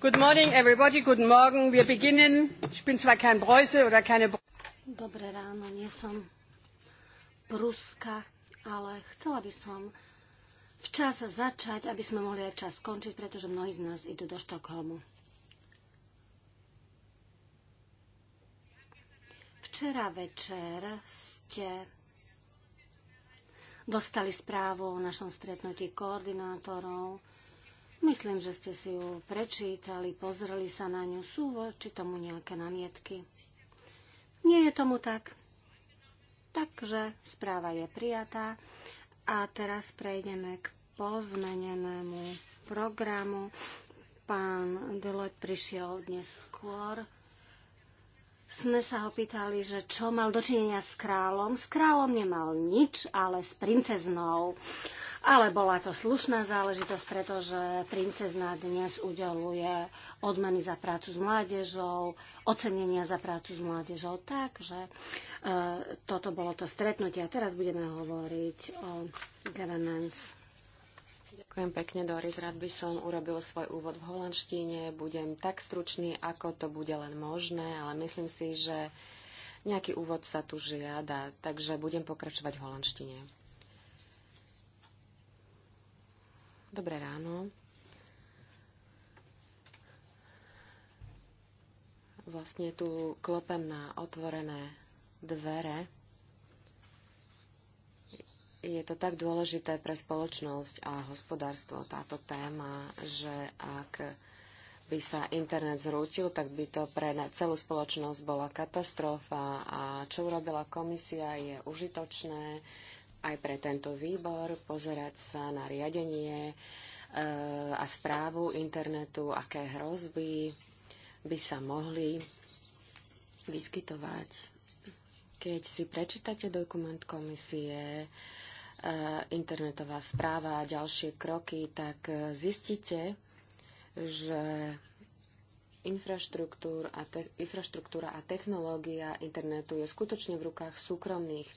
Good morning, everybody. Guten Morgen. Wir beginnen. Ich bin zwar kein Preuße oder keine... Dobré ráno, nie som Pruska, ale chcela by som včas začať, aby sme mohli aj čas skončiť, pretože mnohí z nás idú do Štokholmu. Včera večer ste dostali správu o našom stretnutí koordinátorov Myslím, že ste si ju prečítali, pozreli sa na ňu. Sú voči tomu nejaké namietky? Nie je tomu tak. Takže správa je prijatá. A teraz prejdeme k pozmenenému programu. Pán Deloitte prišiel dnes skôr sme sa ho pýtali, že čo mal dočinenia s kráľom. S kráľom nemal nič, ale s princeznou. Ale bola to slušná záležitosť, pretože princezna dnes udeluje odmeny za prácu s mládežou, ocenenia za prácu s mládežou. Takže e, toto bolo to stretnutie. A teraz budeme hovoriť o governance. Ďakujem pekne, Doris. Rád by som urobil svoj úvod v holandštine. Budem tak stručný, ako to bude len možné, ale myslím si, že nejaký úvod sa tu žiada, takže budem pokračovať v holandštine. Dobré ráno. Vlastne tu klopem na otvorené dvere. Je to tak dôležité pre spoločnosť a hospodárstvo táto téma, že ak by sa internet zrútil, tak by to pre celú spoločnosť bola katastrofa. A čo urobila komisia je užitočné aj pre tento výbor pozerať sa na riadenie e, a správu internetu, aké hrozby by sa mohli vyskytovať. Keď si prečítate dokument komisie, e, internetová správa a ďalšie kroky, tak e, zistíte, že infraštruktúra a, infraštruktúra a technológia internetu je skutočne v rukách súkromných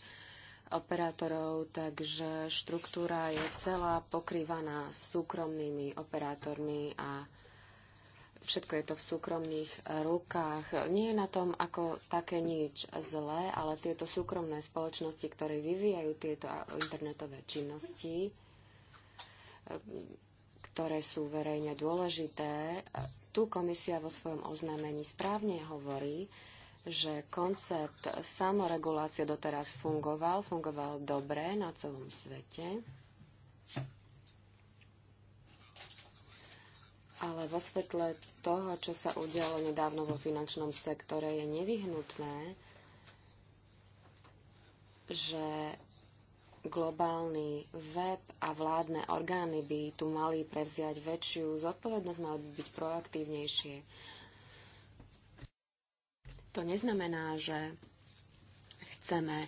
operátorov, takže štruktúra je celá pokrývaná súkromnými operátormi a všetko je to v súkromných rukách. Nie je na tom ako také nič zlé, ale tieto súkromné spoločnosti, ktoré vyvíjajú tieto internetové činnosti, ktoré sú verejne dôležité, tu komisia vo svojom oznámení správne hovorí, že koncept samoregulácie doteraz fungoval, fungoval dobre na celom svete, ale vo svetle toho, čo sa udialo nedávno vo finančnom sektore, je nevyhnutné, že globálny web a vládne orgány by tu mali prevziať väčšiu zodpovednosť, mali by byť proaktívnejšie to neznamená, že chceme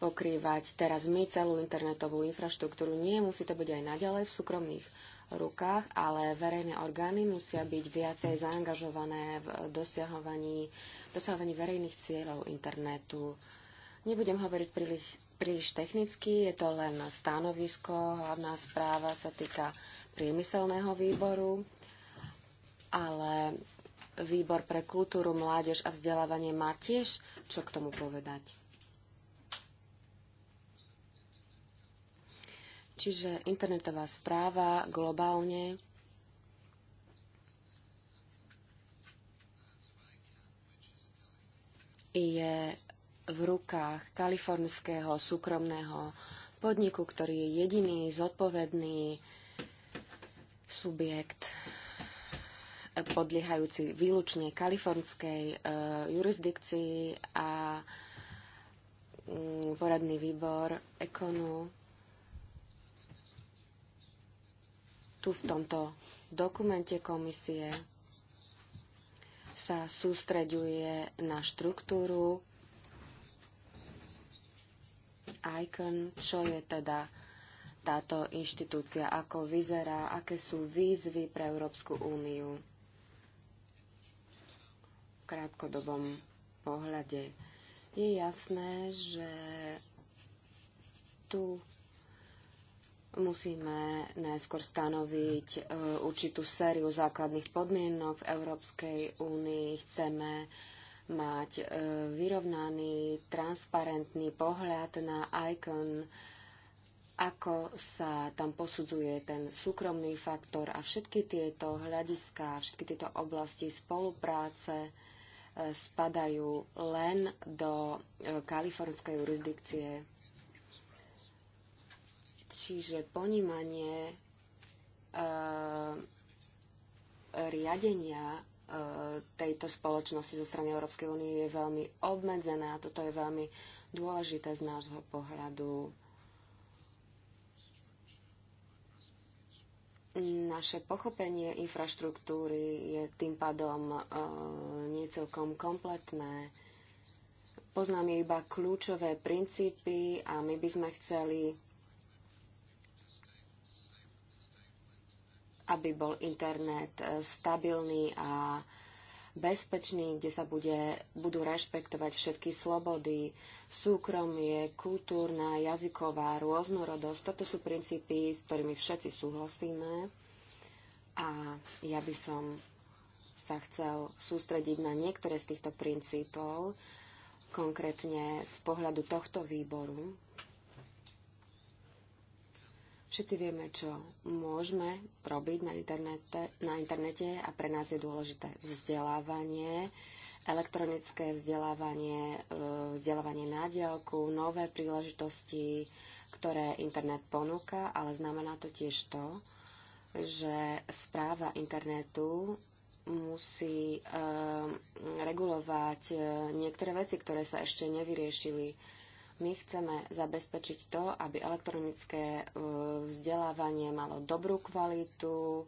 pokrývať teraz my celú internetovú infraštruktúru. Nie, musí to byť aj naďalej v súkromných rukách, ale verejné orgány musia byť viacej zaangažované v dosahovaní, dosahovaní verejných cieľov internetu. Nebudem hovoriť príliš, príliš technicky, je to len stanovisko. Hlavná správa sa týka priemyselného výboru, ale Výbor pre kultúru, mládež a vzdelávanie má tiež čo k tomu povedať. Čiže internetová správa globálne je v rukách kalifornského súkromného podniku, ktorý je jediný zodpovedný subjekt podliehajúci výlučne kalifornskej e, jurisdikcii a mm, poradný výbor Ekonu tu v tomto dokumente komisie sa sústreďuje na štruktúru ICON, čo je teda táto inštitúcia, ako vyzerá, aké sú výzvy pre Európsku úniu krátkodobom pohľade. Je jasné, že tu musíme najskôr stanoviť e, určitú sériu základných podmienok v Európskej únii. Chceme mať e, vyrovnaný, transparentný pohľad na ICON, ako sa tam posudzuje ten súkromný faktor a všetky tieto hľadiska, všetky tieto oblasti spolupráce spadajú len do e, kalifornskej jurisdikcie. Čiže ponímanie e, riadenia e, tejto spoločnosti zo strany Európskej únie je veľmi obmedzené a toto je veľmi dôležité z nášho pohľadu Naše pochopenie infraštruktúry je tým pádom e, nie celkom kompletné. Poznáme iba kľúčové princípy a my by sme chceli, aby bol internet e, stabilný a e, bezpečný, kde sa bude, budú rešpektovať všetky slobody, súkromie, kultúrna, jazyková, rôznorodosť. Toto sú princípy, s ktorými všetci súhlasíme. A ja by som sa chcel sústrediť na niektoré z týchto princípov, konkrétne z pohľadu tohto výboru, Všetci vieme, čo môžeme robiť na internete, na internete a pre nás je dôležité vzdelávanie, elektronické vzdelávanie, e, vzdelávanie na diálku, nové príležitosti, ktoré internet ponúka, ale znamená to tiež to, že správa internetu musí e, regulovať e, niektoré veci, ktoré sa ešte nevyriešili my chceme zabezpečiť to, aby elektronické e, vzdelávanie malo dobrú kvalitu,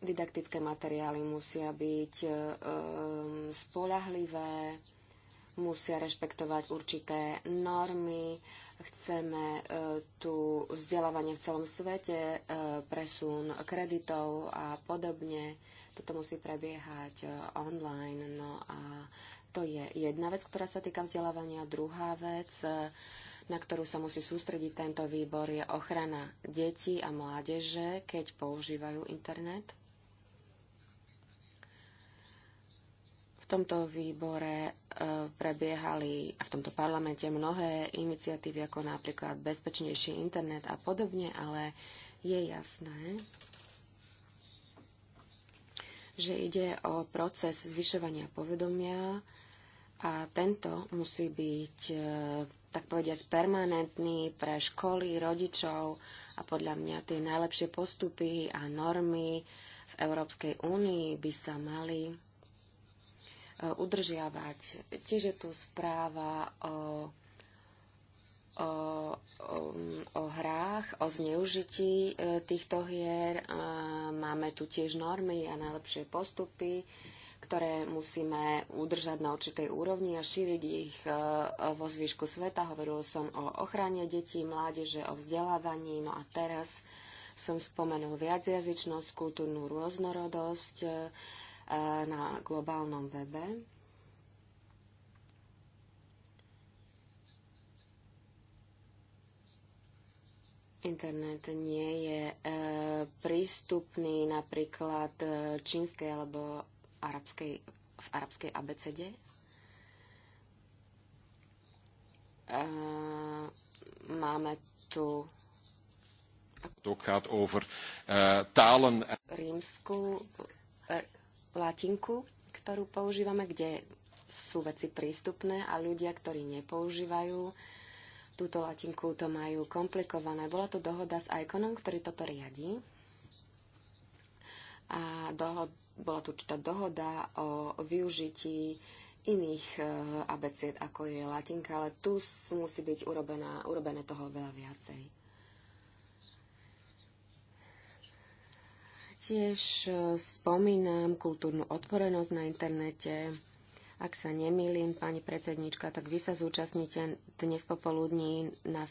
didaktické materiály musia byť e, e, spolahlivé, musia rešpektovať určité normy, chceme tu vzdelávanie v celom svete, presun kreditov a podobne. Toto musí prebiehať online. No a to je jedna vec, ktorá sa týka vzdelávania. Druhá vec, e, na ktorú sa musí sústrediť tento výbor, je ochrana detí a mládeže, keď používajú internet. V tomto výbore e, prebiehali a v tomto parlamente mnohé iniciatívy, ako napríklad bezpečnejší internet a podobne, ale je jasné, že ide o proces zvyšovania povedomia, a tento musí byť, e, tak povediať, permanentný pre školy, rodičov a podľa mňa tie najlepšie postupy a normy v Európskej únii by sa mali e, udržiavať. Tiež je tu správa o o, o, hrách, o zneužití e, týchto hier. Máme tu tiež normy a najlepšie postupy ktoré musíme udržať na určitej úrovni a šíriť ich e, vo zvyšku sveta. Hovoril som o ochrane detí, mládeže, o vzdelávaní. No a teraz som spomenul viacjazyčnosť, kultúrnu rôznorodosť e, na globálnom webe. Internet nie je e, prístupný napríklad čínskej alebo arabskej, v arabskej abecede. E, máme tu eh, rímsku e, latinku, ktorú používame, kde sú veci prístupné a ľudia, ktorí nepoužívajú túto latinku, to majú komplikované. Bola to dohoda s Iconom, ktorý toto riadí a dohod, bola tu určitá dohoda o využití iných e, abecied, ako je latinka, ale tu musí byť urobená, urobené toho veľa viacej. Tiež e, spomínam kultúrnu otvorenosť na internete. Ak sa nemýlim, pani predsednička, tak vy sa zúčastnite dnes popoludní na,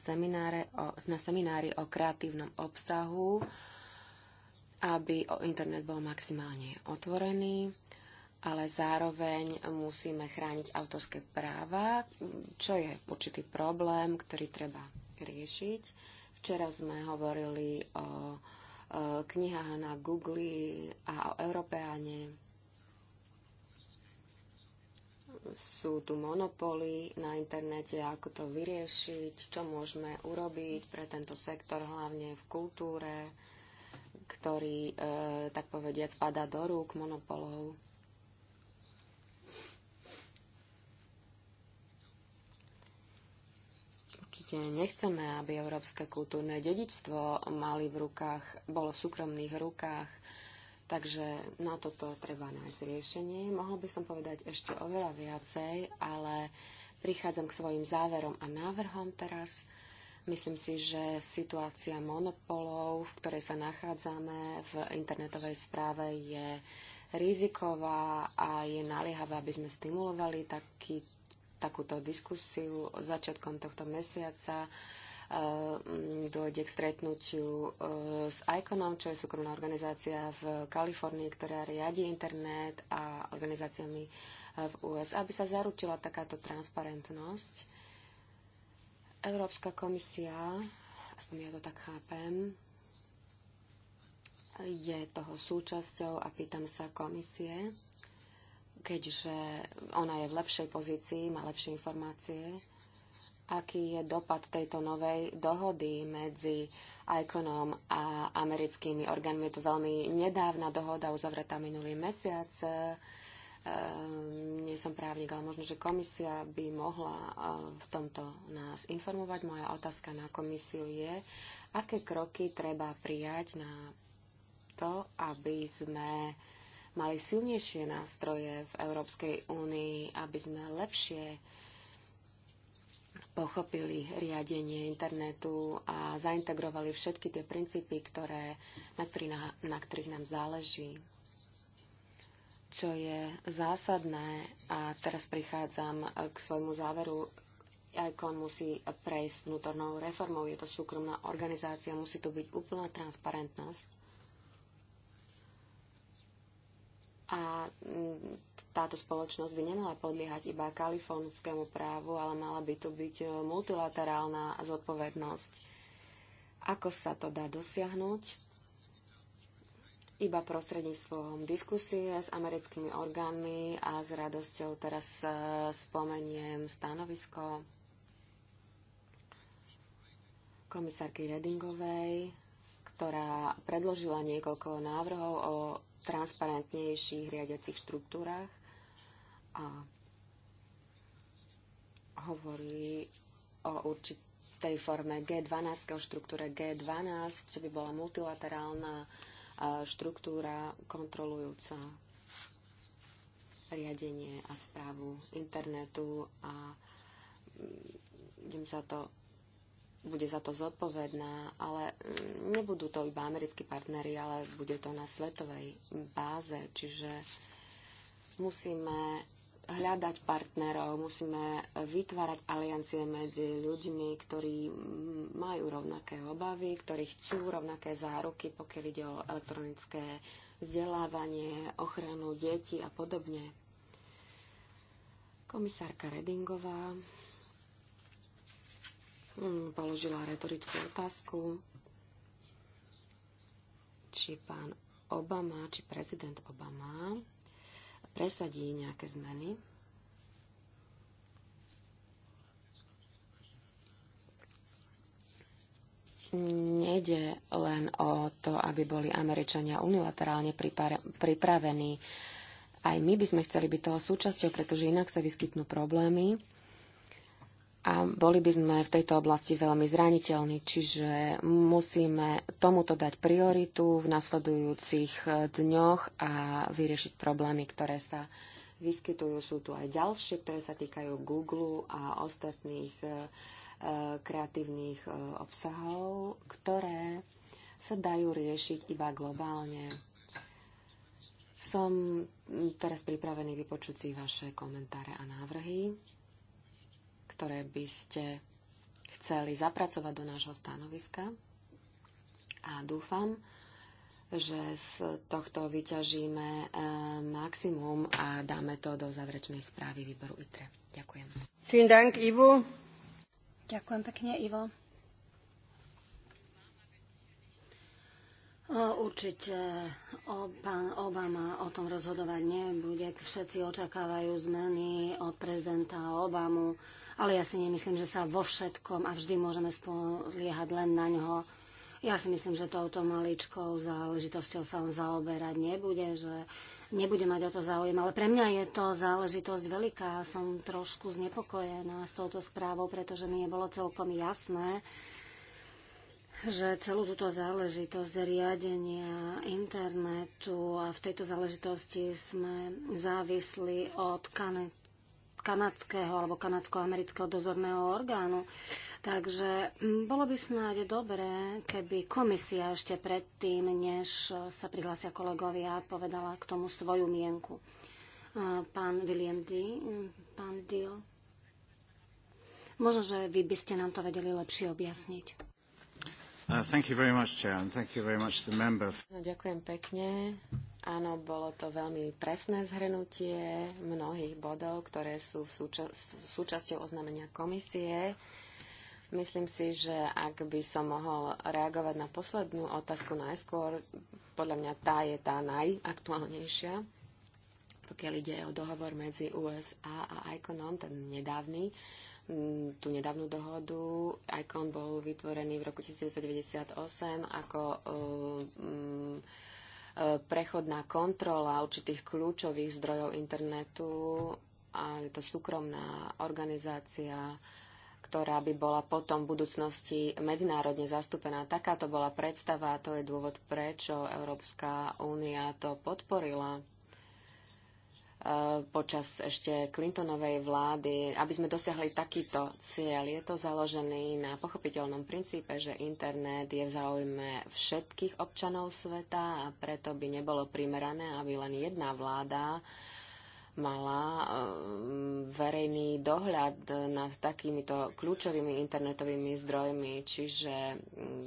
na seminári o kreatívnom obsahu. Uh, aby internet bol maximálne otvorený, ale zároveň musíme chrániť autorské práva, čo je určitý problém, ktorý treba riešiť. Včera sme hovorili o knihách na Google a o Európeáne. Sú tu monopoly na internete, ako to vyriešiť, čo môžeme urobiť pre tento sektor, hlavne v kultúre, ktorý, e, tak povediať, spadá do rúk monopolov. Určite nechceme, aby európske kultúrne dedičstvo mali v rukách, bolo v súkromných rukách, takže na toto treba nájsť riešenie. Mohol by som povedať ešte oveľa viacej, ale prichádzam k svojim záverom a návrhom teraz. E, Myslím si, že situácia monopolov, v ktorej sa nachádzame v internetovej správe, je riziková a je naliehavé, aby sme stimulovali taký, takúto diskusiu začiatkom tohto mesiaca. E, dôjde k stretnutiu e, s ICONom, čo je súkromná organizácia v Kalifornii, ktorá riadi internet a organizáciami e, v USA, aby sa zaručila takáto transparentnosť Európska komisia, aspoň ja to tak chápem, je toho súčasťou a pýtam sa komisie, keďže ona je v lepšej pozícii, má lepšie informácie, aký je dopad tejto novej dohody medzi ICONom a americkými orgánmi. Je to veľmi nedávna dohoda, uzavretá minulý mesiac. Ehm, nie som právnik, ale možno, že komisia by mohla eh, v tomto nás informovať. Moja otázka na komisiu je, aké kroky treba prijať na to, aby sme mali silnejšie nástroje v Európskej únii, aby sme lepšie pochopili riadenie internetu a zaintegrovali všetky tie princípy, ktoré, na, ktorý na, na ktorých nám záleží čo je zásadné, a teraz prichádzam k svojmu záveru, ICON musí prejsť vnútornou reformou. Je to súkromná organizácia, musí to byť úplná transparentnosť. A mm, táto spoločnosť by nemala podliehať iba kalifornskému právu, ale mala by to byť e, multilaterálna zodpovednosť. Ako sa to dá dosiahnuť? iba prostredníctvom diskusie s americkými orgánmi a s radosťou teraz e, spomeniem stanovisko komisárky Redingovej, ktorá predložila niekoľko návrhov o transparentnejších riadiacich štruktúrach a hovorí o určitej forme G12, o štruktúre G12, čo by bola multilaterálna štruktúra kontrolujúca riadenie a správu internetu a idem za to, bude za to zodpovedná, ale mm, nebudú to iba americkí partnery, ale bude to na svetovej báze, čiže musíme hľadať partnerov, musíme vytvárať aliancie medzi ľuďmi, ktorí majú rovnaké obavy, ktorí chcú rovnaké záruky, pokiaľ ide o elektronické vzdelávanie, ochranu detí a podobne. Komisárka Redingová mm, položila retorickú otázku, či pán Obama, či prezident Obama presadí nejaké zmeny. Nejde len o to, aby boli Američania unilaterálne pripravení. Aj my by sme chceli byť toho súčasťou, pretože inak sa vyskytnú problémy, a boli by sme v tejto oblasti veľmi zraniteľní, čiže musíme tomuto dať prioritu v nasledujúcich e, dňoch a vyriešiť problémy, ktoré sa vyskytujú. Sú tu aj ďalšie, ktoré sa týkajú Google a ostatných e, e, kreatívnych obsahov, ktoré sa dajú riešiť iba globálne. Som teraz pripravený vypočuť si vaše komentáre a návrhy ktoré by ste chceli zapracovať do nášho stanoviska. A dúfam, že z tohto vyťažíme eh, maximum a dáme to do záverečnej správy výboru ITRE. Ďakujem. Ďakujem, Ivo. Ďakujem pekne, Ivo. Určite pán Obama o tom rozhodovať nebude. Všetci očakávajú zmeny od prezidenta Obamu, ale ja si nemyslím, že sa vo všetkom a vždy môžeme spoliehať len na ňoho. Ja si myslím, že touto maličkou záležitosťou sa on zaoberať nebude, že nebude mať o to záujem. Ale pre mňa je to záležitosť veľká. Som trošku znepokojená s touto správou, pretože mi je bolo celkom jasné, že celú túto záležitosť riadenia internetu a v tejto záležitosti sme závisli od kan- kanadského alebo kanadsko-amerického dozorného orgánu. Takže bolo by snáď dobré, keby komisia ešte predtým, než sa prihlásia kolegovia, povedala k tomu svoju mienku. Pán William D., pán Dill. Možno, že vy by ste nám to vedeli lepšie objasniť. Uh, no, ďakujem pekne. Áno, bolo to veľmi presné zhrnutie mnohých bodov, ktoré sú súča súčasťou oznámenia komisie. Myslím si, že ak by som mohol reagovať na poslednú otázku najskôr, podľa mňa tá je tá najaktuálnejšia, pokiaľ ide o dohovor medzi USA a ICONOM, ten nedávny. Mm, tú nedávnu dohodu. ICON bol vytvorený v roku 1998 ako um, prechodná kontrola určitých kľúčových zdrojov internetu a je to súkromná organizácia, ktorá by bola potom v budúcnosti medzinárodne zastúpená. Takáto bola predstava a to je dôvod, prečo Európska únia to podporila Eh, počas ešte Clintonovej vlády, aby sme dosiahli takýto cieľ. Je to založený na pochopiteľnom princípe, že internet je v záujme všetkých občanov sveta a preto by nebolo primerané, aby len jedna vláda mala eh, verejný dohľad nad takýmito kľúčovými internetovými zdrojmi. Čiže mm,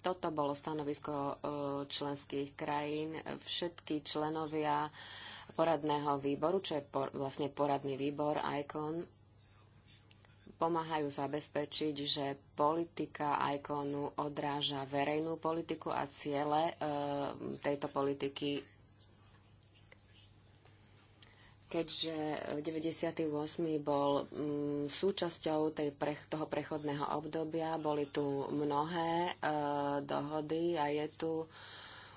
toto bolo stanovisko eh, členských krajín. Všetky členovia poradného výboru, čo je por, vlastne poradný výbor ICON, pomáhajú zabezpečiť, že politika ICONu odráža verejnú politiku a ciele e, tejto politiky keďže v 98. bol mm, súčasťou tej pre, toho prechodného obdobia, boli tu mnohé e, dohody a je tu e,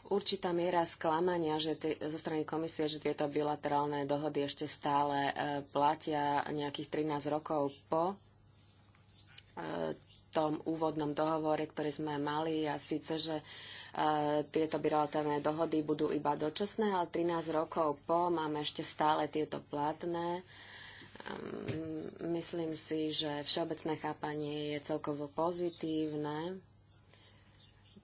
určitá miera sklamania že zo strany komisie, že tieto bilaterálne dohody ešte stále e, platia nejakých 13 rokov po e, tom úvodnom dohovore, ktorý sme mali a síce, že e, tieto bilaterálne dohody budú iba dočasné, ale 13 rokov po máme ešte stále tieto platné. Ehm, myslím si, že všeobecné chápanie je celkovo pozitívne.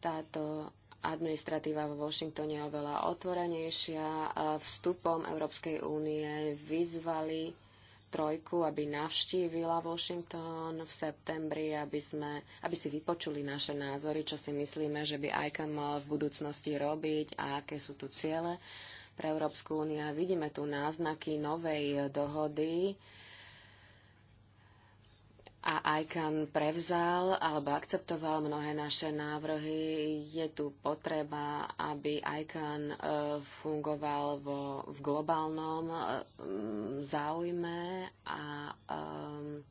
Táto administratíva vo Washingtone je oveľa otvorenejšia. Vstupom Európskej únie vyzvali trojku, aby navštívila Washington v septembri, aby, sme, aby si vypočuli naše názory, čo si myslíme, že by ICAN mal v budúcnosti robiť a aké sú tu ciele pre Európsku úniu. Vidíme tu náznaky novej dohody, a ICAN prevzal alebo akceptoval mnohé naše návrhy. Je tu potreba, aby ICAN e, fungoval vo, v globálnom e, záujme a um,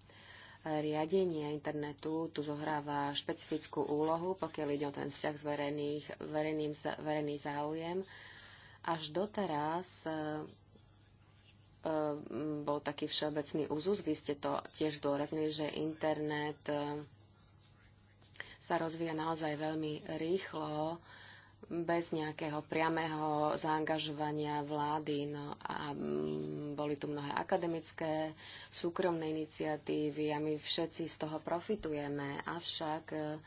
riadenie internetu tu zohráva špecifickú úlohu, pokiaľ ide o ten vzťah s verejných, verejným, verejný záujem. Až doteraz Ehm, bol taký všeobecný úzus. Vy ste to tiež zdôraznili, že internet ehm, sa rozvíja naozaj veľmi rýchlo bez nejakého priamého zaangažovania vlády. No a mm, boli tu mnohé akademické, súkromné iniciatívy a my všetci z toho profitujeme. Avšak ehm,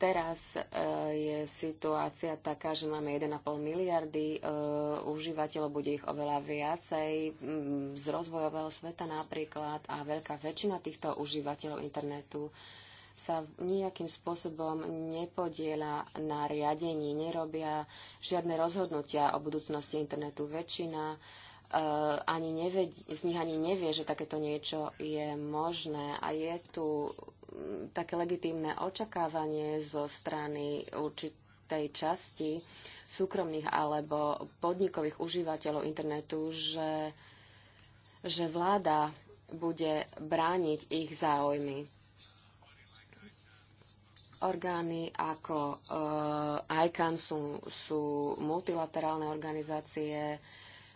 Teraz e, je situácia taká, že máme 1,5 miliardy e, užívateľov, bude ich oveľa viacej mm, z rozvojového sveta napríklad a veľká väčšina týchto užívateľov internetu sa nejakým spôsobom nepodiela na riadení, nerobia žiadne rozhodnutia o budúcnosti internetu. Väčšina e, ani z nich ani nevie, že takéto niečo je možné a je tu také legitímne očakávanie zo strany určitej časti súkromných alebo podnikových užívateľov internetu, že, že vláda bude brániť ich záujmy orgány ako uh, eh, ICAN sú, sú multilaterálne organizácie,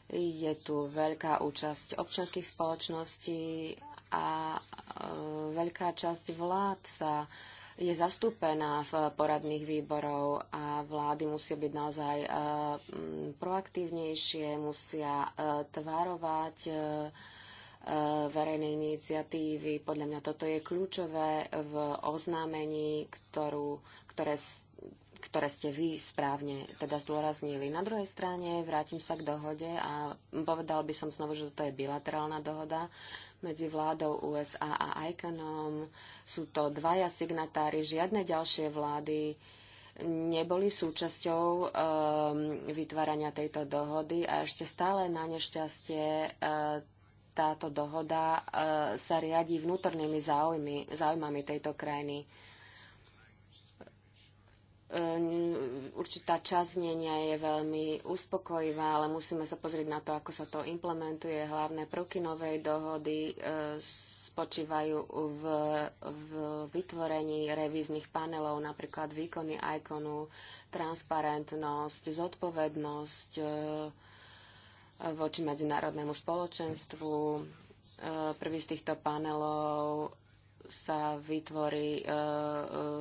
je tu veľká účasť občianských spoločností a e, veľká časť vlád sa je zastúpená v poradných výborov a vlády musia byť naozaj e, proaktívnejšie, musia e, tvarovať verejné iniciatívy. Podľa mňa toto je kľúčové v oznámení, ktorú, ktoré ktoré ste vy správne teda zdôraznili. Na druhej strane vrátim sa k dohode a povedal by som znovu, že toto je bilaterálna dohoda medzi vládou USA a ICANom. Sú to dvaja signatári, žiadne ďalšie vlády neboli súčasťou um, vytvárania tejto dohody a ešte stále na nešťastie uh, táto dohoda uh, sa riadi vnútornými záujmy, záujmami tejto krajiny. Uh, Ehm, určitá časť znenia je veľmi uspokojivá, ale musíme sa pozrieť na to, ako sa to implementuje. Hlavné prvky novej dohody ehm, spočívajú v, v vytvorení revíznych panelov, napríklad výkony ikonu, transparentnosť, zodpovednosť ehm, voči medzinárodnému spoločenstvu. Prvý z týchto panelov sa vytvorí e, e,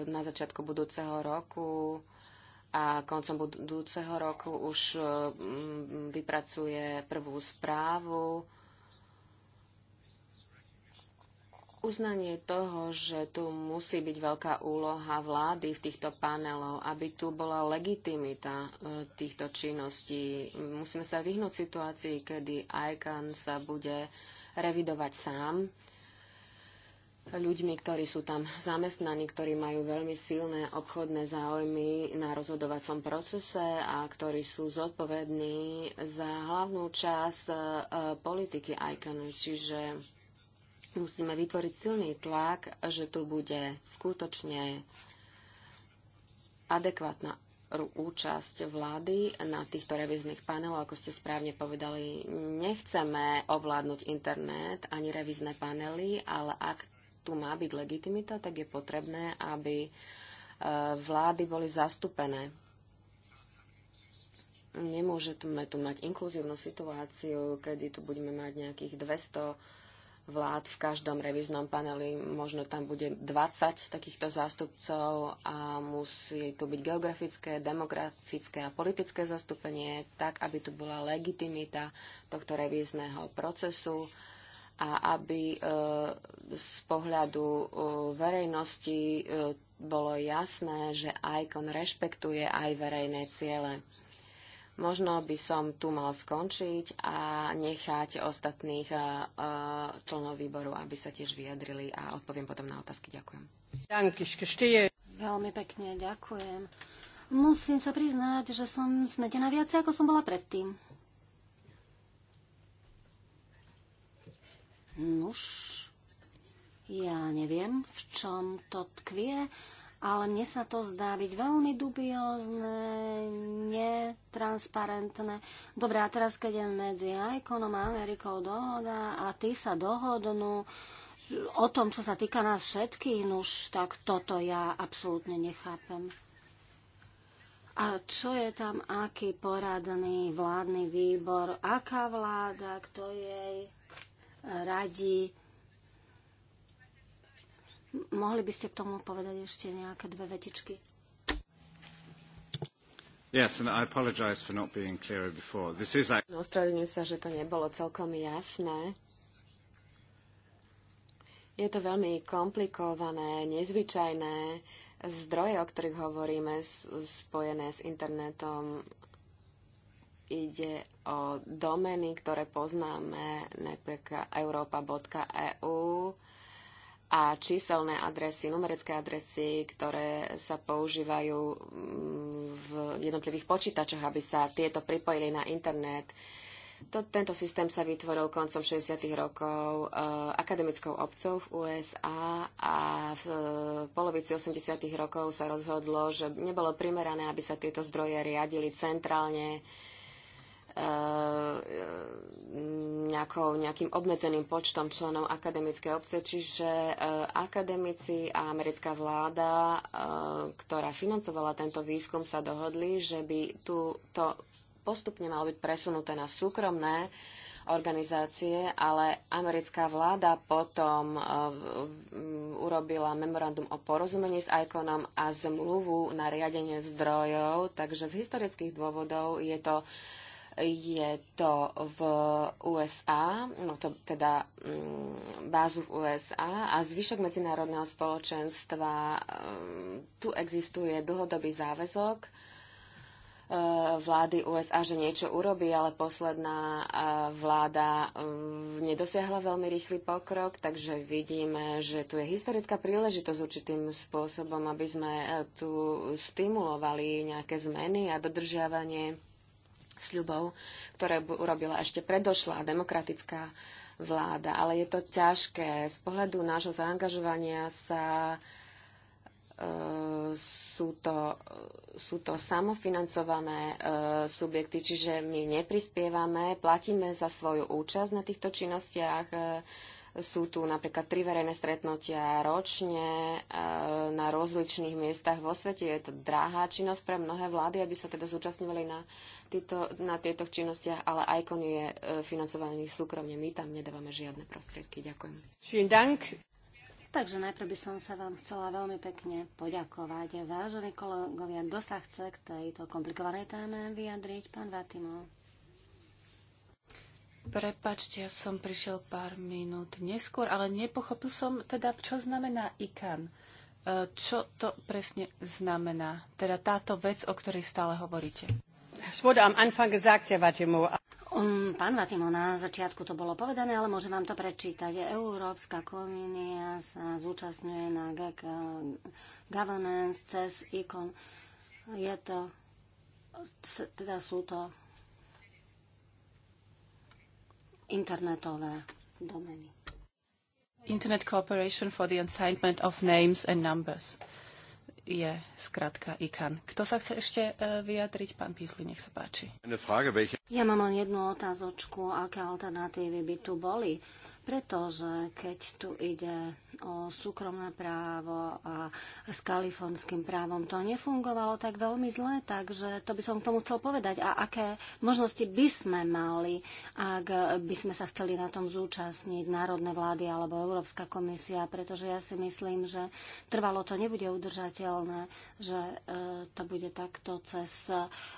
na začiatku budúceho roku a koncom budúceho roku už e, vypracuje prvú správu. Uznanie toho, že tu musí byť veľká úloha vlády v týchto panelov, aby tu bola legitimita týchto činností. Musíme sa vyhnúť situácii, kedy ICAN sa bude revidovať sám ľuďmi, ktorí sú tam zamestnaní, ktorí majú veľmi silné obchodné záujmy na rozhodovacom procese a ktorí sú zodpovední za hlavnú časť e, politiky ICON, Čiže musíme vytvoriť silný tlak, že tu bude skutočne adekvátna účasť vlády na týchto revizných paneloch. Ako ste správne povedali, nechceme ovládnuť internet ani revizné panely, ale ak tu má byť legitimita, tak je potrebné, aby e, vlády boli zastúpené. Nemôžeme tu mať inkluzívnu situáciu, kedy tu budeme mať nejakých 200 vlád v každom revíznom paneli, možno tam bude 20 takýchto zástupcov a musí tu byť geografické, demografické a politické zastúpenie, tak aby tu bola legitimita tohto revízneho procesu a aby e, z pohľadu e, verejnosti e, bolo jasné, že ICON rešpektuje aj verejné ciele. Možno by som tu mal skončiť a nechať ostatných členov výboru, aby sa tiež vyjadrili a odpoviem potom na otázky. Ďakujem. Veľmi pekne ďakujem. Musím sa priznať, že som smetená viacej, ako som bola predtým. Nuž, ja neviem, v čom to tkvie, ale mne sa to zdá byť veľmi dubiózne, netransparentné. Dobre, a teraz, keď je medzi Iconom a Amerikou dohoda a tí sa dohodnú o tom, čo sa týka nás všetkých, nuž, tak toto ja absolútne nechápem. A čo je tam, aký poradný vládny výbor, aká vláda, kto jej radi. Mohli by ste k tomu povedať ešte nejaké dve vetičky? Yes, and I apologize for not being clearer before. This is... a... No, ospravedlňujem sa, že to nebolo celkom jasné. Je to veľmi komplikované, nezvyčajné. Zdroje, o ktorých hovoríme, sú spojené s internetom ide o domeny, ktoré poznáme, napríklad europa.eu a číselné adresy, numerické adresy, ktoré sa používajú mm, v jednotlivých počítačoch, aby sa tieto pripojili na internet. To, tento systém sa vytvoril koncom 60. rokov e, akademickou obcov v USA a v e, polovici 80. rokov sa rozhodlo, že nebolo primerané, aby sa tieto zdroje riadili centrálne E, nejakou, nejakým obmedzeným počtom členov akademickej obce, čiže e, akademici a americká vláda, e, ktorá financovala tento výskum, sa dohodli, že by tu to postupne malo byť presunuté na súkromné organizácie, ale americká vláda potom urobila memorandum o porozumení s ICONom a zmluvu na riadenie zdrojov, takže z historických dôvodov je to je to v USA, no to teda mm, bázu v USA a zvyšok medzinárodného spoločenstva. Mm, tu existuje dlhodobý záväzok e, vlády USA, že niečo urobí, ale posledná e, vláda mm, nedosiahla veľmi rýchly pokrok, takže vidíme, že tu je historická príležitosť určitým spôsobom, aby sme e, tu stimulovali nejaké zmeny a dodržiavanie sľubov, ktoré urobila ešte predošlá demokratická vláda. Ale je to ťažké. Z pohľadu nášho zaangažovania sa e, sú, to, sú to samofinancované e, subjekty, čiže my neprispievame, platíme za svoju účasť na týchto činnostiach. E, sú tu napríklad tri verejné stretnutia ročne e, na rozličných miestach vo svete. Je to drahá činnosť pre mnohé vlády, aby sa teda zúčastňovali na, týto, na tieto činnostiach, ale ICON je e, financovaný súkromne. My tam nedávame žiadne prostriedky. Ďakujem. Takže najprv by som sa vám chcela veľmi pekne poďakovať. Vážení kolegovia, kto sa chce k tejto komplikovanej téme vyjadriť? Pán Vatimo. Prepačte, ja som prišiel pár minút neskôr, ale nepochopil som teda, čo znamená ICAN. E, čo to presne znamená? Teda táto vec, o ktorej stále hovoríte. Um, pán Vatimo, na začiatku to bolo povedané, ale môžem vám to prečítať. Európska komínia sa zúčastňuje na GEC governance cez ICON. Je to, teda sú to internetové domeny. Internet Corporation for the Assignment of Names and Numbers je skratka ICANN. Kto sa chce ešte eh, vyjadriť? Pán Písli, nech sa páči. Eine Frage, welche... Ja mám len jednu otázočku, aké alternatívy by tu boli, pretože keď tu ide o súkromné právo a s kalifornským právom to nefungovalo tak veľmi zle, takže to by som k tomu chcel povedať. A aké možnosti by sme mali, ak by sme sa chceli na tom zúčastniť, národné vlády alebo Európska komisia, pretože ja si myslím, že trvalo to nebude udržateľné, že e, to bude takto cez,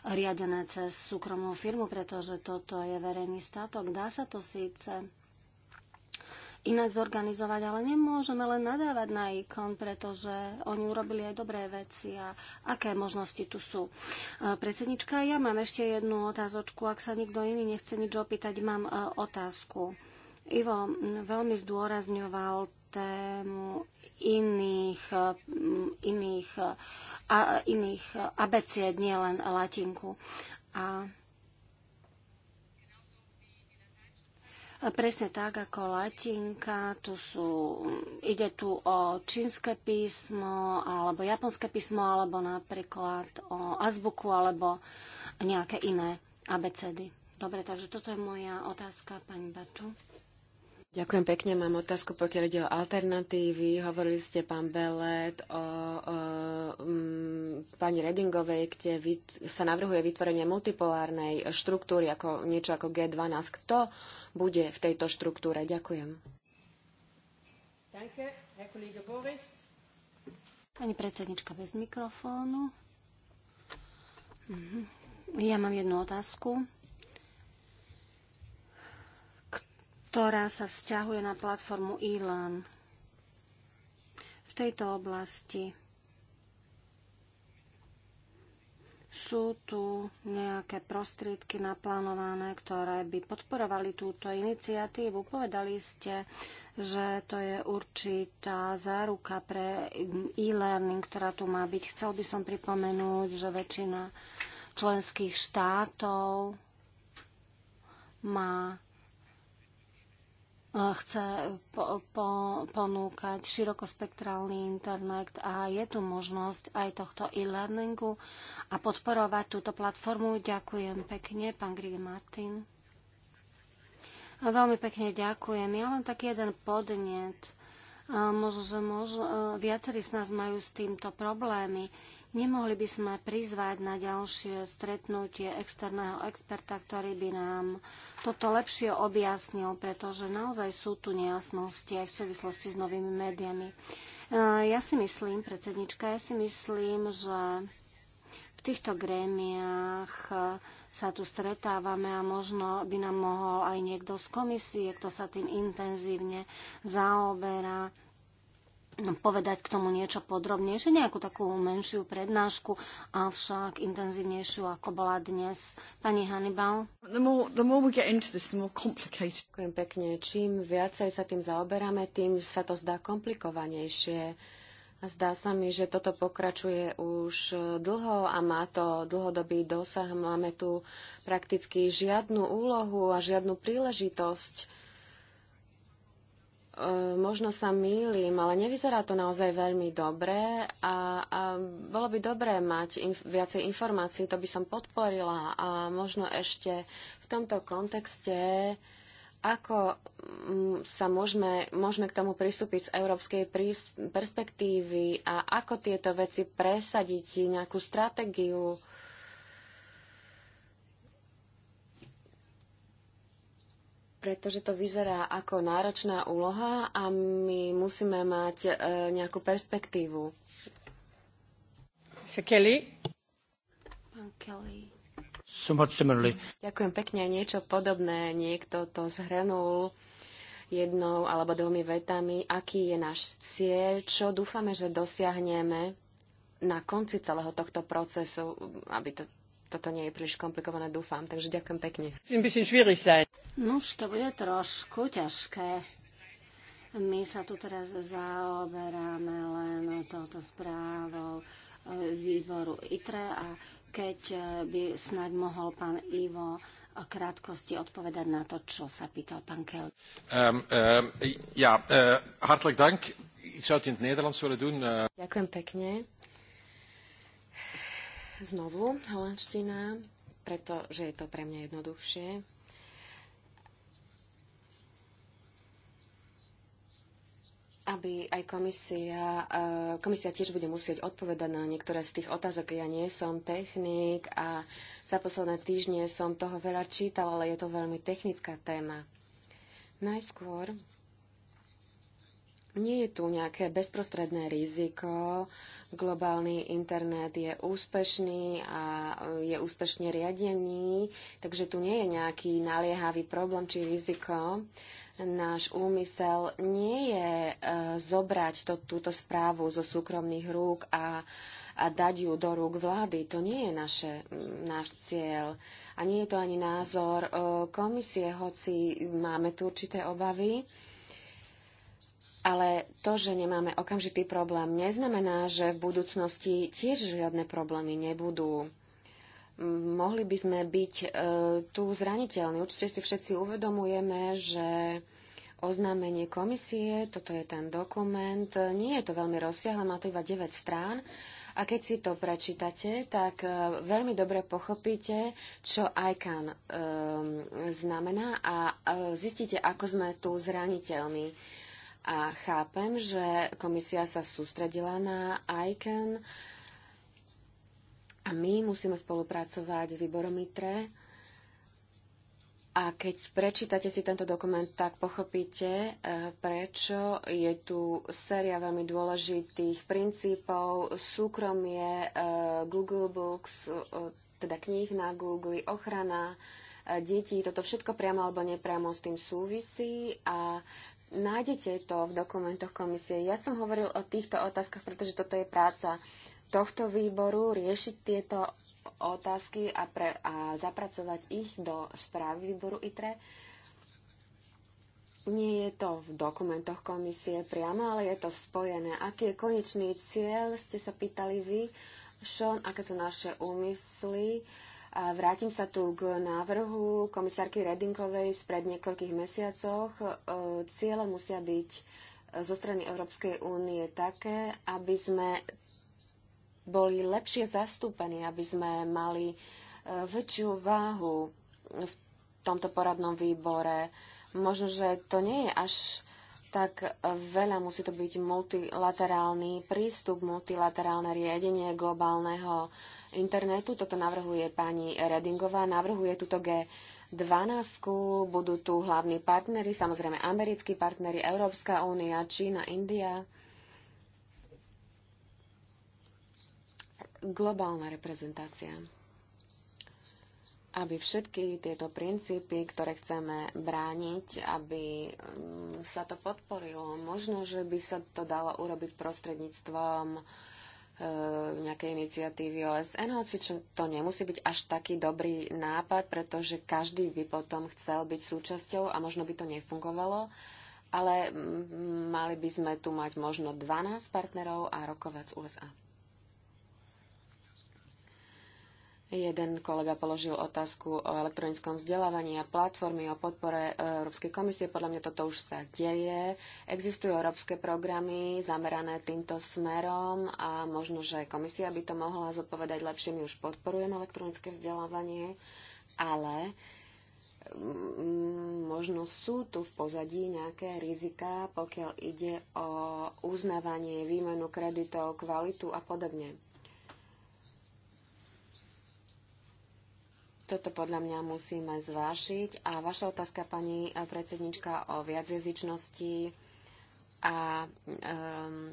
riadené cez súkromnú firmu, pretože toto je verejný statok. Dá sa to síce inak zorganizovať, ale nemôžeme len nadávať na ikon, pretože oni urobili aj dobré veci a aké možnosti tu sú. Predsednička, ja mám ešte jednu otázočku. Ak sa nikto iný nechce nič opýtať, mám otázku. Ivo veľmi zdôrazňoval tému iných, iných, a, iných abecied, nielen latinku. A Presne tak ako latinka, tu sú, ide tu o čínske písmo, alebo japonské písmo, alebo napríklad o azbuku, alebo nejaké iné abecedy. Dobre, takže toto je moja otázka, pani Batu. Ďakujem pekne. Mám otázku, pokiaľ ide o alternatívy. Hovorili ste, pán Belet, o, o m, mm, pani Redingovej, kde vyt, sa navrhuje vytvorenie multipolárnej štruktúry, ako, niečo ako G12. Kto bude v tejto štruktúre? Ďakujem. Pani predsednička bez mikrofónu. Mhm. Ja mám jednu otázku. ktorá sa vzťahuje na platformu ILAN. V tejto oblasti sú tu nejaké prostriedky naplánované, ktoré by podporovali túto iniciatívu. Povedali ste, že to je určitá záruka pre e-learning, ktorá tu má byť. Chcel by som pripomenúť, že väčšina členských štátov má chce po, po, ponúkať širokospektrálny internet a je tu možnosť aj tohto e-learningu a podporovať túto platformu. Ďakujem pekne, pán Grig Martin. A veľmi pekne ďakujem. Ja mám taký jeden podnet možno, že možno, e, viacerí z nás majú s týmto problémy. Nemohli by sme prizvať na ďalšie stretnutie externého experta, ktorý by nám toto lepšie objasnil, pretože naozaj sú tu nejasnosti aj v súvislosti s novými médiami. E, ja si myslím, predsednička, ja si myslím, že týchto grémiách e, sa tu stretávame a možno by nám mohol aj niekto z komisie, kto sa tým intenzívne zaoberá, no, povedať k tomu niečo podrobnejšie, nejakú takú menšiu prednášku, avšak intenzívnejšiu, ako bola dnes. Pani Hannibal? Ďakujem pekne. Čím viacej sa tým zaoberáme, tým sa to zdá komplikovanejšie. Zdá sa mi, že toto pokračuje už e, dlho a má to dlhodobý dosah. Máme tu prakticky žiadnu úlohu a žiadnu príležitosť. E, možno sa mýlim, ale nevyzerá to naozaj veľmi dobre a, a bolo by dobré mať inf- viacej informácií, to by som podporila a možno ešte v tomto kontexte uh, ako mm, sa môžeme, môžeme k tomu pristúpiť z európskej perspektívy a ako tieto veci presadiť, nejakú stratégiu? pretože to vyzerá ako náročná úloha a my musíme mať e, nejakú perspektívu. Kelly. Pán Kelly. Ďakujem pekne. Niečo podobné. Niekto to zhrnul jednou alebo dvomi vetami, aký je náš cieľ, čo dúfame, že dosiahneme na konci celého tohto procesu, aby to, toto nie je príliš komplikované, dúfam. Takže ďakujem pekne. No už to bude trošku ťažké. My sa tu teraz zaoberáme len touto správou eh, výboru ITRE a keď eh, by snáď mohol pán Ivo krátkosti odpovedať na to, čo sa pýtal pán Kel. Um, ehm, um, ehm, ja, uh, hartelijk dank. Ik zou het in het Nederlands willen doen. Uh... Ďakujem pekne. Znovu holandština, pretože je to pre mňa jednoduchšie. aby aj komisia, e, komisia tiež bude musieť odpovedať na niektoré z tých otázok. Ja nie som technik a za posledné týždne som toho veľa čítal, ale je to veľmi technická téma. Najskôr nie je tu nejaké bezprostredné riziko. Globálny internet je úspešný a e, je úspešne riadený, takže tu nie je nejaký naliehavý problém či riziko. Náš úmysel nie je e, zobrať to, túto správu zo súkromných rúk a, a dať ju do rúk vlády. To nie je naše, náš cieľ. A nie je to ani názor e, komisie, hoci máme tu určité obavy. Ale to, že nemáme okamžitý problém, neznamená, že v budúcnosti tiež žiadne problémy nebudú. Mohli by sme byť e, tu zraniteľní. Určite si všetci uvedomujeme, že oznámenie komisie, toto je ten dokument, nie je to veľmi rozsiahle, má to iba 9 strán. A keď si to prečítate, tak e, veľmi dobre pochopíte, čo ICAN e, znamená a e, zistíte, ako sme tu zraniteľní a chápem, že komisia sa sústredila na ICAN a my musíme spolupracovať s výborom ITRE. A keď prečítate si tento dokument, tak pochopíte, eh, prečo je tu séria veľmi dôležitých princípov, súkromie, eh, Google Books, eh, teda kníh na Google, ochrana detí. Toto všetko priamo alebo nepriamo s tým súvisí a Nájdete to v dokumentoch komisie. Ja som hovoril o týchto otázkach, pretože toto je práca tohto výboru, riešiť tieto otázky a, pre, a zapracovať ich do správy výboru ITRE. Nie je to v dokumentoch komisie priamo, ale je to spojené. Aký je konečný cieľ, ste sa pýtali vy, Sean, aké sú naše úmysly. Uh, a vrátim sa tu k návrhu komisárky Redinkovej spred niekoľkých mesiacoch. E, ciele musia byť e, zo strany Európskej únie také, aby sme boli lepšie zastúpení, aby sme mali e, väčšiu váhu v tomto poradnom výbore. Možno, že to nie je až tak veľa, musí to byť multilaterálny prístup, multilaterálne riadenie globálneho uh, internetu. Toto navrhuje pani Redingová, navrhuje túto G12. Budú tu hlavní partnery, samozrejme americkí partnery, Európska únia, Čína, India. Globálna reprezentácia aby všetky tieto princípy, ktoré chceme brániť, aby mm, sa to podporilo. Možno, že by sa to dalo urobiť prostredníctvom nejakej iniciatívy OSN, hoci čo to nemusí byť až taký dobrý nápad, pretože každý by potom chcel byť súčasťou a možno by to nefungovalo, ale mali by sme tu mať možno 12 partnerov a rokovať z USA. Jeden kolega položil otázku o elektronickom vzdelávaní a platformy o podpore e, Európskej komisie. Podľa mňa toto už sa deje. Existujú európske programy zamerané týmto smerom a možno, že komisia by to mohla zodpovedať lepšie. My už podporujeme elektronické vzdelávanie, ale mm, možno sú tu v pozadí nejaké rizika, pokiaľ ide o uznávanie, výmenu kreditov, kvalitu a podobne. Toto podľa mňa musíme zvášiť. A vaša otázka, pani predsednička, o viacjazyčnosti a um,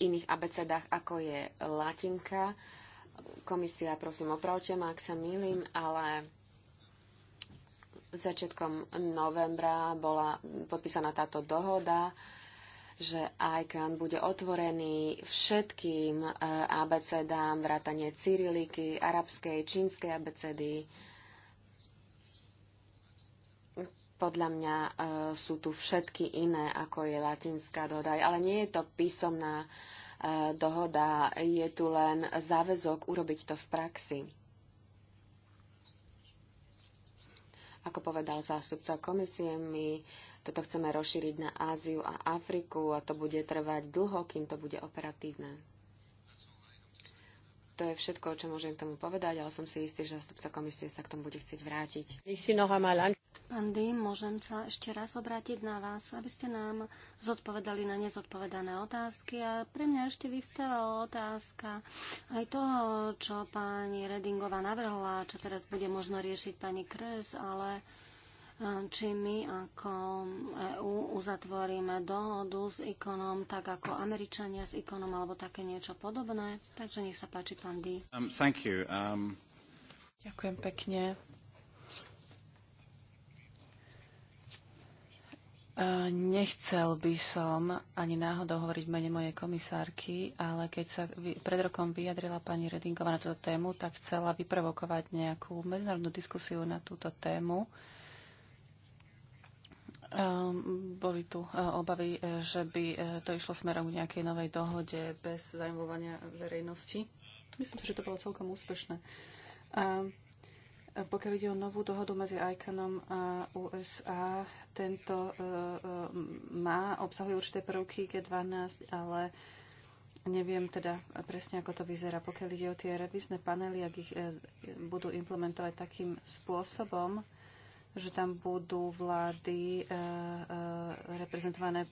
iných abecedách, ako je latinka. Komisia, prosím, opravte ma, ak sa milím, ale začiatkom novembra bola podpísaná táto dohoda že ICAN bude otvorený všetkým eh, abecedám, vrátane cyriliky, arabskej, čínskej abecedy. Podľa mňa eh, sú tu všetky iné, ako je latinská dohoda, ale nie je to písomná eh, dohoda, je tu len záväzok urobiť to v praxi. Ako povedal zástupca komisie, my toto chceme rozšíriť na Áziu a Afriku a to bude trvať dlho, kým to bude operatívne. To je všetko, čo môžem k tomu povedať, ale som si istý, že zastupca komisie sa k tomu bude chcieť vrátiť. Pán Dým, môžem sa ešte raz obrátiť na vás, aby ste nám zodpovedali na nezodpovedané otázky. A pre mňa ešte vyvstáva otázka aj toho, čo pani Redingová navrhla, čo teraz bude možno riešiť pani Kres, ale či my ako EU uzatvoríme dohodu s ikonom, tak ako Američania s ikonom, alebo také niečo podobné. Takže nech sa páči, pán D. Um, thank you. Um... Ďakujem pekne. E, nechcel by som ani náhodou hovoriť mene mojej komisárky, ale keď sa pred rokom vyjadrila pani Redingová na túto tému, tak chcela vyprovokovať nejakú medzinárodnú diskusiu na túto tému Ehm, boli tu e, obavy, e, že by e, to išlo smerom k nejakej novej dohode bez zaujímavania verejnosti. Myslím si, že to bolo celkom úspešné. A pokiaľ ide o novú dohodu medzi ICANom a USA, tento má, obsahuje určité prvky G12, ale neviem teda presne, ako to vyzerá. Pokiaľ ide o tie revizné panely, ak ich budú implementovať takým spôsobom, že tam budú vlády e, e, reprezentované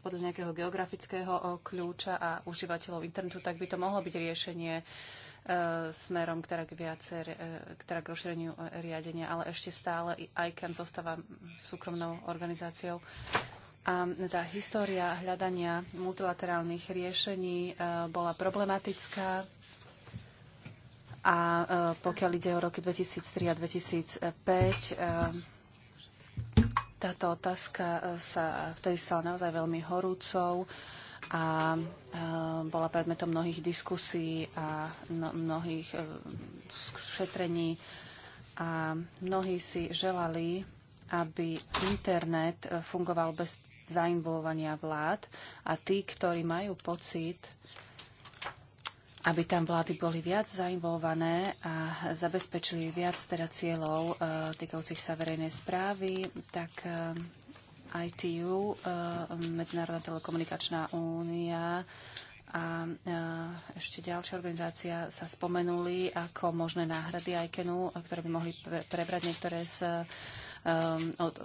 podľa nejakého geografického kľúča a užívateľov internetu, tak by to mohlo byť riešenie e, smerom k, k, viacer, k rozšíreniu riadenia, ale ešte stále ICANN zostáva súkromnou organizáciou. A tá história hľadania multilaterálnych riešení bola problematická a e, pokiaľ ide o roky 2003 a 2005, e, táto otázka e, sa vtedy stala naozaj veľmi horúcou a bola predmetom mnohých diskusí a mnohých šetrení a mnohí si želali, aby internet fungoval bez zainvolovania vlád a tí, ktorí majú pocit, aby tam vlády boli viac zainvolvané a zabezpečili viac teda cieľov e, týkajúcich sa verejnej správy, tak e, ITU, e, Medzinárodná telekomunikačná únia a ešte ďalšia organizácia sa spomenuli ako možné náhrady ICANu, ktoré by mohli prebrať niektoré z Um, od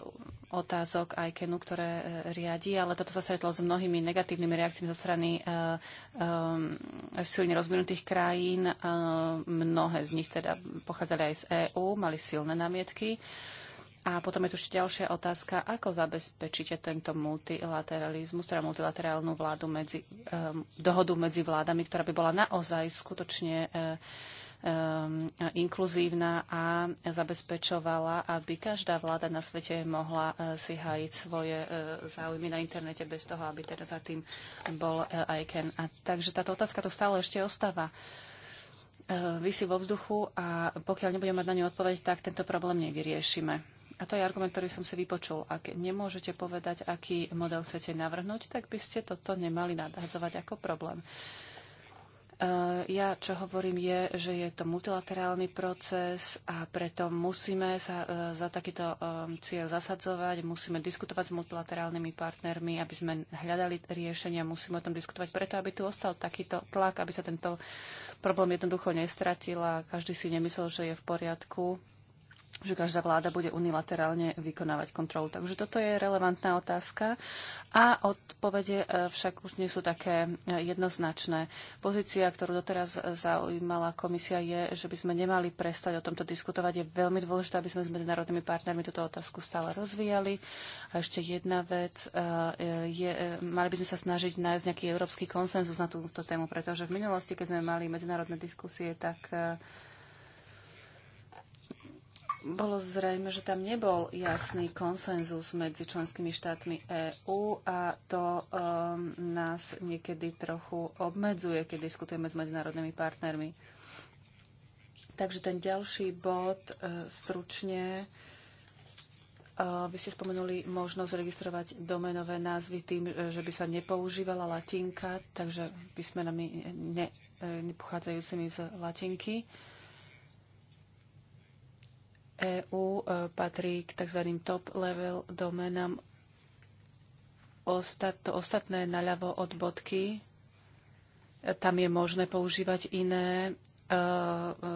otázok kenu, ktoré e, riadi, ale toto sa stretlo s mnohými negatívnymi reakciami zo strany e, e, silne rozvinutých krajín. Mnohé z nich teda pochádzali aj z EÚ, mali silné námietky. A potom je tu ešte ďalšia otázka, ako zabezpečíte tento multilateralizmus, teda multilaterálnu vládu medzi, um, dohodu medzi vládami, ktorá by bola naozaj skutočne uh, Um, inkluzívna a zabezpečovala, aby každá vláda na svete mohla uh, si hájiť svoje uh, záujmy na internete bez toho, aby teda za tým bol ICANN. Uh, a takže táto otázka to stále ešte ostáva vysí vo vzduchu a pokiaľ nebudeme mať na ňu odpoveď, tak tento problém nevyriešime. A to je argument, ktorý som si vypočul. Ak nemôžete povedať, aký model chcete navrhnúť, tak by ste toto nemali nadhadzovať ako problém. Eh, ja, čo hovorím, je, že je to multilaterálny proces a preto musíme sa eh, za takýto eh, cieľ zasadzovať, musíme diskutovať s multilaterálnymi partnermi, aby sme hľadali riešenia, musíme o tom diskutovať preto, aby tu ostal takýto tlak, aby sa tento problém jednoducho nestratil a každý si nemyslel, že je v poriadku že každá vláda bude unilaterálne vykonávať kontrolu. Takže toto je relevantná otázka a odpovede e, však už nie sú také e, jednoznačné. Pozícia, ktorú doteraz zaujímala komisia, je, že by sme nemali prestať o tomto diskutovať. Je veľmi dôležité, aby sme s medzinárodnými partnermi túto otázku stále rozvíjali. A ešte jedna vec, e, je, mali by sme sa snažiť nájsť nejaký európsky konsenzus na túto tému, pretože v minulosti, keď sme mali medzinárodné diskusie, tak bolo zrejme, že tam nebol jasný konsenzus medzi členskými štátmi EÚ a to um, nás niekedy trochu obmedzuje, keď diskutujeme s medzinárodnými partnermi. Takže ten ďalší bod e, stručne. E, vy ste spomenuli možnosť registrovať domenové názvy tým, e, že by sa nepoužívala latinka, takže písmenami ne, nepochádzajúcimi z latinky. EÚ e, patrí k tzv. top-level domenám. Ostat, to ostatné naľavo od bodky, e, tam je možné používať iné e,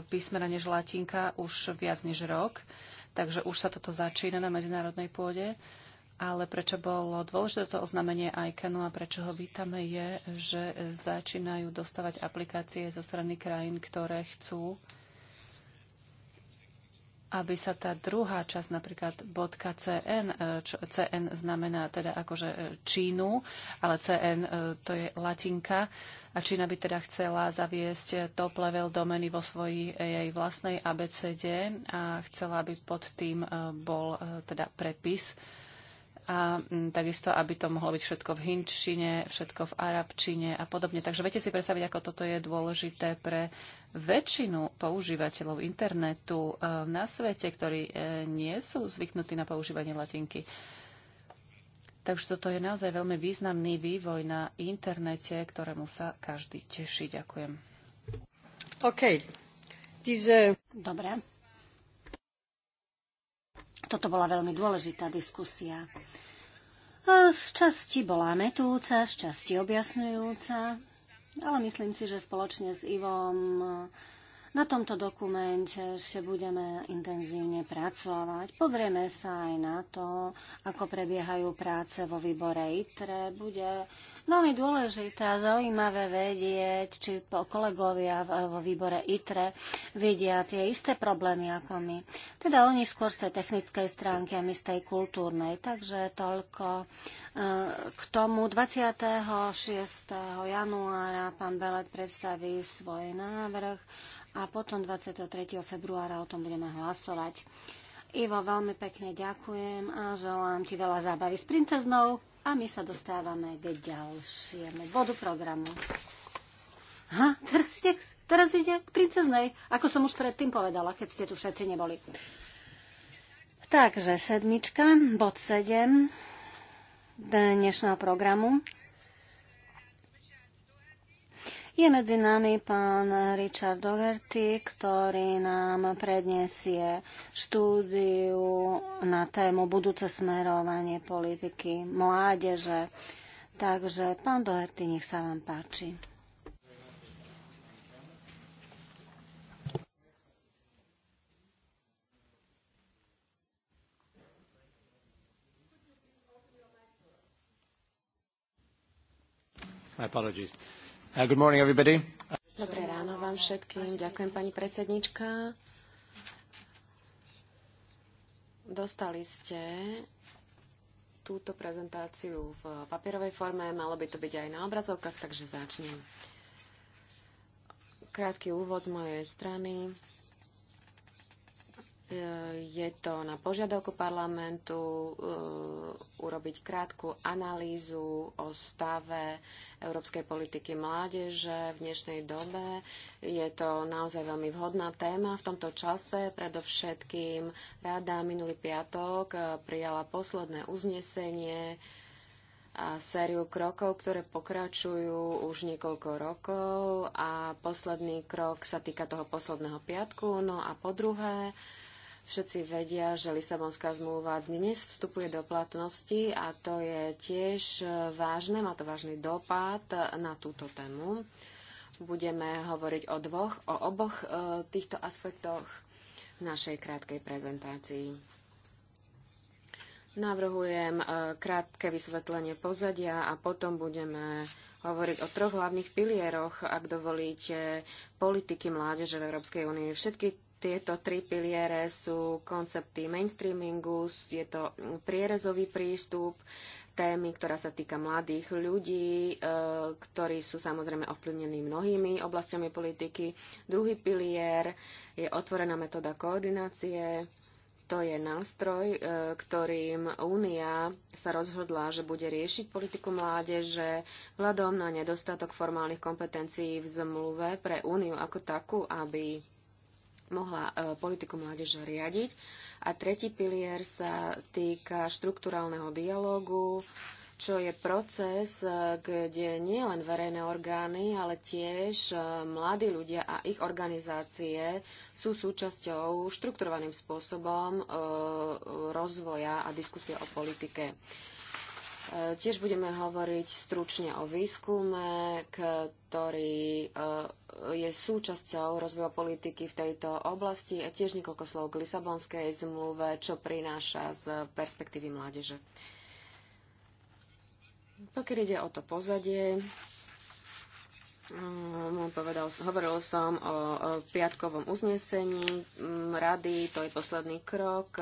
písmena než latinka už viac než rok, takže už sa toto začína na medzinárodnej pôde. Ale prečo bolo dôležité to oznámenie ICANu a prečo ho vítame je, že začínajú dostávať aplikácie zo strany krajín, ktoré chcú uh, aby sa tá druhá časť, napríklad bodka CN, e, čo CN znamená teda akože e, Čínu, ale CN e, to je latinka a Čína by teda chcela zaviesť top level domeny vo svojej jej vlastnej ABCD a chcela by pod tým bol teda prepis a mm, takisto, aby to mohlo byť všetko v hinčine, všetko v arabčine a podobne. Takže viete si predstaviť, ako toto je dôležité pre väčšinu používateľov internetu e, na svete, ktorí e, nie sú zvyknutí na používanie latinky. Takže toto je naozaj veľmi významný vývoj na internete, ktorému sa každý teší. Ďakujem. OK. Diese... Dobre. Toto bola veľmi dôležitá diskusia. Z časti bola metúca, z časti objasňujúca, ale myslím si, že spoločne s Ivom na tomto dokumente ešte budeme intenzívne pracovať. Pozrieme sa aj na to, ako prebiehajú práce vo výbore ITRE. Bude veľmi dôležité a zaujímavé vedieť, či kolegovia vo výbore ITRE vidia tie isté problémy ako my. Teda oni skôr z tej technickej stránky a my z tej kultúrnej. Takže toľko eh, k tomu. 26. januára pán Belet predstaví svoj návrh a potom 23. februára o tom budeme hlasovať. Ivo, veľmi pekne ďakujem a želám ti veľa zábavy s princeznou a my sa dostávame k ďalšiemu bodu programu. Ha, teraz ide, teraz ide k princeznej, ako som už predtým povedala, keď ste tu všetci neboli. Takže sedmička, bod 7 dnešného programu. Je medzi nami pán Richard Dogerty, ktorý nám predniesie štúdiu na tému budúce smerovanie politiky mládeže. Takže pán Doherty, nech sa vám páči. My apologies. Uh, Dobré ráno vám všetkým. Ďakujem, pani predsednička. Dostali ste túto prezentáciu v papierovej forme. Malo by to byť aj na obrazovkách, takže začnem. Krátky úvod z mojej strany je to na požiadavku parlamentu eh, urobiť krátku analýzu o stave európskej politiky mládeže v dnešnej dobe. Je to naozaj veľmi vhodná téma v tomto čase. Predovšetkým rada minulý piatok eh, prijala posledné uznesenie a sériu krokov, ktoré pokračujú už niekoľko rokov a posledný krok sa týka toho posledného piatku. No a po druhé, Všetci vedia, že Lisabonská zmluva dnes vstupuje do platnosti a to je tiež vážne, má to vážny dopad na túto tému. Budeme hovoriť o dvoch, o oboch e, týchto aspektoch v našej krátkej prezentácii. Navrhujem e, krátke vysvetlenie pozadia a potom budeme hovoriť o troch hlavných pilieroch, ak dovolíte, politiky mládeže v Európskej únii. Všetky tieto tri piliere sú koncepty mainstreamingu, je to prierezový prístup, témy, ktorá sa týka mladých ľudí, e, ktorí sú samozrejme ovplyvnení mnohými oblastiami politiky. Druhý pilier je otvorená metóda koordinácie. To je nástroj, e, ktorým Únia sa rozhodla, že bude riešiť politiku mládeže vzhľadom na nedostatok formálnych kompetencií v zmluve pre Úniu ako takú, aby mohla e, politiku mládeže riadiť. A tretí pilier sa týka štruktúrálneho dialógu, čo je proces, e, kde nie len verejné orgány, ale tiež e, mladí ľudia a ich organizácie sú súčasťou štrukturovaným spôsobom rozvoja a diskusie o politike. E, tiež budeme hovoriť stručne o výskume, ktorý e, je súčasťou rozvoja politiky v tejto oblasti a tiež niekoľko slov k Lisabonskej zmluve, čo prináša z perspektívy mládeže. Pokiaľ ide o to pozadie, Povedal, hovoril som o, piatkovom uznesení rady, to je posledný krok. E,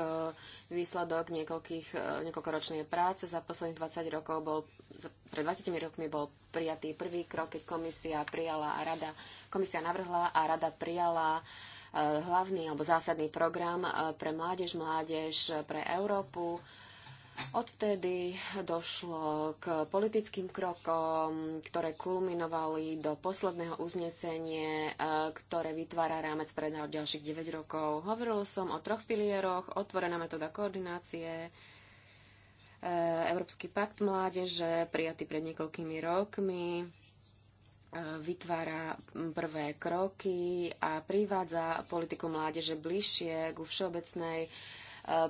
výsledok niekoľkých, e, niekoľkoročnej práce za posledných 20 rokov bol, pred 20 rokmi bol prijatý prvý krok, keď komisia prijala a rada, komisia navrhla a rada prijala e, hlavný alebo zásadný program pre mládež, mládež pre Európu Odvtedy došlo k politickým krokom, ktoré kulminovali do posledného uznesenie, e, ktoré vytvára rámec pre ďalších 9 rokov. Hovoril som o troch pilieroch, otvorená metóda koordinácie, e, Európsky pakt mládeže, prijatý pred niekoľkými rokmi, e, vytvára prvé kroky a privádza politiku mládeže bližšie ku všeobecnej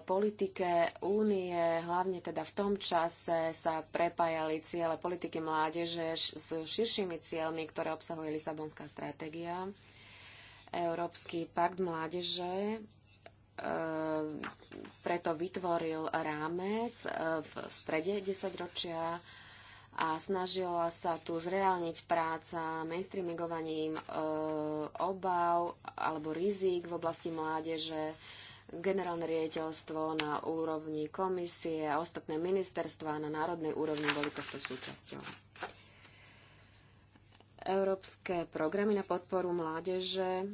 politike únie, hlavne teda v tom čase sa prepájali ciele politiky mládeže s širšími cieľmi, ktoré obsahuje Lisabonská stratégia. Európsky pakt mládeže e, preto vytvoril rámec e, v strede desaťročia a snažila sa tu zreálniť práca mainstreamingovaním e, obav alebo rizik v oblasti mládeže, generálne riaditeľstvo na úrovni komisie a ostatné ministerstva na národnej úrovni boli tohto súčasťou. Európske programy na podporu mládeže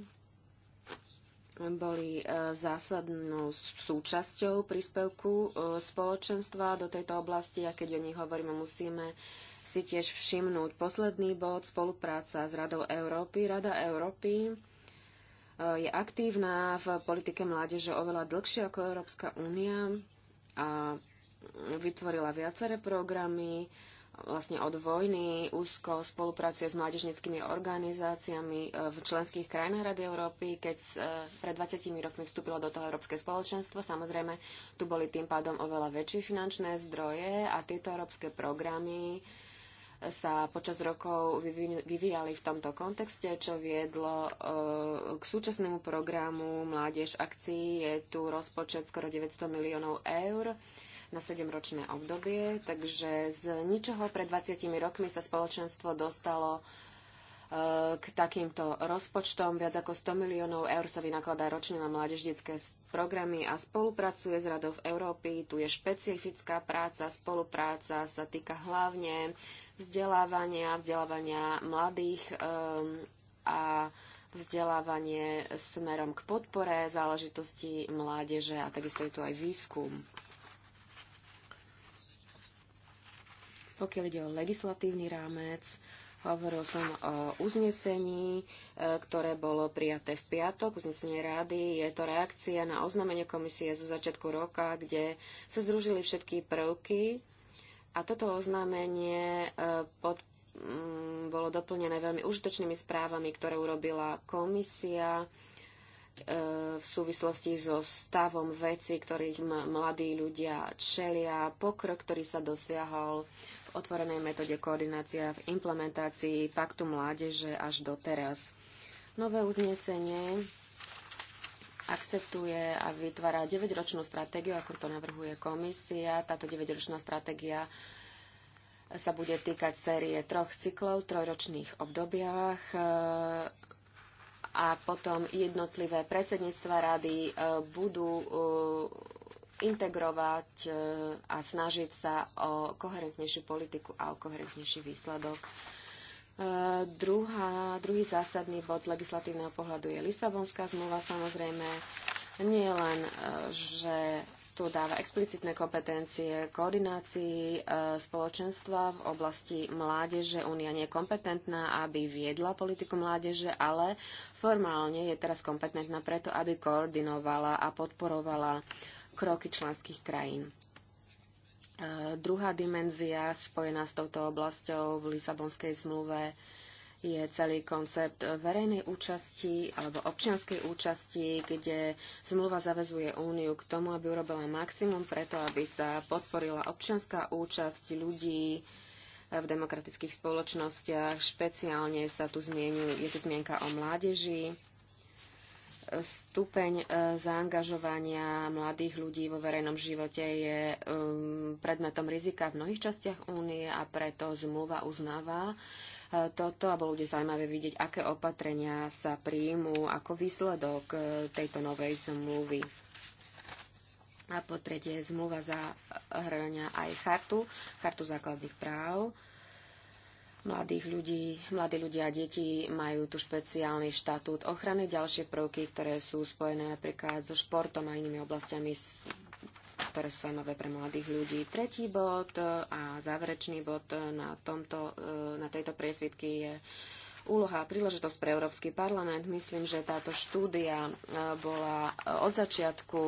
boli e, zásadnou súčasťou príspevku e, spoločenstva do tejto oblasti a keď o nich hovoríme, musíme si tiež všimnúť posledný bod spolupráca s Radou Európy. Rada Európy Eh, je aktívna v politike mládeže oveľa dlhšie ako Európska únia a vytvorila viaceré programy, vlastne od vojny úzko spolupracuje s mládežnickými organizáciami eh, v členských krajinách Rady Európy, keď eh, pred 20 rokmi vstúpilo do toho Európske spoločenstvo. Samozrejme, tu boli tým pádom oveľa väčšie finančné zdroje a tieto európske programy sa počas rokov vyvíjali v tomto kontexte, čo viedlo eh, k súčasnému programu Mládež akcií. Je tu rozpočet skoro 900 miliónov eur na 7-ročné obdobie, takže z ničoho pred 20 rokmi sa spoločenstvo dostalo Eh, k takýmto rozpočtom. Viac ako 100 miliónov eur sa vynakladá ročne na mládežnické programy a spolupracuje s Radou Európy. Tu je špecifická práca, spolupráca sa týka hlavne vzdelávania, vzdelávania mladých um, a vzdelávanie smerom k podpore záležitosti mládeže a takisto je tu aj výskum. Pokiaľ ide o legislatívny rámec, Hovoril som o uznesení, e, ktoré bolo prijaté v piatok, uznesenie rády. Je to reakcia na oznámenie komisie zo začiatku roka, kde sa združili všetky prvky a toto oznámenie e, pod, mm, bolo doplnené veľmi užitočnými správami, ktoré urobila komisia e, v súvislosti so stavom veci, ktorých mladí ľudia čelia, pokrok, ktorý sa dosiahol otvorenej metóde koordinácia v implementácii Paktu mládeže až doteraz. Nové uznesenie akceptuje a vytvára 9-ročnú stratégiu, ako to navrhuje komisia. Táto 9-ročná stratégia sa bude týkať série troch cyklov v trojročných obdobiach e, a potom jednotlivé predsedníctva rady e, budú e, integrovať e, a snažiť sa o koherentnejšiu politiku a o koherentnejší výsledok. E, druhá, druhý zásadný bod z legislatívneho pohľadu je Lisabonská zmluva. Samozrejme, nie len, e, že tu dáva explicitné kompetencie koordinácii spoločenstva v oblasti mládeže. Únia nie je kompetentná, aby viedla politiku mládeže, ale formálne je teraz kompetentná preto, aby koordinovala a podporovala kroky členských krajín. E, druhá dimenzia spojená s touto oblasťou v Lisabonskej zmluve je celý koncept verejnej účasti alebo občianskej účasti, kde zmluva zavezuje Úniu k tomu, aby urobila maximum preto, aby sa podporila občianská účasť ľudí v demokratických spoločnostiach. Špeciálne sa tu zmienil, je tu zmienka o mládeži, stupeň e, zaangažovania mladých ľudí vo verejnom živote je um, predmetom rizika v mnohých častiach únie a preto zmluva uznáva e, toto a bolo bude zaujímavé vidieť, aké opatrenia sa príjmú ako výsledok e, tejto novej zmluvy. A po tretie, zmluva zahrania aj chartu, chartu základných práv mladých ľudí, mladí ľudia a deti majú tu špeciálny štatút ochrany, ďalšie prvky, ktoré sú spojené napríklad so športom a inými oblastiami, ktoré sú zaujímavé pre mladých ľudí. Tretí bod e, a záverečný bod e, na, tomto, e, na tejto priesvitky je úloha a príležitosť pre Európsky parlament. Myslím, že táto štúdia bola od začiatku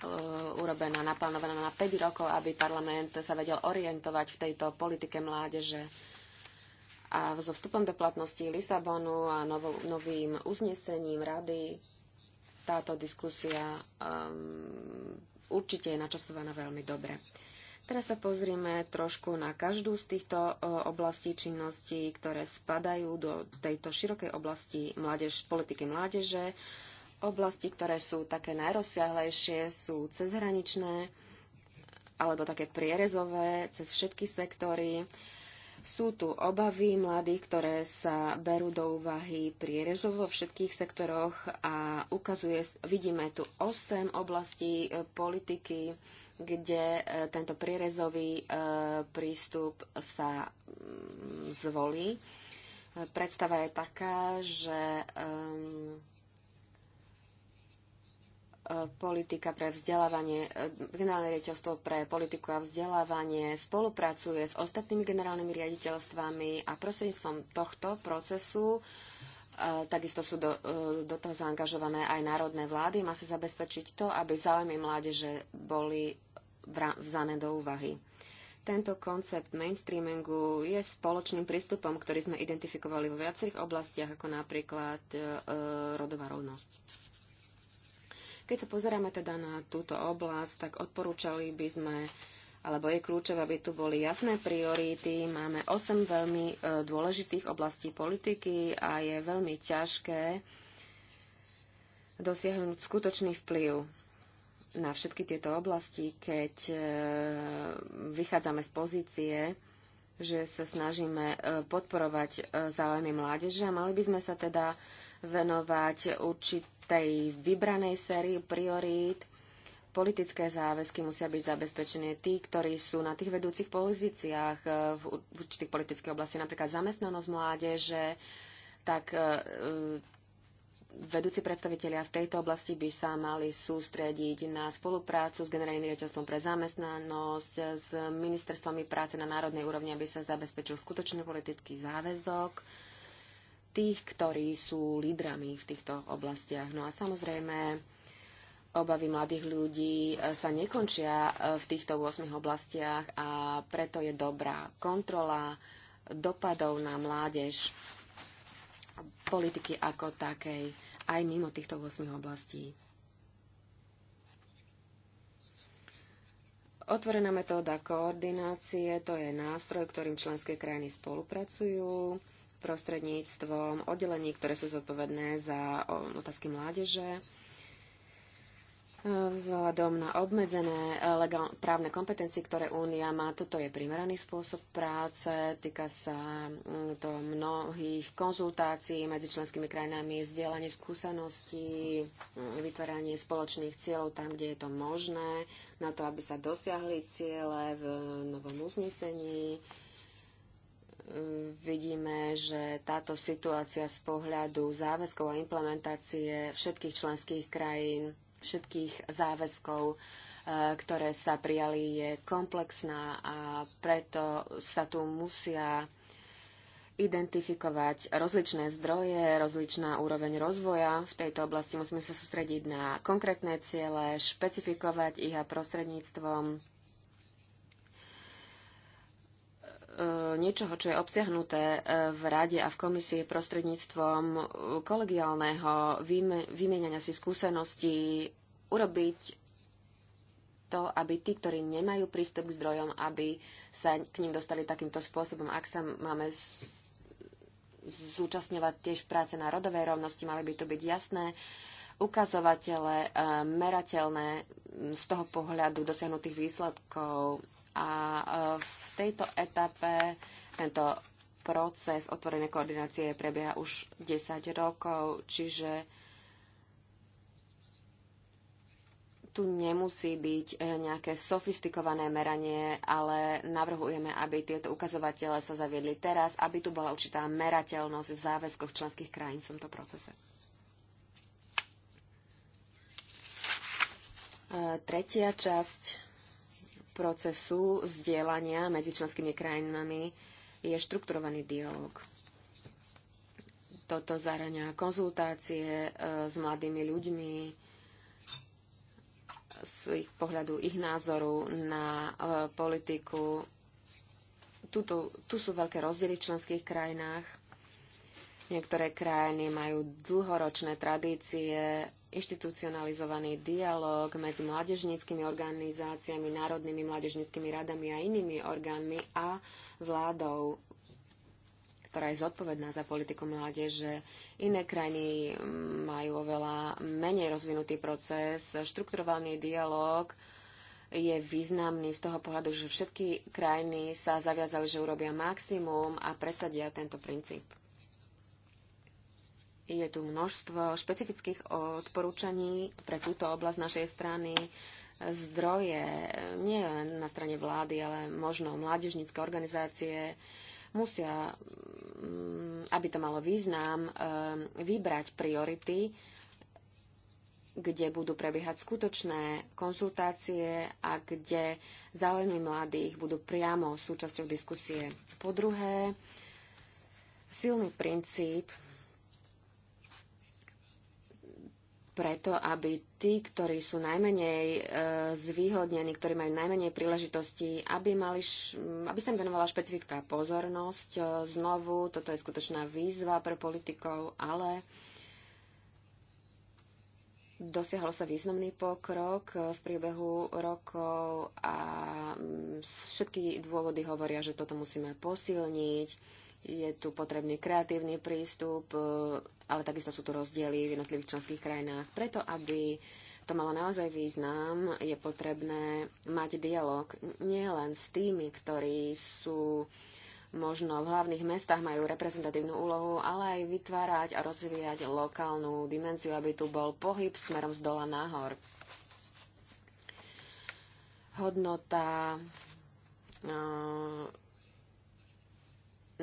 Eh, urobená, naplánovaná na 5 rokov, aby parlament sa vedel orientovať v tejto politike mládeže. A so vstupom do platnosti Lisabonu a novou, novým uznesením rady táto diskusia um, určite je načasovaná veľmi dobre. Teraz sa pozrieme trošku na každú z týchto eh, oblastí činností, ktoré spadajú do tejto širokej oblasti mládež, politiky mládeže. Uh, Oblasti, ktoré sú také najrozsiahlejšie, sú cezhraničné alebo také prierezové cez všetky sektory. Sú tu obavy mladých, ktoré sa berú do úvahy prierežovo vo všetkých sektoroch a ukazuje, vidíme tu 8 oblastí e, politiky, kde e, tento prierezový e, prístup sa mm, zvolí. Predstava je taká, že E, politika pre vzdelávanie, e, generálne riaditeľstvo pre politiku a vzdelávanie spolupracuje s ostatnými generálnymi riaditeľstvami a prostredníctvom tohto procesu e, takisto sú do, do toho zaangažované aj národné vlády. Má sa zabezpečiť to, aby záujmy mládeže boli vzané do úvahy. Tento koncept mainstreamingu je spoločným prístupom, ktorý sme identifikovali vo viacerých oblastiach, ako napríklad e, rodová rovnosť. Keď sa pozeráme teda na túto oblasť, tak odporúčali by sme, alebo je kľúčové, aby tu boli jasné priority. Máme 8 veľmi e, dôležitých oblastí politiky a je veľmi ťažké dosiahnuť skutočný vplyv na všetky tieto oblasti, keď e, vychádzame z pozície, že sa snažíme e, podporovať záujmy mládeže a mali by sme sa teda venovať určitým tej vybranej sérii priorít politické záväzky musia byť zabezpečené tí, ktorí sú na tých vedúcich pozíciách eh, v určitých politických oblasti, napríklad zamestnanosť mládeže, tak eh, eh, vedúci predstavitelia v tejto oblasti by sa mali sústrediť na spoluprácu s Generálnym riaditeľstvom pre zamestnanosť, s ministerstvami práce na národnej úrovni, aby sa zabezpečil skutočný politický záväzok tých, ktorí sú lídrami v týchto oblastiach. No a samozrejme, obavy mladých ľudí e, sa nekončia e, v týchto 8 oblastiach a preto je dobrá kontrola dopadov na mládež politiky ako takej aj mimo týchto 8 oblastí. Otvorená metóda koordinácie to je nástroj, ktorým členské krajiny spolupracujú prostredníctvom oddelení, ktoré sú zodpovedné za otázky mládeže. E, vzhľadom na obmedzené e, právne kompetencie, ktoré Únia má, toto je primeraný spôsob práce, týka sa mm, to mnohých konzultácií medzi členskými krajinami, zdieľanie skúseností, e, vytváranie spoločných cieľov tam, kde je to možné, na to, aby sa dosiahli ciele v novom uznesení vidíme, že táto situácia z pohľadu záväzkov a implementácie všetkých členských krajín, všetkých záväzkov, eh, ktoré sa prijali, je komplexná a preto sa tu musia identifikovať rozličné zdroje, rozličná úroveň rozvoja. V tejto oblasti musíme sa sústrediť na konkrétne ciele, špecifikovať ich a prostredníctvom E, niečoho, čo je obsiahnuté e, v rade a v komisii prostredníctvom e, kolegiálneho vymieňania si skúseností, urobiť to, aby tí, ktorí nemajú prístup k zdrojom, aby sa k ním dostali takýmto spôsobom. Ak sa máme zúčastňovať tiež práce na rodovej rovnosti, mali by to byť jasné ukazovatele, merateľné z toho pohľadu dosiahnutých výsledkov a e, v tejto etape tento proces otvorenej koordinácie prebieha už 10 rokov, čiže tu nemusí byť e, nejaké sofistikované meranie, ale navrhujeme, aby tieto ukazovatele sa zaviedli teraz, aby tu bola určitá merateľnosť v záväzkoch členských krajín v tomto procese. E, tretia časť procesu zdieľania medzi členskými krajinami je štrukturovaný dialog. Toto zahrania konzultácie e, s mladými ľuďmi, z ich pohľadu, ich názoru na e, politiku. Tuto, tu sú veľké rozdiely v členských krajinách Niektoré krajiny majú dlhoročné tradície, inštitucionalizovaný dialog medzi mládežníckými organizáciami, národnými mládežníckými radami a inými orgánmi a vládou ktorá je zodpovedná za politiku mládeže. Iné krajiny mm, majú oveľa menej rozvinutý proces. Štrukturovaný dialog je významný z toho pohľadu, že všetky krajiny sa zaviazali, že urobia maximum a presadia tento princíp. Je tu množstvo špecifických odporúčaní pre túto oblasť našej strany zdroje, nie na strane vlády, ale možno mládežnícke organizácie, musia, mm, aby to malo význam, eh, vybrať priority, kde budú prebiehať skutočné konzultácie a kde záujmy mladých budú priamo súčasťou diskusie. Po druhé, silný princíp preto, aby tí, ktorí sú najmenej e, zvýhodnení, ktorí majú najmenej príležitostí, aby, mali š, aby sa im venovala špecifická pozornosť. E, znovu, toto je skutočná výzva pre politikov, ale dosiahol sa významný pokrok e, v priebehu rokov a všetky dôvody hovoria, že toto musíme posilniť je tu potrebný kreatívny prístup, e, ale takisto sú tu rozdiely v jednotlivých členských krajinách. Preto, aby to malo naozaj význam, je potrebné mať dialog nielen s tými, ktorí sú možno v hlavných mestách majú reprezentatívnu úlohu, ale aj vytvárať a rozvíjať lokálnu dimenziu, aby tu bol pohyb smerom z dola nahor. Hodnota e,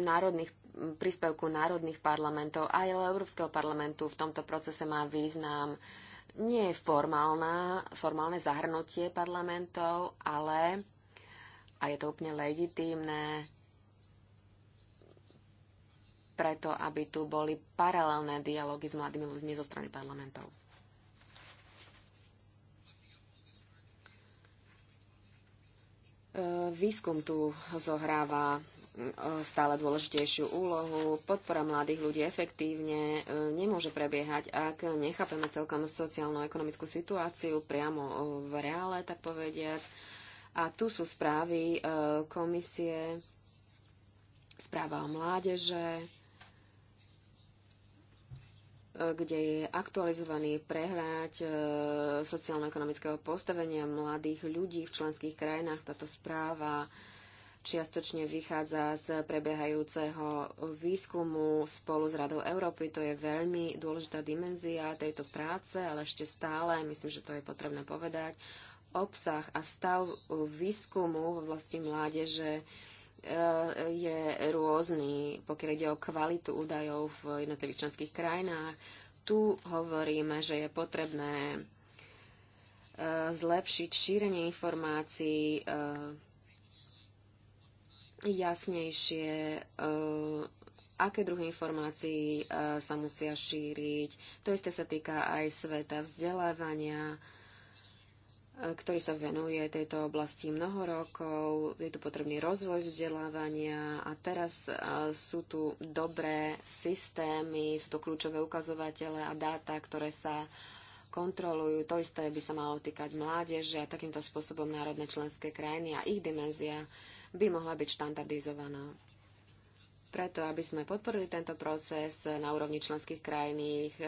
národných príspevku národných parlamentov aj Európskeho parlamentu v tomto procese má význam. Nie je formálna, formálne zahrnutie parlamentov, ale, a je to úplne legitímne, preto, aby tu boli paralelné dialógy s mladými ľuďmi zo strany parlamentov. E, výskum tu zohráva stále dôležitejšiu úlohu. Podpora mladých ľudí efektívne e, nemôže prebiehať, ak nechápeme celkom sociálno-ekonomickú situáciu priamo e, v reále, tak povediac. A tu sú správy e, komisie, správa o mládeže, kde je aktualizovaný prehľad sociálno-ekonomického postavenia mladých ľudí v členských krajinách. Táto správa čiastočne vychádza z prebiehajúceho výskumu spolu s Radou Európy. To je veľmi dôležitá dimenzia tejto práce, ale ešte stále, myslím, že to je potrebné povedať, obsah a stav výskumu v oblasti mládeže e, je rôzny, pokiaľ ide o kvalitu údajov v jednotlivých členských krajinách. Tu hovoríme, že je potrebné e, zlepšiť šírenie informácií, e, jasnejšie, eh, aké druhy informácií eh, sa musia šíriť. To isté sa týka aj sveta vzdelávania, eh, ktorý sa venuje tejto oblasti mnoho rokov. Je tu potrebný rozvoj vzdelávania a teraz sú tu dobré systémy, sú to kľúčové ukazovatele a dáta, ktoré sa kontrolujú. To isté by sa malo týkať mládeže a takýmto spôsobom národné členské krajiny a ich dimenzia by mohla byť štandardizovaná. Preto, aby sme podporili tento proces na úrovni členských krajín, e, e,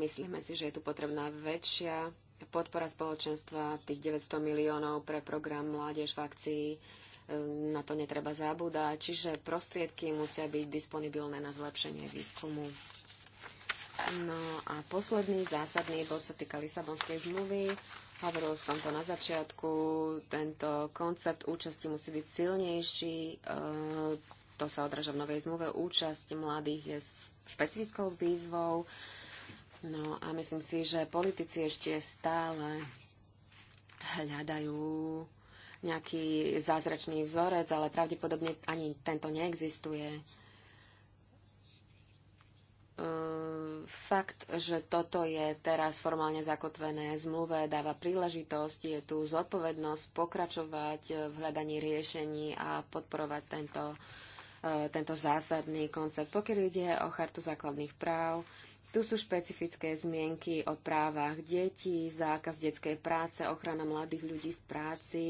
myslíme si, že je tu potrebná väčšia podpora spoločenstva, tých 900 miliónov pre program Mládež v akcii, e, na to netreba zabúdať, čiže prostriedky musia byť disponibilné na zlepšenie výskumu. No a posledný zásadný bod sa týka Lisabonskej zmluvy. Hovoril som to na začiatku, tento koncept účasti musí byť silnejší, e, to sa odraža v novej zmluve. Účasť mladých je špecifickou výzvou. No a myslím si, že politici ešte stále hľadajú nejaký zázračný vzorec, ale pravdepodobne ani tento neexistuje. Ehm, fakt, že toto je teraz formálne zakotvené zmluve, dáva príležitosť, je tu zodpovednosť pokračovať eh, v hľadaní riešení a podporovať tento, eh, tento zásadný koncept. Pokiaľ ide o chartu základných práv, tu sú špecifické zmienky o právach detí, zákaz detskej práce, ochrana mladých ľudí v práci.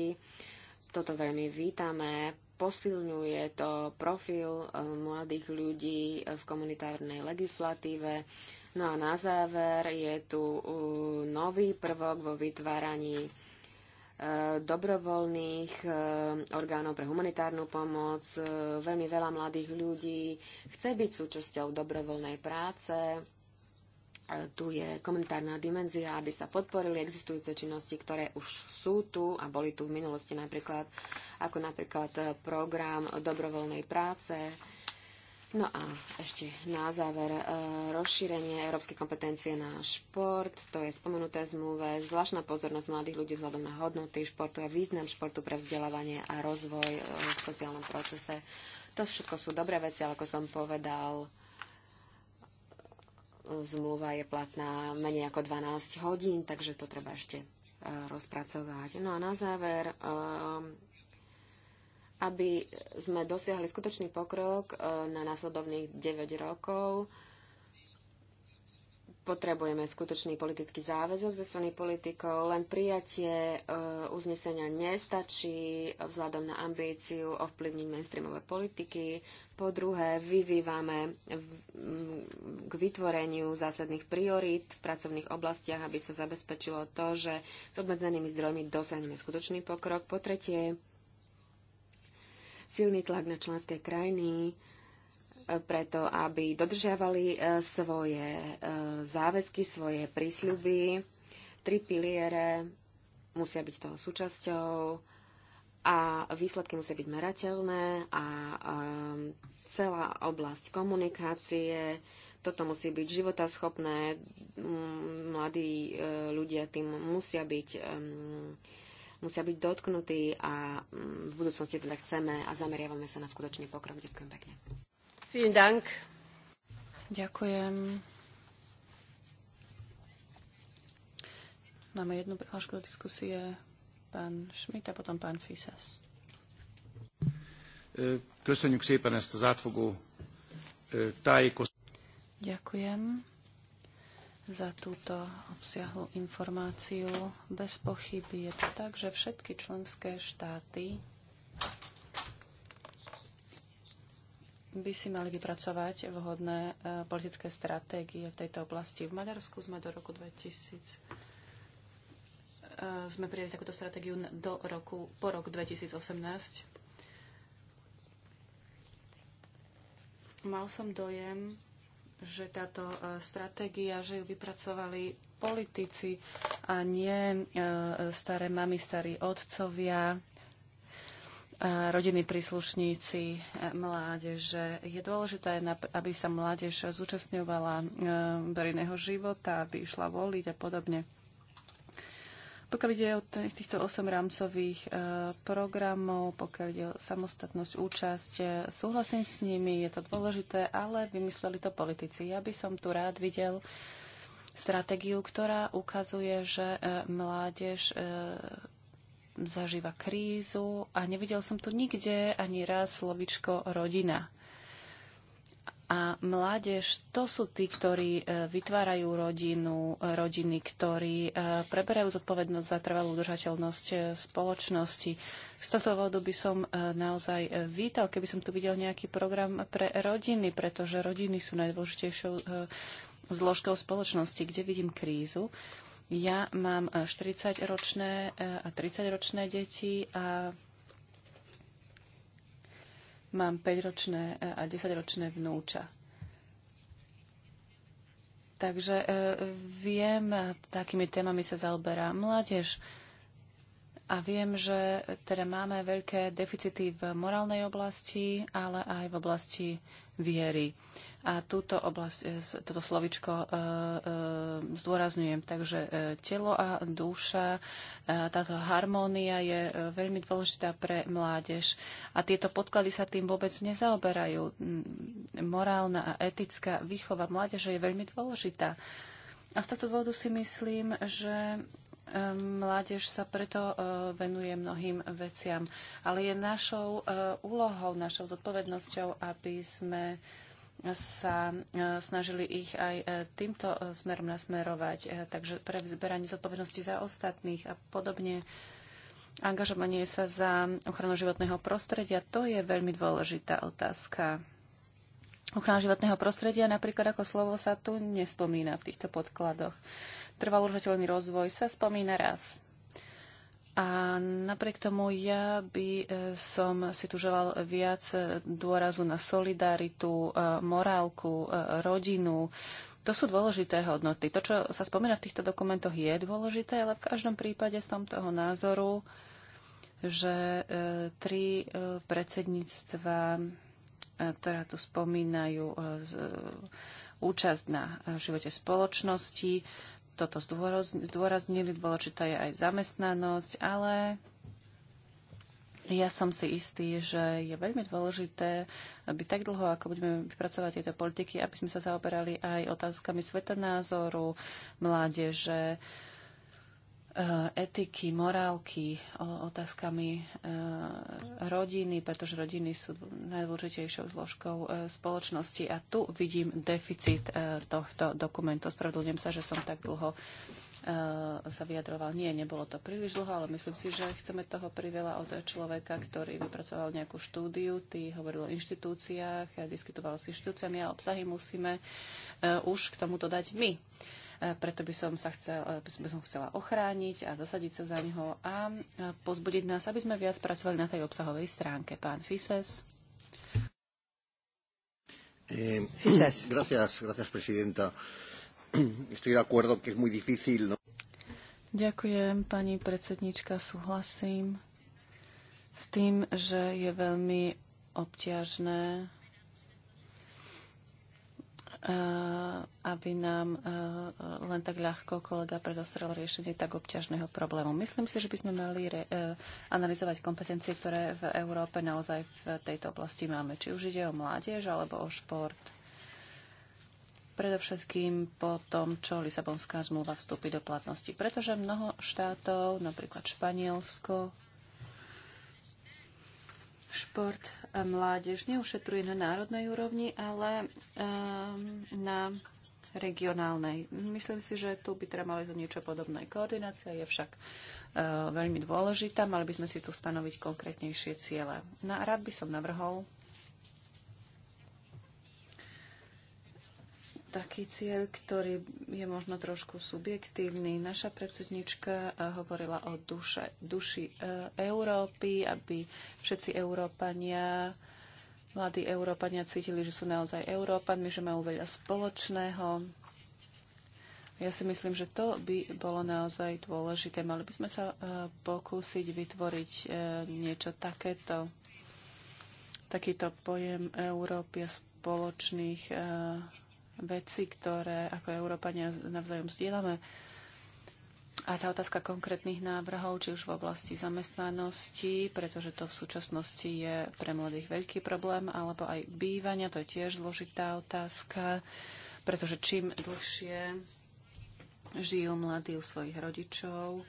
Toto veľmi vítame posilňuje to profil eh, mladých ľudí v komunitárnej legislatíve. No a na záver je tu eh, nový prvok vo vytváraní eh, dobrovoľných orgánov pre humanitárnu pomoc. Veľmi veľa mladých ľudí chce byť súčasťou dobrovoľnej práce E, tu je komunitárna dimenzia, aby sa podporili existujúce činnosti, ktoré už sú tu a boli tu v minulosti napríklad, ako napríklad e, program dobrovoľnej práce. No a ešte na záver e, rozšírenie európskej kompetencie na šport. To je spomenuté zmluve. Zvláštna pozornosť mladých ľudí vzhľadom na hodnoty športu a význam športu pre vzdelávanie a rozvoj v sociálnom procese. To všetko sú dobré veci, ale ako som povedal, zmluva je platná menej ako 12 hodín, takže to treba ešte e, rozpracovať. No a na záver, e, aby sme dosiahli skutočný pokrok e, na následovných 9 rokov, potrebujeme skutočný politický záväzok ze strany politikov, len prijatie e, uznesenia nestačí vzhľadom na ambíciu ovplyvniť mainstreamové politiky. Po druhé, vyzývame k vytvoreniu zásadných priorít v pracovných oblastiach, aby sa zabezpečilo to, že s obmedzenými zdrojmi dosiahneme skutočný pokrok. Po tretie, silný tlak na členské krajiny, preto, aby dodržiavali e, svoje e, záväzky, svoje prísľuby. Tri piliere musia byť toho súčasťou a výsledky musia byť merateľné a e, celá oblasť komunikácie, toto musí byť životaschopné, mladí ľudia tým musia byť musia byť dotknutí a v budúcnosti teda chceme a zameriavame sa na skutočný pokrok. Ďakujem pekne. Vielen Dank. Ďakujem. Máme jednu prihlášku do diskusie. Pán Šmit a potom pán Fisas. Köszönjük szépen ezt az átfogó tájékoztatást. Ďakujem za túto obsiahlu informáciu. Bez pochyby je to tak, že všetky členské štáty by si mali vypracovať vhodné e, politické stratégie v tejto oblasti. V Maďarsku sme do roku 2000 e, sme prijali takúto stratégiu do roku, po rok 2018. Mal som dojem, že táto e, stratégia, že ju vypracovali politici a nie staré mamy, starí otcovia, rodiny príslušníci e, mládeže. Je dôležité, aby sa mládež zúčastňovala e, verejného života, aby išla voliť a podobne. Pokiaľ ide o týchto 8 rámcových e, programov, pokiaľ ide o samostatnosť, účasť, súhlasím s nimi, je to dôležité, ale vymysleli to politici. Ja by som tu rád videl stratégiu, ktorá ukazuje, že mládež zažíva krízu a nevidel som tu nikde ani raz slovičko rodina. A mládež, to sú tí, ktorí e, vytvárajú rodinu, rodiny, ktorí e, preberajú zodpovednosť za trvalú udržateľnosť e, spoločnosti. Z tohto vodu by som naozaj vítal, keby som tu videl nejaký program pre rodiny, pretože rodiny sú najdôležitejšou zložkou spoločnosti, kde vidím krízu ja mám 40-ročné e, e, a 30-ročné deti a mám 5-ročné e, a 10-ročné vnúča. Takže viem, takými témami sa zaoberá mládež a viem, že teda máme veľké deficity v morálnej oblasti, ale aj v oblasti viery. A túto oblasť, e, toto slovičko e, e, zdôrazňujem. Takže telo a duša, táto harmónia je veľmi dôležitá pre mládež. A tieto podklady sa tým vôbec nezaoberajú. Mm, morálna a etická výchova mládeže je veľmi dôležitá. A z tohto dôvodu si myslím, že Mládež sa preto e, venuje mnohým veciam, ale je našou e, úlohou, našou zodpovednosťou, aby sme sa e, snažili ich aj týmto smerom nasmerovať. Takže pre zberanie zodpovednosti za ostatných a podobne angažovanie sa za ochranu životného prostredia, to je veľmi dôležitá otázka. Ochrana životného prostredia napríklad ako slovo sa tu nespomína v týchto podkladoch trvalo udržateľný rozvoj sa spomína raz. A napriek tomu ja by e, som si tu želal viac e, dôrazu na solidaritu, e, morálku, rodinu. To sú dôležité hodnoty. To, čo sa spomína v týchto dokumentoch, je dôležité, ale v každom prípade som toho názoru, že tri predsedníctva, ktorá tu spomínajú, účasť na živote spoločnosti, toto zdôraznili, dôležitá je aj zamestnanosť, ale ja som si istý, že je veľmi dôležité, aby tak dlho, ako budeme vypracovať tieto politiky, aby sme sa zaoberali aj otázkami sveta názoru, mládeže, Eh, etiky, morálky, otázkami eh, rodiny, pretože rodiny sú najdôležitejšou zložkou eh, spoločnosti a tu vidím deficit tohto dokumentu. Spravedlňujem sa, že som tak dlho sa vyjadroval. Nie, nebolo to príliš dlho, ale myslím si, že chceme toho priveľa od človeka, ktorý vypracoval nejakú štúdiu, ty hovoril o inštitúciách, ja diskutoval s inštitúciami a obsahy musíme už k tomuto dať my. E, preto by som sa chcel, e, by som chcela ochrániť a zasadiť sa za neho a e, pozbudiť nás, aby sme viac pracovali na tej obsahovej stránke. Pán Fises. Eh, Fises. Gracias, gracias, presidenta. Estoy de acuerdo que es muy difícil, ¿no? Ďakujem, pani predsednička, súhlasím s tým, že je veľmi obťažné Eh, aby nám eh, len tak ľahko kolega predostrel riešenie tak obťažného problému. Myslím si, že by sme mali eh, analyzovať kompetencie, ktoré v Európe naozaj v tejto oblasti máme. Či už ide o mládež alebo o šport. Predovšetkým po tom, čo Lisabonská zmluva vstúpi do platnosti. Pretože mnoho štátov, napríklad Španielsko, šport a e, mládež neušetruje na národnej úrovni, ale um, na regionálnej. Myslím si, že tu by treba mali to niečo podobné. Koordinácia je však uh, veľmi dôležitá. Mali by sme si tu stanoviť konkrétnejšie ciele. Na, no rád by som navrhol, taký cieľ, ktorý je možno trošku subjektívny. Naša predsednička eh, hovorila o duše, duši eh, Európy, aby všetci Európania, mladí Európania cítili, že sú naozaj Európanmi, že majú veľa spoločného. Ja si myslím, že to by bolo naozaj dôležité. Mali by sme sa eh, pokúsiť vytvoriť niečo takéto, takýto pojem Európy a spoločných veci, ktoré ako Európania navzájom zdieľame. A tá otázka konkrétnych návrhov, či už v oblasti zamestnanosti, pretože to v súčasnosti je pre mladých veľký problém, alebo aj bývania, to je tiež zložitá otázka, pretože čím dlhšie žijú mladí u svojich rodičov,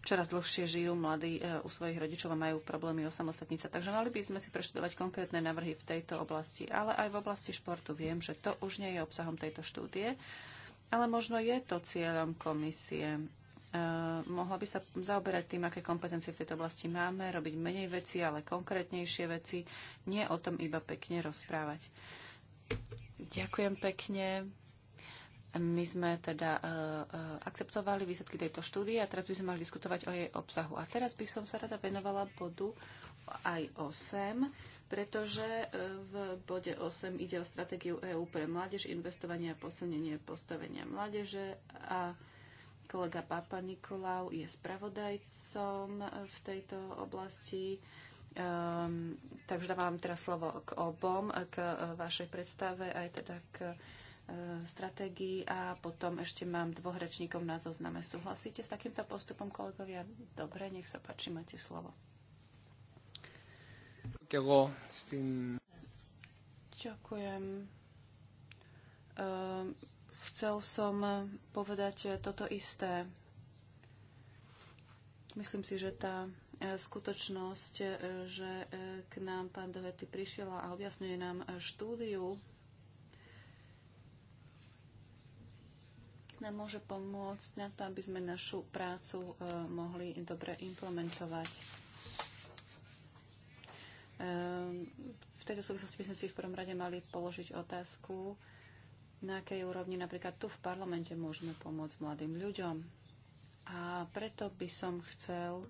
čoraz dlhšie žijú mladí e, u svojich rodičov a majú problémy o sa. Takže mali by sme si preštudovať konkrétne návrhy v tejto oblasti. Ale aj v oblasti športu viem, že to už nie je obsahom tejto štúdie, ale možno je to cieľom komisie. E, mohla by sa zaoberať tým, aké kompetencie v tejto oblasti máme, robiť menej veci, ale konkrétnejšie veci, nie o tom iba pekne rozprávať. Ďakujem pekne. My sme teda e, e, akceptovali výsledky tejto štúdie a teraz by sme mali diskutovať o jej obsahu. A teraz by som sa rada venovala bodu aj 8, pretože e, v bode 8 ide o stratégiu EÚ pre mládež, investovanie a posunenie postavenia mládeže a kolega Papa Nikolau je spravodajcom v tejto oblasti. Um, takže dávam teraz slovo k obom, k vašej predstave aj teda k uh, stratégií a potom ešte mám dvoch rečníkov na zozname. Súhlasíte s takýmto postupom, kolegovia? Dobre, nech sa páči, máte slovo. Ďakujem. Ehm, chcel som povedať toto isté. Myslím si, že tá e, skutočnosť, e, že e, k nám pán Dovety prišiel a objasňuje nám štúdiu, nám môže pomôcť na to, aby sme našu prácu e, mohli dobre implementovať. E, v tejto súvislosti by sme si v prvom rade mali položiť otázku, na akej úrovni napríklad tu v parlamente môžeme pomôcť mladým ľuďom. A preto by som chcel e,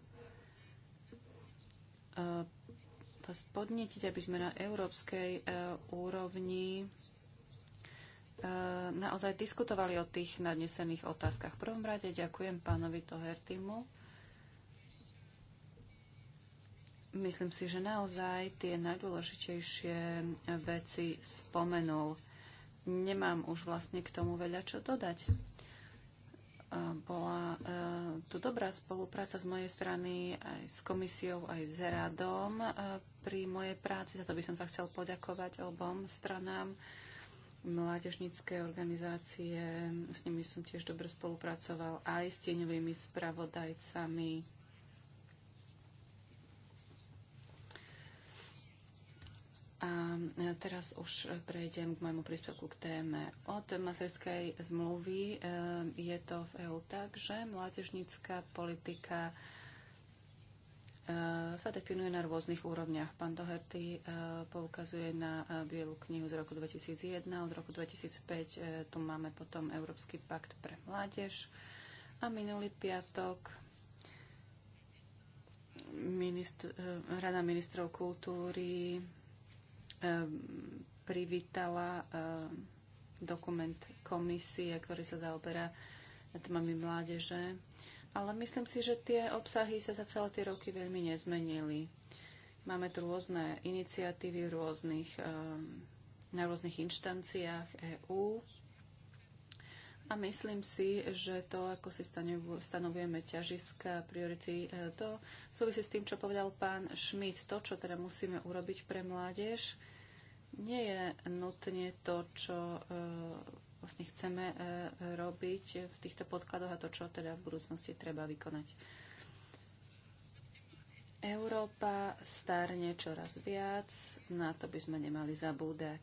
vás podnetiť, aby sme na európskej e, úrovni Eh, naozaj diskutovali o tých nadnesených otázkach. V prvom rade ďakujem pánovi Tohertimu. Myslím si, že naozaj tie najdôležitejšie veci spomenul. Nemám už vlastne k tomu veľa čo dodať. Eh, bola eh, tu dobrá spolupráca z mojej strany aj s komisiou, aj s radom pri mojej práci. Za to by som sa chcel poďakovať obom stranám mládežnícke organizácie, s nimi som tiež dobre spolupracoval, aj s tieňovými spravodajcami. A teraz už prejdem k môjmu príspevku k téme. Od materskej zmluvy eh, je to v EU tak, že mládežnícka politika Eh, sa definuje na rôznych úrovniach. Pán Doherty eh, poukazuje na eh, Bielu knihu z roku 2001, od roku 2005 tu máme potom Európsky pakt pre mládež a minulý piatok ministr, Rada ministrov kultúry privítala dokument komisie, ktorý sa zaoberá témami mládeže ale myslím si, že tie obsahy sa za celé tie roky veľmi nezmenili. Máme tu rôzne iniciatívy rôznych, ehm, na rôznych inštanciách EÚ. A myslím si, že to, ako si stanovujeme ťažiska, priority, e, to súvisí s tým, čo povedal pán Schmidt. To, čo teda musíme urobiť pre mládež, nie je nutne to, čo e, vlastne chceme e, robiť v týchto podkladoch a to, čo teda v budúcnosti treba vykonať. Európa starne čoraz viac, na to by sme nemali zabúdať.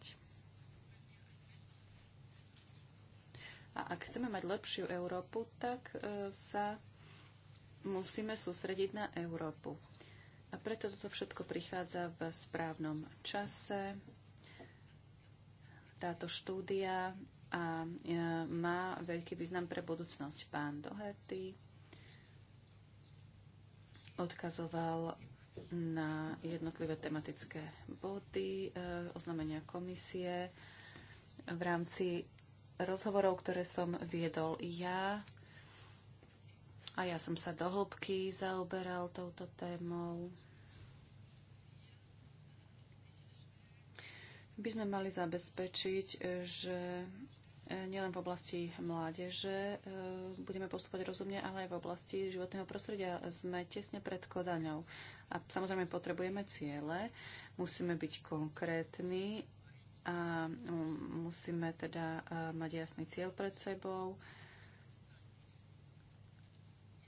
A ak chceme mať lepšiu Európu, tak e, sa musíme sústrediť na Európu. A preto toto všetko prichádza v správnom čase. Táto štúdia a e, má veľký význam pre budúcnosť. Pán Doherty odkazoval na jednotlivé tematické body e, oznámenia komisie v rámci rozhovorov, ktoré som viedol ja. A ja som sa do hĺbky zaoberal touto témou. by sme mali zabezpečiť, e, že nielen v oblasti mládeže e, budeme postupovať rozumne, ale aj v oblasti životného prostredia. Sme tesne pred Kodaňou. A samozrejme potrebujeme ciele, musíme byť konkrétni a mm, musíme teda e, mať jasný cieľ pred sebou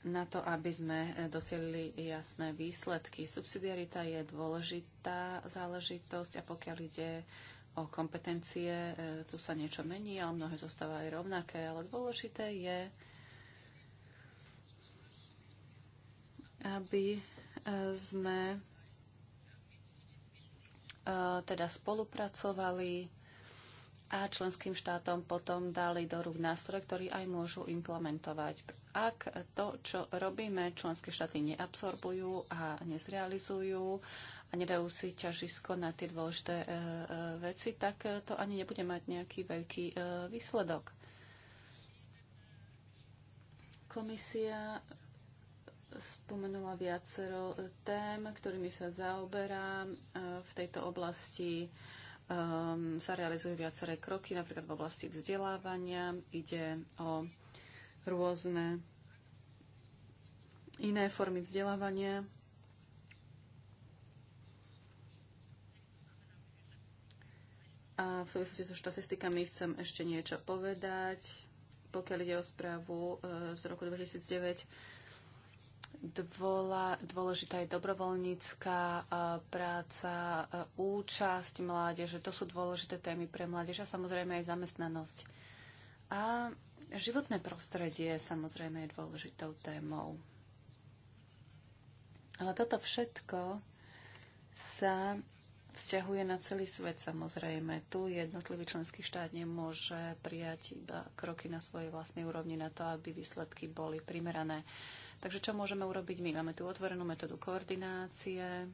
na to, aby sme e, dosielili jasné výsledky. Subsidiarita je dôležitá záležitosť a pokiaľ ide o kompetencie. E, tu sa niečo mení, ale mnohé zostáva aj rovnaké. Ale dôležité je, aby e, sme e, teda spolupracovali a členským štátom potom dali do rúk nástroj, ktorý aj môžu implementovať. Ak to, čo robíme, členské štáty neabsorbujú a nezrealizujú a nedajú si ťažisko na tie dôležité e, e, veci, tak e, to ani nebude mať nejaký veľký výsledok. Komisia spomenula viacero tém, ktorými sa zaoberá v tejto oblasti um, sa realizujú viaceré kroky, napríklad v oblasti vzdelávania. Ide o rôzne iné formy vzdelávania. A v súvislosti so štatistikami chcem ešte niečo povedať. Pokiaľ ide o správu e, z roku 2009, dôležitá je dobrovoľnícká e, práca, e, účasť mládeže. To sú dôležité témy pre mládež a samozrejme aj zamestnanosť. A životné prostredie samozrejme je dôležitou témou. Ale toto všetko sa vzťahuje na celý svet samozrejme. Tu jednotlivý členský štát nemôže prijať iba kroky na svojej vlastnej úrovni na to, aby výsledky boli primerané. Takže čo môžeme urobiť my? Máme tu otvorenú metódu koordinácie,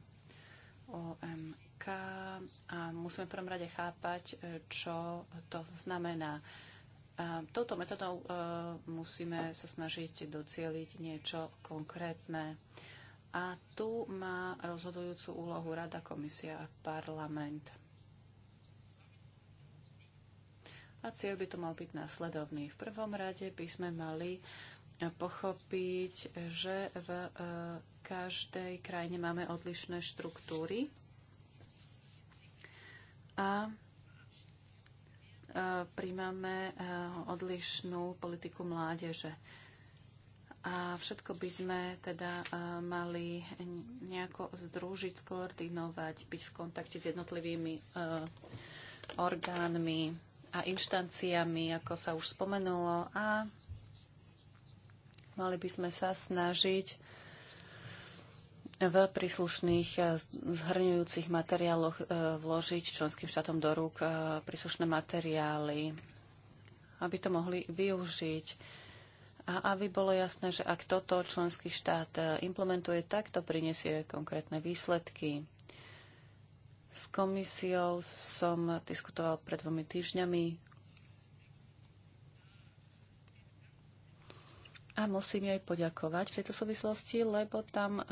OMK a musíme v prvom rade chápať, čo to znamená. A touto metodou e, musíme sa snažiť docieliť niečo konkrétne. E, a tu má rozhodujúcu úlohu Rada, Komisia a Parlament. A cieľ by to mal byť následovný. V prvom rade by sme mali pochopiť, že v eh, každej krajine máme odlišné štruktúry a eh, príjmame eh, odlišnú politiku mládeže. A všetko by sme teda e, mali nejako združiť, skoordinovať, byť v kontakte s jednotlivými e, orgánmi a inštanciami, ako sa už spomenulo. A mali by sme sa snažiť v príslušných e, zhrňujúcich materiáloch vložiť členským štátom do rúk príslušné materiály, aby to mohli využiť a aby bolo jasné, že ak toto členský štát e, implementuje, tak to prinesie konkrétne výsledky. S komisiou som diskutoval pred dvomi týždňami a musím jej poďakovať v tejto súvislosti, lebo tam um,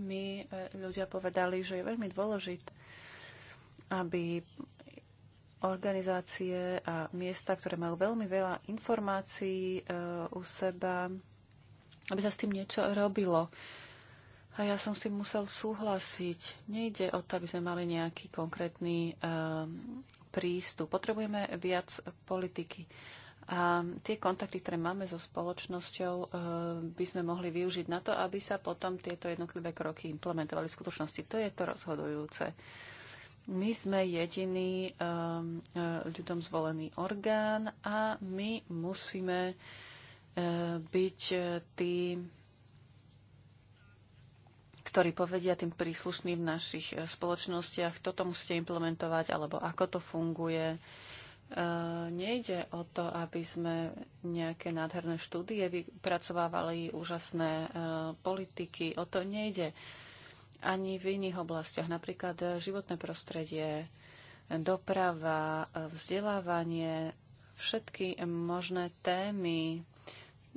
mi e, ľudia povedali, že je veľmi dôležité, aby organizácie a miesta, ktoré majú veľmi veľa informácií e, u seba, aby sa s tým niečo robilo. A ja som s tým musel súhlasiť. Nejde o to, aby sme mali nejaký konkrétny e, prístup. Potrebujeme viac politiky. A tie kontakty, ktoré máme so spoločnosťou, e, by sme mohli využiť na to, aby sa potom tieto jednotlivé kroky implementovali v skutočnosti. To je to rozhodujúce. My sme jediný um, uh, ľudom zvolený orgán a my musíme uh, byť uh, tí, ktorí povedia tým príslušným v našich spoločnostiach, toto musíte implementovať alebo ako to funguje. Nejde o to, aby sme nejaké nádherné štúdie vypracovávali, úžasné politiky. O to nejde ani v iných oblastiach, napríklad eh, životné prostredie, doprava, eh, vzdelávanie, všetky možné témy,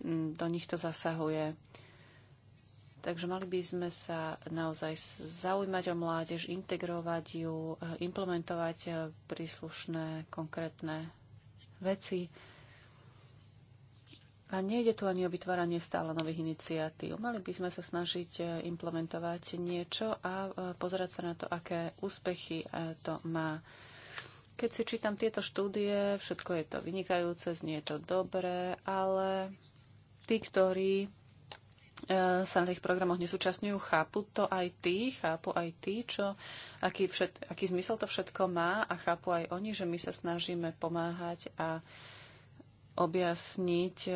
mm, do nich to zasahuje. Takže mali by sme sa naozaj zaujímať o mládež, integrovať ju, eh, implementovať príslušné konkrétne veci. A nejde tu ani o vytváranie stále nových iniciatív. Mali by sme sa snažiť e, implementovať niečo a e, pozerať sa na to, aké úspechy e, to má. Keď si čítam tieto štúdie, všetko je to vynikajúce, znie to dobré, ale tí, ktorí sa na tých programoch nesúčastňujú, chápu to aj tí, chápu aj tí, čo, aký, všet, aký zmysel to všetko má a chápu aj oni, že my sa snažíme pomáhať a uh, objasniť, e,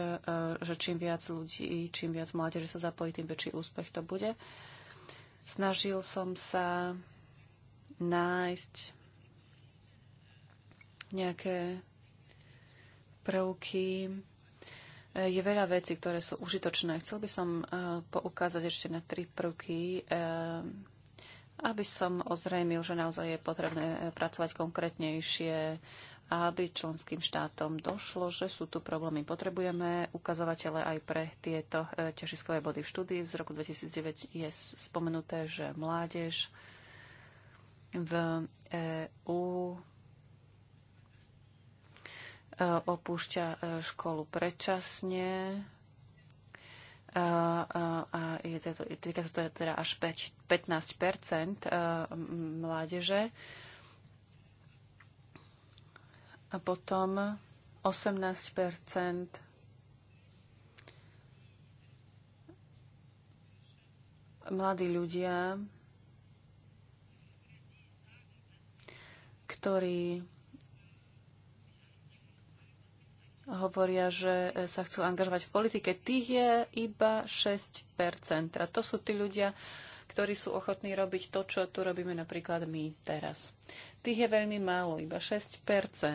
že čím viac ľudí, čím viac mládeže sa zapojí, tým väčší úspech to bude. Snažil som sa nájsť nejaké prvky. E, je veľa vecí, ktoré sú užitočné. Chcel by som e, poukázať ešte na tri prvky, aby som ozrejmil, že naozaj je potrebné pracovať konkrétnejšie aby členským štátom došlo, že sú tu problémy. Potrebujeme ukazovatele aj pre tieto e, ťažiskové body v štúdii. Z roku 2009 je spomenuté, že mládež v EÚ e, opúšťa e, školu predčasne a týka sa to teda až 5, 15 mládeže a potom 18 mladí ľudia, ktorí hovoria, že sa chcú angažovať v politike, tých je iba 6 a to sú tí ľudia, ktorí sú ochotní robiť to, čo tu robíme napríklad my teraz. Tých je veľmi málo, iba 6 e,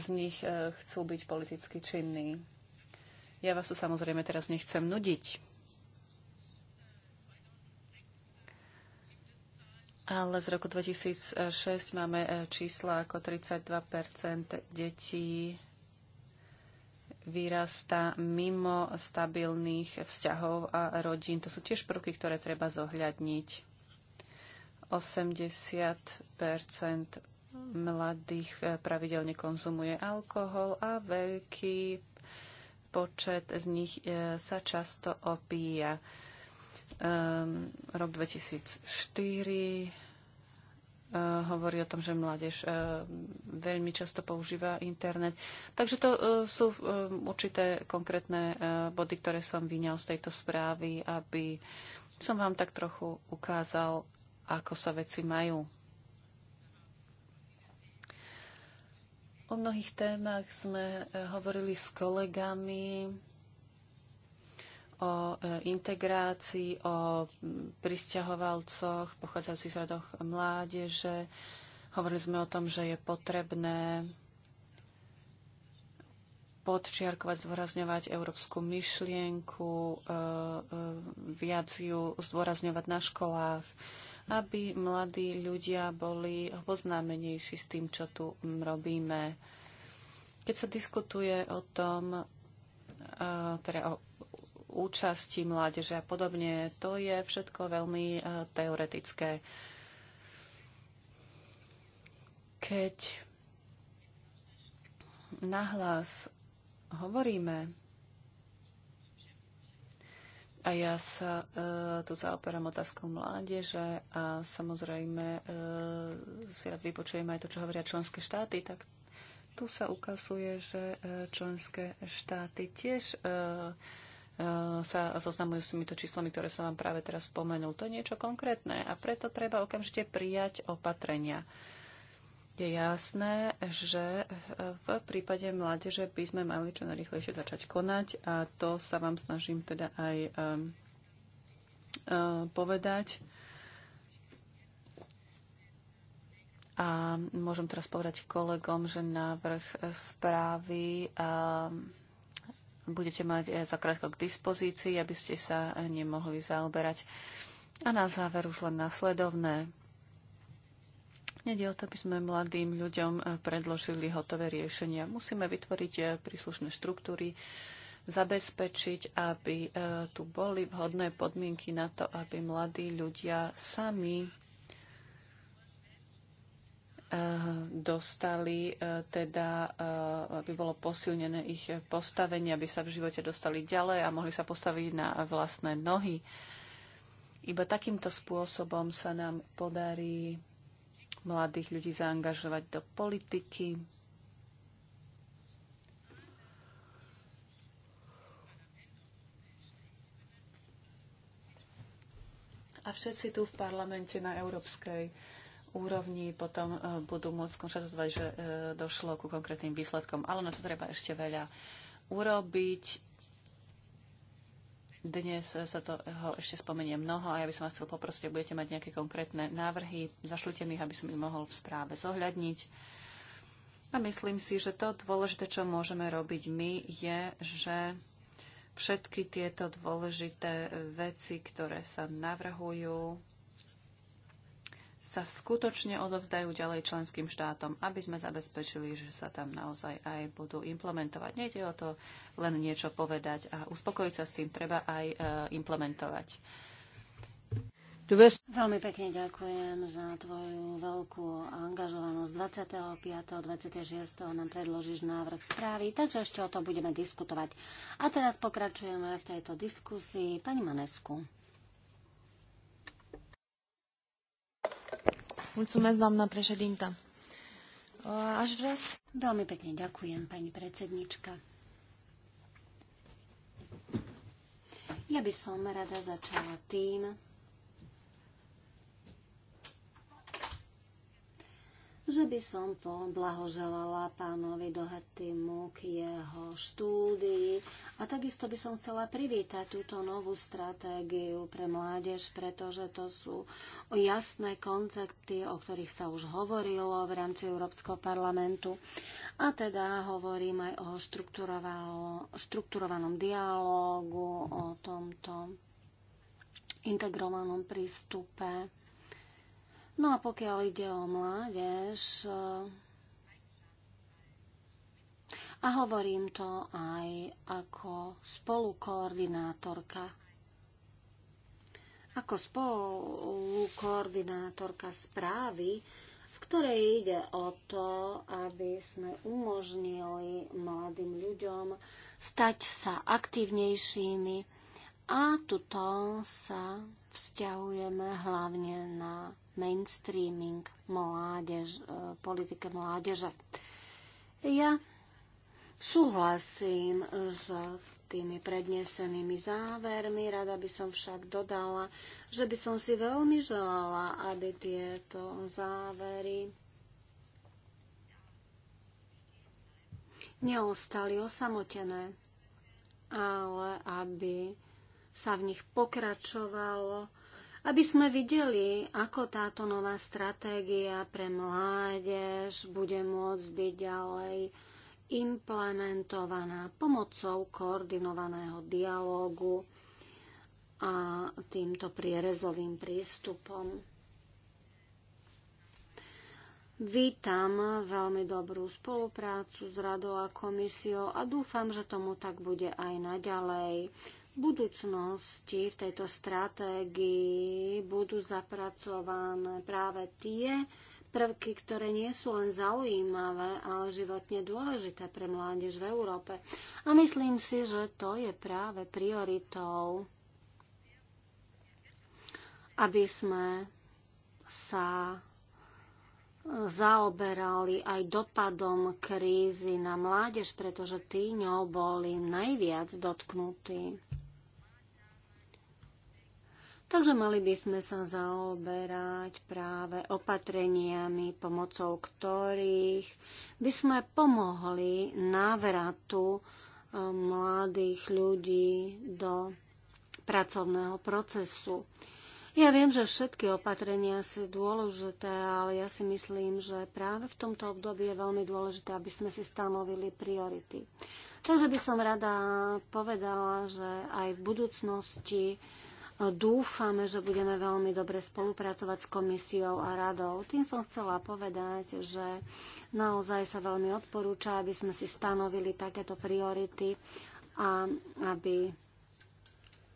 z nich e, chcú byť politicky činní. Ja vás tu samozrejme teraz nechcem nudiť. Ale z roku 2006 máme e, čísla ako 32 detí vyrasta mimo stabilných vzťahov a rodín. To sú tiež prvky, ktoré treba zohľadniť. 80 mladých eh, pravidelne konzumuje alkohol a veľký počet z nich eh, sa často opíja. Um, rok 2004 Eh, hovorí o tom, že mládež eh, veľmi často používa internet. Takže to eh, sú určité konkrétne body, ktoré som vyňal z tejto správy, aby som vám tak trochu ukázal, ako sa veci majú. O mnohých témach sme hovorili s kolegami o e, integrácii, o pristahovalcoch, pochádzajúcich z radoch mládeže. Hovorili sme o tom, že je potrebné podčiarkovať, zdôrazňovať európsku myšlienku, e, e, viac ju zdôrazňovať na školách, aby mladí ľudia boli oboznámenejší s tým, čo tu robíme. Keď sa diskutuje o tom, teda o účasti mládeže a podobne. To je všetko veľmi e, teoretické. Keď nahlas hovoríme, a ja sa e, tu zaoperám otázkou mládeže a samozrejme e, si rád vypočujem aj to, čo hovoria členské štáty, tak tu sa ukazuje, že e, členské štáty tiež e, Eh, sa zoznamujú s týmito číslami, ktoré som vám práve teraz spomenul. To je niečo konkrétne a preto treba okamžite prijať opatrenia. Je jasné, že eh, v prípade mládeže by sme mali čo najrychlejšie začať konať a to sa vám snažím teda aj um, um, povedať. A môžem teraz povedať kolegom, že návrh správy um, budete mať eh, zakrátko k dispozícii, aby ste sa eh, nemohli zaoberať. A na záver už len nasledovné. Nede o to, aby sme mladým ľuďom eh, predložili hotové riešenia. Musíme vytvoriť príslušné štruktúry, zabezpečiť, aby tu boli vhodné podmienky na to, aby mladí ľudia sami Eh, dostali eh, teda, eh, aby bolo posilnené ich postavenie, aby sa v živote dostali ďalej a mohli sa postaviť na vlastné nohy. Iba takýmto spôsobom sa nám podarí mladých ľudí zaangažovať do politiky. A všetci tu v parlamente na európskej úrovni potom e, budú môcť konštatovať, že e, došlo ku konkrétnym výsledkom. Ale na to treba ešte veľa urobiť. Dnes sa toho ešte spomenie mnoho a ja by som vás chcel poprosiť, ak budete mať nejaké konkrétne návrhy, zašlite mi ich, aby som ich mohol v správe zohľadniť. A myslím si, že to dôležité, čo môžeme robiť my, je, že všetky tieto dôležité veci, ktoré sa navrhujú, sa skutočne odovzdajú ďalej členským štátom, aby sme zabezpečili, že sa tam naozaj aj budú implementovať. Nejde o to len niečo povedať a uspokojiť sa s tým treba aj e, implementovať. Veľmi pekne ďakujem za tvoju veľkú angažovanosť. 25. 26. nám predložíš návrh správy, takže ešte o tom budeme diskutovať. A teraz pokračujeme v tejto diskusii. Pani Manesku. Mulțumesc, doamna președintă. Aș vrea... să... Veľmi pekne ďakujem, pani predsednička. Ja by som rada začala tým, že by som to blahoželala pánovi Dohertymu k jeho štúdii a takisto by som chcela privítať túto novú stratégiu pre mládež, pretože to sú jasné koncepty, o ktorých sa už hovorilo v rámci Európskeho parlamentu a teda hovorím aj o štrukturovanom dialógu, o tomto integrovanom prístupe No a pokiaľ ide o mládež, eh, a hovorím to aj ako spolukoordinátorka. Ako spolukoordinátorka správy, v ktorej ide o to, aby sme umožnili mladým ľuďom stať sa aktívnejšími a tuto sa vzťahujeme hlavne na mainstreaming mládež, e, politike mládeže. Ja súhlasím s tými prednesenými závermi. Rada by som však dodala, že by som si veľmi želala, aby tieto závery neostali osamotené, ale aby sa v nich pokračovalo aby sme videli, ako táto nová stratégia pre mládež bude môcť byť ďalej implementovaná pomocou koordinovaného dialógu a týmto prierezovým prístupom. Vítam veľmi dobrú spoluprácu s radou a komisiou a dúfam, že tomu tak bude aj naďalej budúcnosti v tejto stratégii budú zapracované práve tie prvky, ktoré nie sú len zaujímavé, ale životne dôležité pre mládež v Európe. A myslím si, že to je práve prioritou, aby sme sa zaoberali aj dopadom krízy na mládež, pretože tí ňou boli najviac dotknutí. Takže mali by sme sa zaoberať práve opatreniami, pomocou ktorých by sme pomohli návratu e, mladých ľudí do pracovného procesu. Ja viem, že všetky opatrenia sú dôležité, ale ja si myslím, že práve v tomto období je veľmi dôležité, aby sme si stanovili priority. Takže by som rada povedala, že aj v budúcnosti Dúfame, že budeme veľmi dobre spolupracovať s komisiou a radou. Tým som chcela povedať, že naozaj sa veľmi odporúča, aby sme si stanovili takéto priority a aby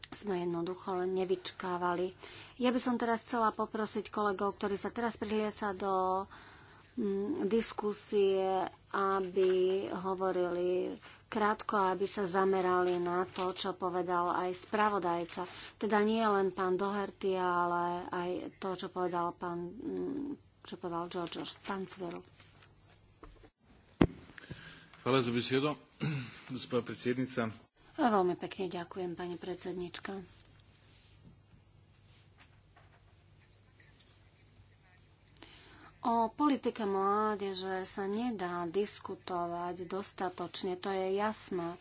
sme jednoducho len nevyčkávali. Ja by som teraz chcela poprosiť kolegov, ktorí sa teraz prihliesa do mm, diskusie, aby hovorili krátko, aby sa zamerali na to, čo povedal aj spravodajca. Teda nie len pán Doherty, ale aj to, čo povedal pán mm, čo povedal George, pán Cveru. Hvala za besedo, gospa predsednica. Veľmi pekne ďakujem, pani predsednička. O politike mládeže sa nedá diskutovať dostatočne, to je jasné.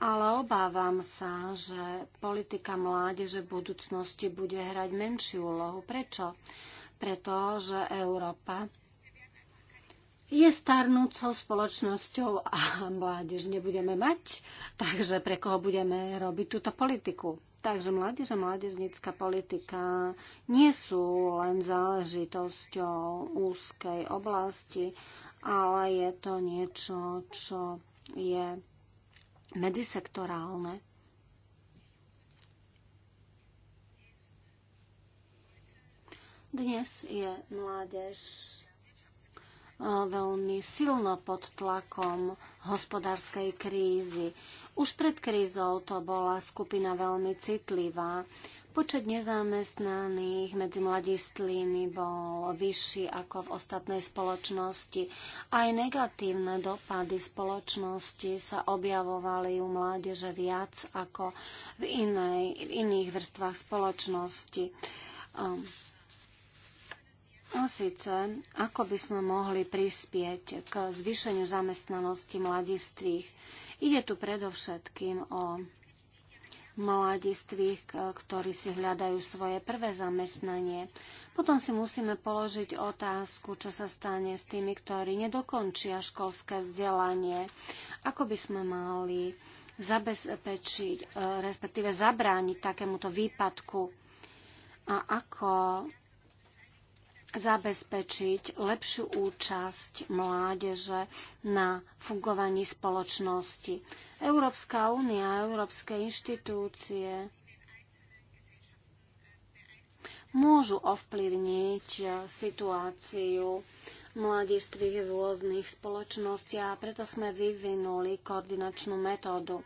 Ale obávam sa, že politika mládeže v budúcnosti bude hrať menšiu úlohu. Prečo? Pretože Európa je starnúcou spoločnosťou a mládež nebudeme mať, takže pre koho budeme robiť túto politiku? Takže mládež a mládežnícka politika nie sú len záležitosťou úzkej oblasti, ale je to niečo, čo je medzisektorálne. Dnes je mládež eh, veľmi silno pod tlakom hospodárskej krízy. Už pred krízou to bola skupina veľmi citlivá. Počet nezamestnaných medzi mladistvými bol vyšší ako v ostatnej spoločnosti. Aj negatívne dopady spoločnosti sa objavovali u mládeže viac ako v, inej, v iných vrstvách spoločnosti. Um, a síce, ako by sme mohli prispieť k zvýšeniu zamestnanosti mladistvých. Ide tu predovšetkým o mladistvých, ktorí si hľadajú svoje prvé zamestnanie. Potom si musíme položiť otázku, čo sa stane s tými, ktorí nedokončia školské vzdelanie. Ako by sme mali zabezpečiť, e, respektíve zabrániť takémuto výpadku a ako zabezpečiť lepšiu účasť mládeže na fungovaní spoločnosti. Európska únia a európske inštitúcie môžu ovplyvniť situáciu mladistvých v rôznych spoločnostiach a preto sme vyvinuli koordinačnú metódu.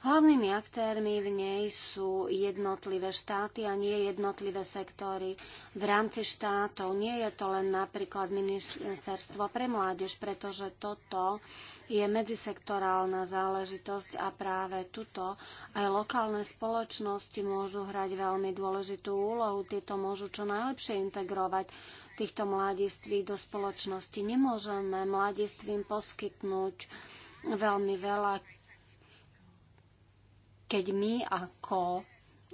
Hlavnými aktérmi v nej sú jednotlivé štáty a nie jednotlivé sektory v rámci štátov. Nie je to len napríklad ministerstvo pre mládež, pretože toto je medzisektorálna záležitosť a práve tuto aj lokálne spoločnosti môžu hrať veľmi dôležitú úlohu. Tieto môžu čo najlepšie integrovať týchto mladiství do spoločnosti. Nemôžeme mladistvím poskytnúť veľmi veľa keď my ako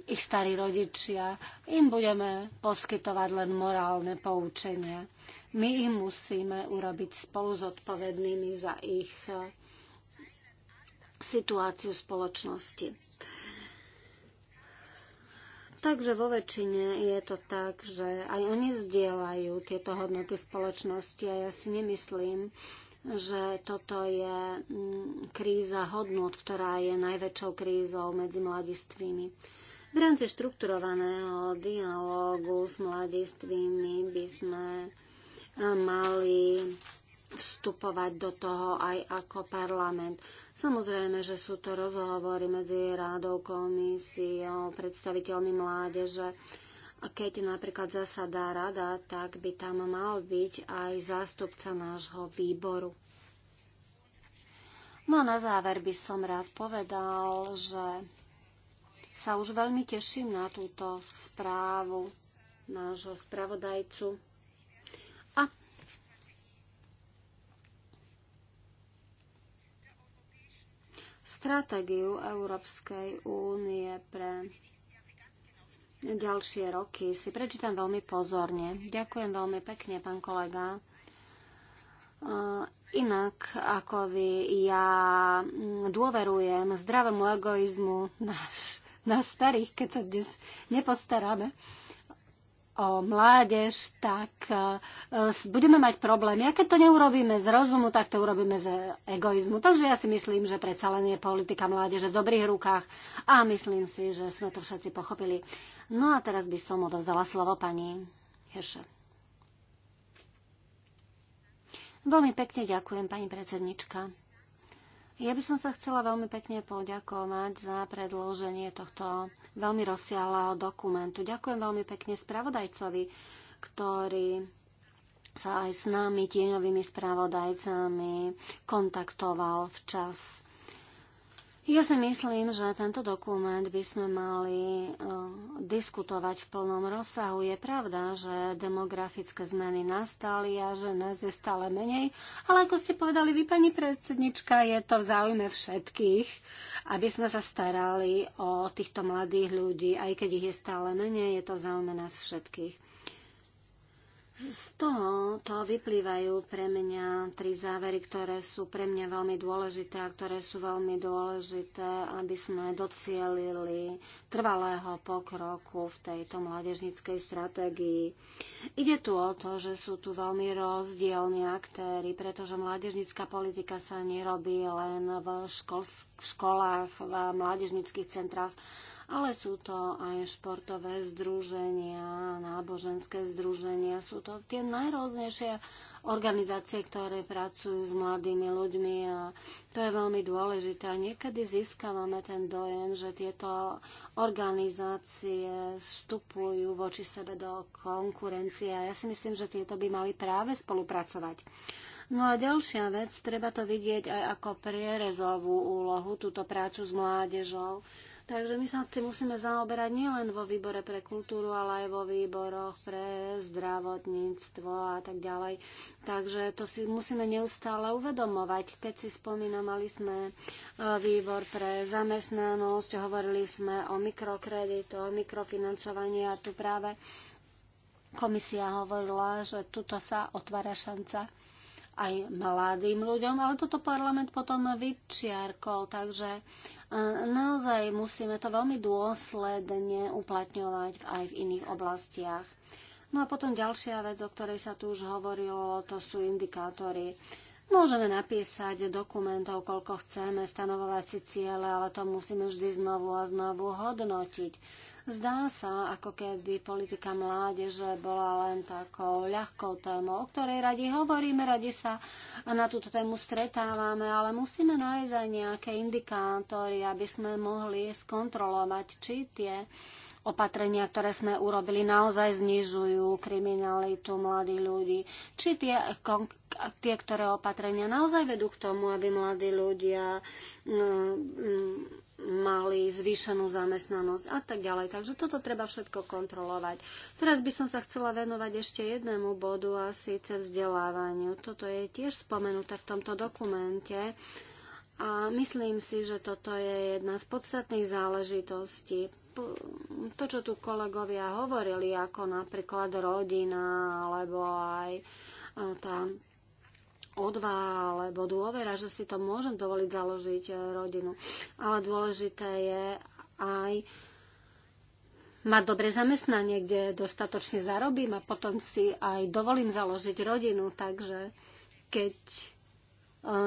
ich starí rodičia im budeme poskytovať len morálne poučenia. My ich musíme urobiť spolu zodpovednými za ich eh, situáciu spoločnosti. Takže vo väčšine je to tak, že aj oni zdieľajú tieto hodnoty spoločnosti a ja si nemyslím, že toto je mm, kríza hodnot, ktorá je najväčšou krízou medzi mladistvými. V rámci štrukturovaného dialógu s mladistvými by sme e, mali vstupovať do toho aj ako parlament. Samozrejme, že sú to rozhovory medzi rádou, komisiou, predstaviteľmi mládeže, a keď napríklad zasadá rada, tak by tam mal byť aj zástupca nášho výboru. No a na záver by som rád povedal, že sa už veľmi teším na túto správu nášho spravodajcu. A stratégiu Európskej únie pre ďalšie roky si prečítam veľmi pozorne. Ďakujem veľmi pekne, pán kolega. Inak ako vy, ja mm, dôverujem zdravému egoizmu nás, nás starých, keď sa dnes nepostaráme o mládež, tak e, budeme mať problémy. A keď to neurobíme z rozumu, tak to urobíme z egoizmu. Takže ja si myslím, že predsa len je politika mládeže v dobrých rukách a myslím si, že sme to všetci pochopili. No a teraz by som odovzdala slovo pani Heše. Veľmi pekne ďakujem, pani predsednička. Ja by som sa chcela veľmi pekne poďakovať za predloženie tohto veľmi rozsiahleho dokumentu. Ďakujem veľmi pekne spravodajcovi, ktorý sa aj s nami, tieňovými spravodajcami, kontaktoval včas ja si myslím, že tento dokument by sme mali uh, diskutovať v plnom rozsahu. Je pravda, že demografické zmeny nastali a že nás je stále menej, ale ako ste povedali vy, pani predsednička, je to v záujme všetkých, aby sme sa starali o týchto mladých ľudí, aj keď ich je stále menej, je to v záujme nás všetkých. Z toho to vyplývajú pre mňa tri závery, ktoré sú pre mňa veľmi dôležité a ktoré sú veľmi dôležité, aby sme docielili trvalého pokroku v tejto mládežnickej stratégii. Ide tu o to, že sú tu veľmi rozdielni aktéry, pretože mládežnická politika sa nerobí len v, škol- v školách, v mládežnických centrách, ale sú to aj športové združenia, náboženské združenia, sú to tie najrôznejšie organizácie, ktoré pracujú s mladými ľuďmi a to je veľmi dôležité. A niekedy získavame ten dojem, že tieto organizácie vstupujú voči sebe do konkurencie a ja si myslím, že tieto by mali práve spolupracovať. No a ďalšia vec, treba to vidieť aj ako prierezovú úlohu, túto prácu s mládežou. Takže my sa tým musíme zaoberať nielen vo výbore pre kultúru, ale aj vo výboroch pre zdravotníctvo a tak ďalej. Takže to si musíme neustále uvedomovať. Keď si spomínam, mali sme e, výbor pre zamestnanosť, hovorili sme o mikrokreditoch, mikrofinancovaní a tu práve komisia hovorila, že tuto sa otvára šanca aj mladým ľuďom, ale toto parlament potom vyčiarkol, takže naozaj musíme to veľmi dôsledne uplatňovať aj v iných oblastiach. No a potom ďalšia vec, o ktorej sa tu už hovorilo, to sú indikátory. Môžeme napísať dokumentov, koľko chceme, stanovovať si ciele, ale to musíme vždy znovu a znovu hodnotiť. Zdá sa, ako keby politika mládeže bola len takou ľahkou témou, o ktorej radi hovoríme, radi sa na túto tému stretávame, ale musíme nájsť aj nejaké indikátory, aby sme mohli skontrolovať, či tie opatrenia, ktoré sme urobili, naozaj znižujú kriminalitu mladých ľudí. Či tie, tie ktoré opatrenia naozaj vedú k tomu, aby mladí ľudia mm, mm, mali zvýšenú zamestnanosť a tak ďalej. Takže toto treba všetko kontrolovať. Teraz by som sa chcela venovať ešte jednému bodu a síce vzdelávaniu. Toto je tiež spomenuté v tomto dokumente. A myslím si, že toto je jedna z podstatných záležitostí to, čo tu kolegovia hovorili, ako napríklad rodina, alebo aj e, tá odvaha alebo dôvera, že si to môžem dovoliť založiť e, rodinu. Ale dôležité je aj mať dobre zamestnanie, kde dostatočne zarobím a potom si aj dovolím založiť rodinu. Takže keď e,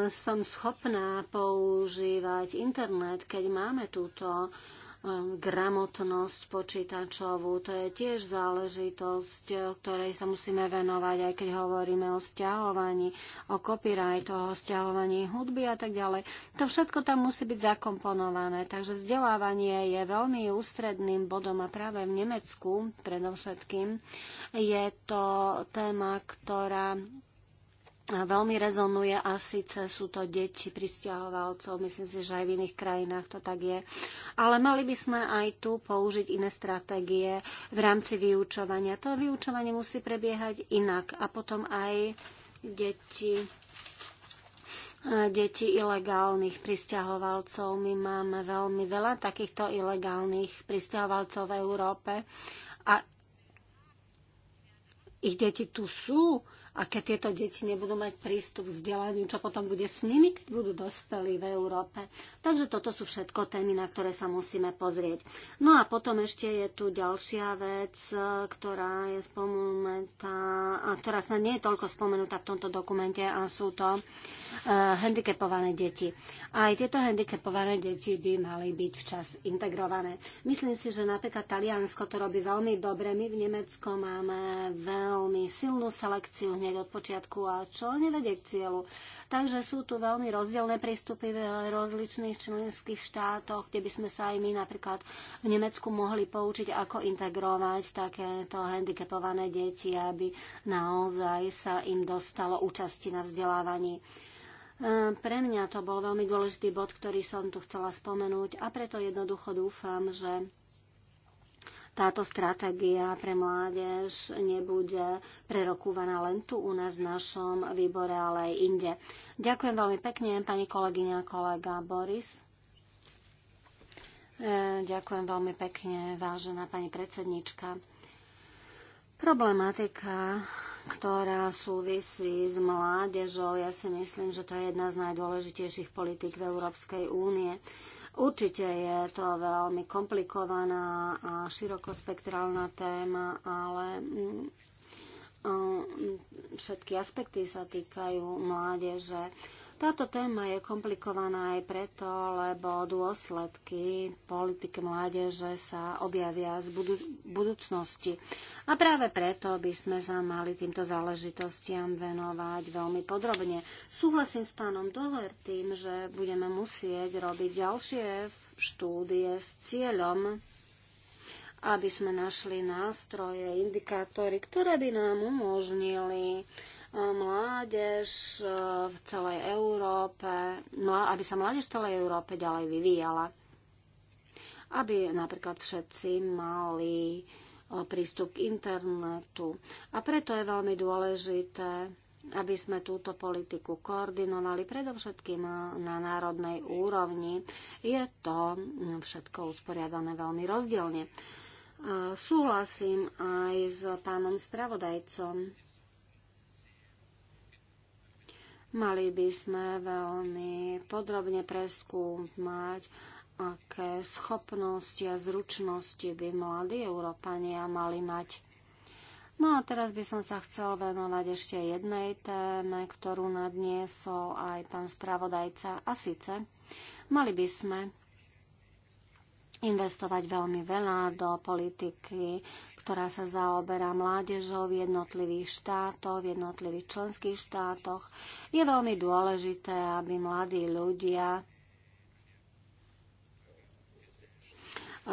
som schopná používať internet, keď máme túto Hm, gramotnosť počítačovú. To je tiež záležitosť, ktorej sa musíme venovať, aj keď hovoríme o stiahovaní, o copyrightu, o stiahovaní hudby a tak ďalej. To všetko tam musí byť zakomponované. Takže vzdelávanie je veľmi ústredným bodom a práve v Nemecku predovšetkým je to téma, ktorá veľmi rezonuje a síce sú to deti pristahovalcov, myslím si, že aj v iných krajinách to tak je. Ale mali by sme aj tu použiť iné stratégie v rámci vyučovania. To vyučovanie musí prebiehať inak a potom aj deti deti ilegálnych pristahovalcov. My máme veľmi veľa takýchto ilegálnych pristahovalcov v Európe a ich deti tu sú a keď tieto deti nebudú mať prístup k vzdelaniu, čo potom bude s nimi, keď budú dospelí v Európe. Takže toto sú všetko témy, na ktoré sa musíme pozrieť. No a potom ešte je tu ďalšia vec, ktorá je spomenutá, a ktorá sa nie je toľko spomenutá v tomto dokumente a sú to uh, handicapované deti. Aj tieto handicapované deti by mali byť včas integrované. Myslím si, že napríklad Taliansko to robí veľmi dobre. My v Nemecku máme veľmi silnú selekciu hneď od počiatku a čo nevedie k cieľu. Takže sú tu veľmi rozdielne prístupy v rozličných členských štátoch, kde by sme sa aj my napríklad v Nemecku mohli poučiť, ako integrovať takéto handicapované deti, aby naozaj sa im dostalo účasti na vzdelávaní. Ehm, pre mňa to bol veľmi dôležitý bod, ktorý som tu chcela spomenúť a preto jednoducho dúfam, že táto stratégia pre mládež nebude prerokúvaná len tu u nás v našom výbore, ale aj inde. Ďakujem veľmi pekne, pani kolegyňa, kolega Boris. E, ďakujem veľmi pekne, vážená pani predsednička. Problematika, ktorá súvisí s mládežou, ja si myslím, že to je jedna z najdôležitejších politik v Európskej únie. Určite je to veľmi komplikovaná a širokospektrálna téma, ale mm, mm, všetky aspekty sa týkajú mládeže. Táto téma je komplikovaná aj preto, lebo dôsledky politiky mládeže sa objavia z budu- budúcnosti. A práve preto by sme sa mali týmto záležitostiam venovať veľmi podrobne. Súhlasím s pánom Dover tým, že budeme musieť robiť ďalšie štúdie s cieľom aby sme našli nástroje, indikátory, ktoré by nám umožnili mládež e, v celej Európe, aby sa mládež v celej Európe ďalej vyvíjala. Aby napríklad všetci mali e, prístup k internetu. A preto je veľmi dôležité, aby sme túto politiku koordinovali predovšetkým na národnej úrovni. Je to mm, všetko usporiadané veľmi rozdielne. Súhlasím aj s pánom spravodajcom Mali by sme veľmi podrobne preskúmať, aké schopnosti a zručnosti by mladí Európania mali mať. No a teraz by som sa chcel venovať ešte jednej téme, ktorú nadniesol aj pán spravodajca. A síce, mali by sme investovať veľmi veľa do politiky ktorá sa zaoberá mládežou v jednotlivých štátoch, v jednotlivých členských štátoch. Je veľmi dôležité, aby mladí ľudia e,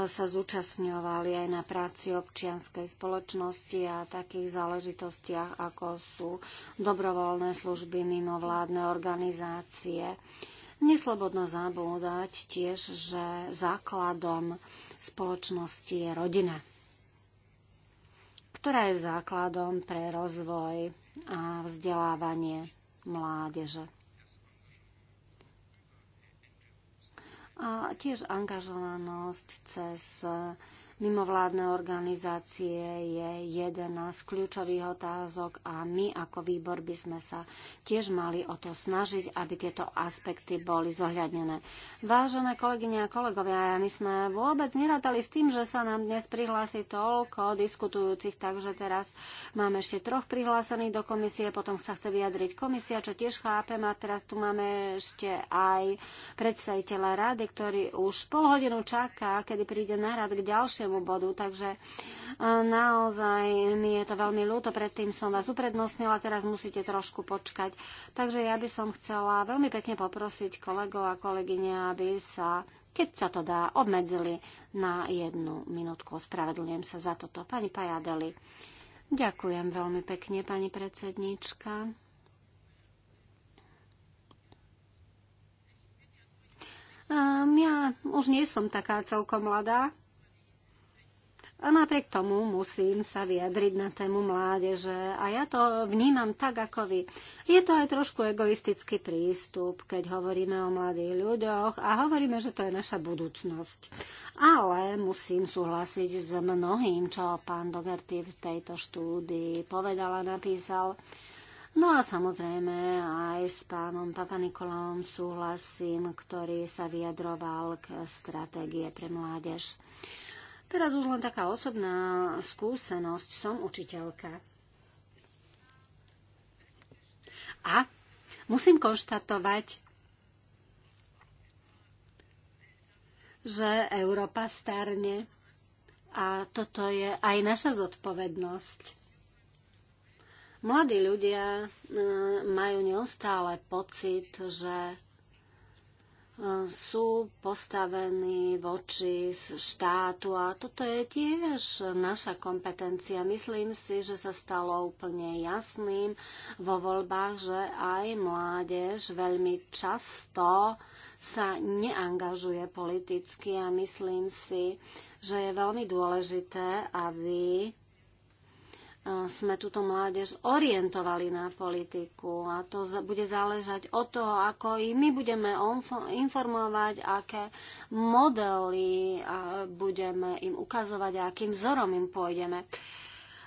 sa zúčastňovali aj na práci občianskej spoločnosti a takých záležitostiach, ako sú dobrovoľné služby mimovládne organizácie. Neslobodno zabúdať tiež, že základom spoločnosti je rodina ktorá je základom pre rozvoj a vzdelávanie mládeže. A tiež angažovanosť cez mimovládne organizácie je jeden z kľúčových otázok a my ako výbor by sme sa tiež mali o to snažiť, aby tieto aspekty boli zohľadnené. Vážené kolegyne a kolegovia, my sme vôbec nerátali s tým, že sa nám dnes prihlási toľko diskutujúcich, takže teraz máme ešte troch prihlásených do komisie, potom sa chce vyjadriť komisia, čo tiež chápem a teraz tu máme ešte aj predstaviteľa rady, ktorý už pol hodinu čaká, kedy príde na rad k ďalšiemu ďalšiemu bodu. Takže e, naozaj mi je to veľmi ľúto, predtým som vás uprednostnila, teraz musíte trošku počkať. Takže ja by som chcela veľmi pekne poprosiť kolegov a kolegyne, aby sa keď sa to dá, obmedzili na jednu minútku. Spravedlňujem sa za toto. Pani Pajadeli, ďakujem veľmi pekne, pani predsednička. Um, ja už nie som taká celkom mladá, a napriek tomu musím sa vyjadriť na tému mládeže a ja to vnímam tak ako vy. Je to aj trošku egoistický prístup, keď hovoríme o mladých ľuďoch a hovoríme, že to je naša budúcnosť. Ale musím súhlasiť s mnohým, čo pán Dogerty v tejto štúdii povedal a napísal. No a samozrejme aj s pánom Papa Nikolom súhlasím, ktorý sa vyjadroval k stratégie pre mládež. Teraz už len taká osobná skúsenosť. Som učiteľka. A musím konštatovať, že Európa starne a toto je aj naša zodpovednosť. Mladí ľudia e, majú neustále pocit, že sú postavení voči štátu a toto je tiež naša kompetencia. Myslím si, že sa stalo úplne jasným vo voľbách, že aj mládež veľmi často sa neangažuje politicky a myslím si, že je veľmi dôležité, aby sme túto mládež orientovali na politiku a to bude záležať od toho, ako i my budeme informovať, aké modely budeme im ukazovať a akým vzorom im pôjdeme.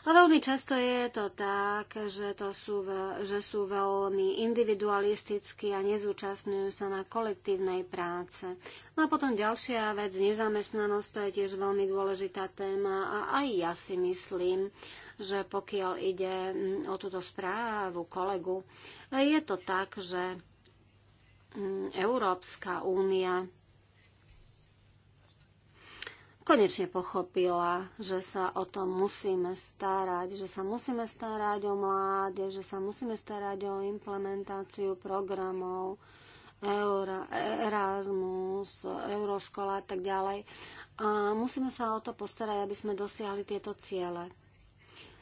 A veľmi často je to tak, že, to sú, že sú veľmi individualistickí a nezúčastňujú sa na kolektívnej práce. No a potom ďalšia vec, nezamestnanosť, to je tiež veľmi dôležitá téma a aj ja si myslím, že pokiaľ ide mm, o túto správu kolegu, je to tak, že mm, Európska únia konečne pochopila, že sa o tom musíme starať, že sa musíme starať o mláde, že sa musíme starať o implementáciu programov Eura, Erasmus, Euroskola a tak ďalej. A musíme sa o to postarať, aby sme dosiahli tieto ciele.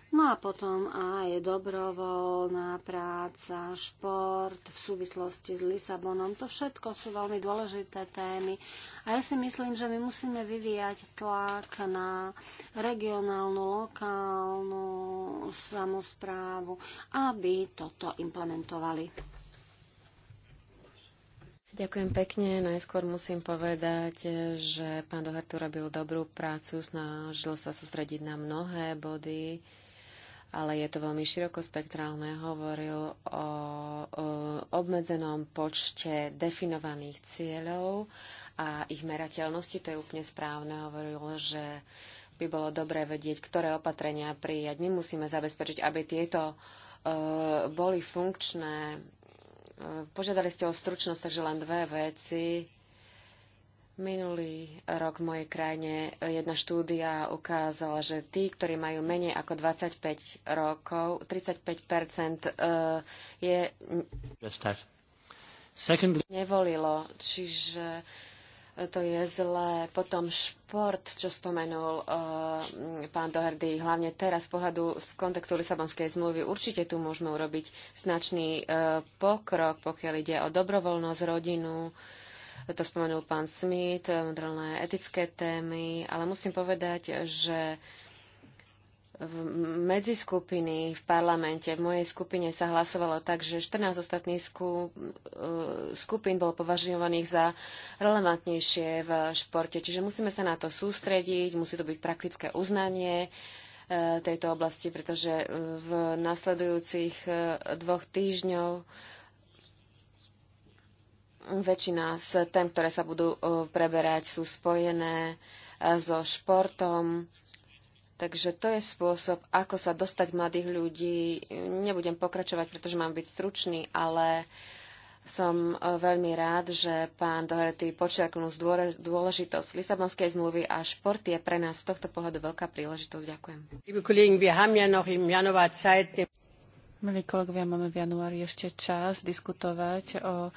No a potom aj dobrovoľná práca, šport v súvislosti s Lisabonom. To všetko sú veľmi dôležité témy. A ja si myslím, že my musíme vyvíjať tlak na regionálnu, lokálnu samozprávu, aby toto implementovali. Ďakujem pekne. Najskôr musím povedať, že pán Dohertu robil dobrú prácu, snažil sa sústrediť na mnohé body ale je to veľmi širokospektrálne. Hovoril o, o obmedzenom počte definovaných cieľov a ich merateľnosti. To je úplne správne. Hovoril, že by bolo dobré vedieť, ktoré opatrenia prijať. My musíme zabezpečiť, aby tieto e, boli funkčné. E, požiadali ste o stručnosť, takže len dve veci Minulý rok v mojej krajine jedna štúdia ukázala, že tí, ktorí majú menej ako 25 rokov, 35 e, je nevolilo, čiže to je zlé. Potom šport, čo spomenul e, pán Doherdy, hlavne teraz z pohľadu z kontaktu Lisabonskej zmluvy, určite tu môžeme urobiť značný e, pokrok, pokiaľ ide o dobrovoľnosť, rodinu, to spomenul pán Smith, moderné etické témy, ale musím povedať, že v medzi skupiny v parlamente, v mojej skupine sa hlasovalo tak, že 14 ostatných e, skupín bolo považovaných za relevantnejšie v športe. Čiže musíme sa na to sústrediť, musí to byť praktické uznanie e, tejto oblasti, pretože v nasledujúcich e, dvoch týždňov Väčšina z tém, ktoré sa budú e, preberať, sú spojené e, so športom. Takže to je spôsob, ako sa dostať mladých ľudí. Nebudem pokračovať, pretože mám byť stručný, ale som e, veľmi rád, že pán Doherty počiarknul dôležitosť Lisabonskej zmluvy a šport je pre nás z tohto pohľadu veľká príležitosť. Ďakujem. Milí kolegovia, máme v januári ešte čas diskutovať o e,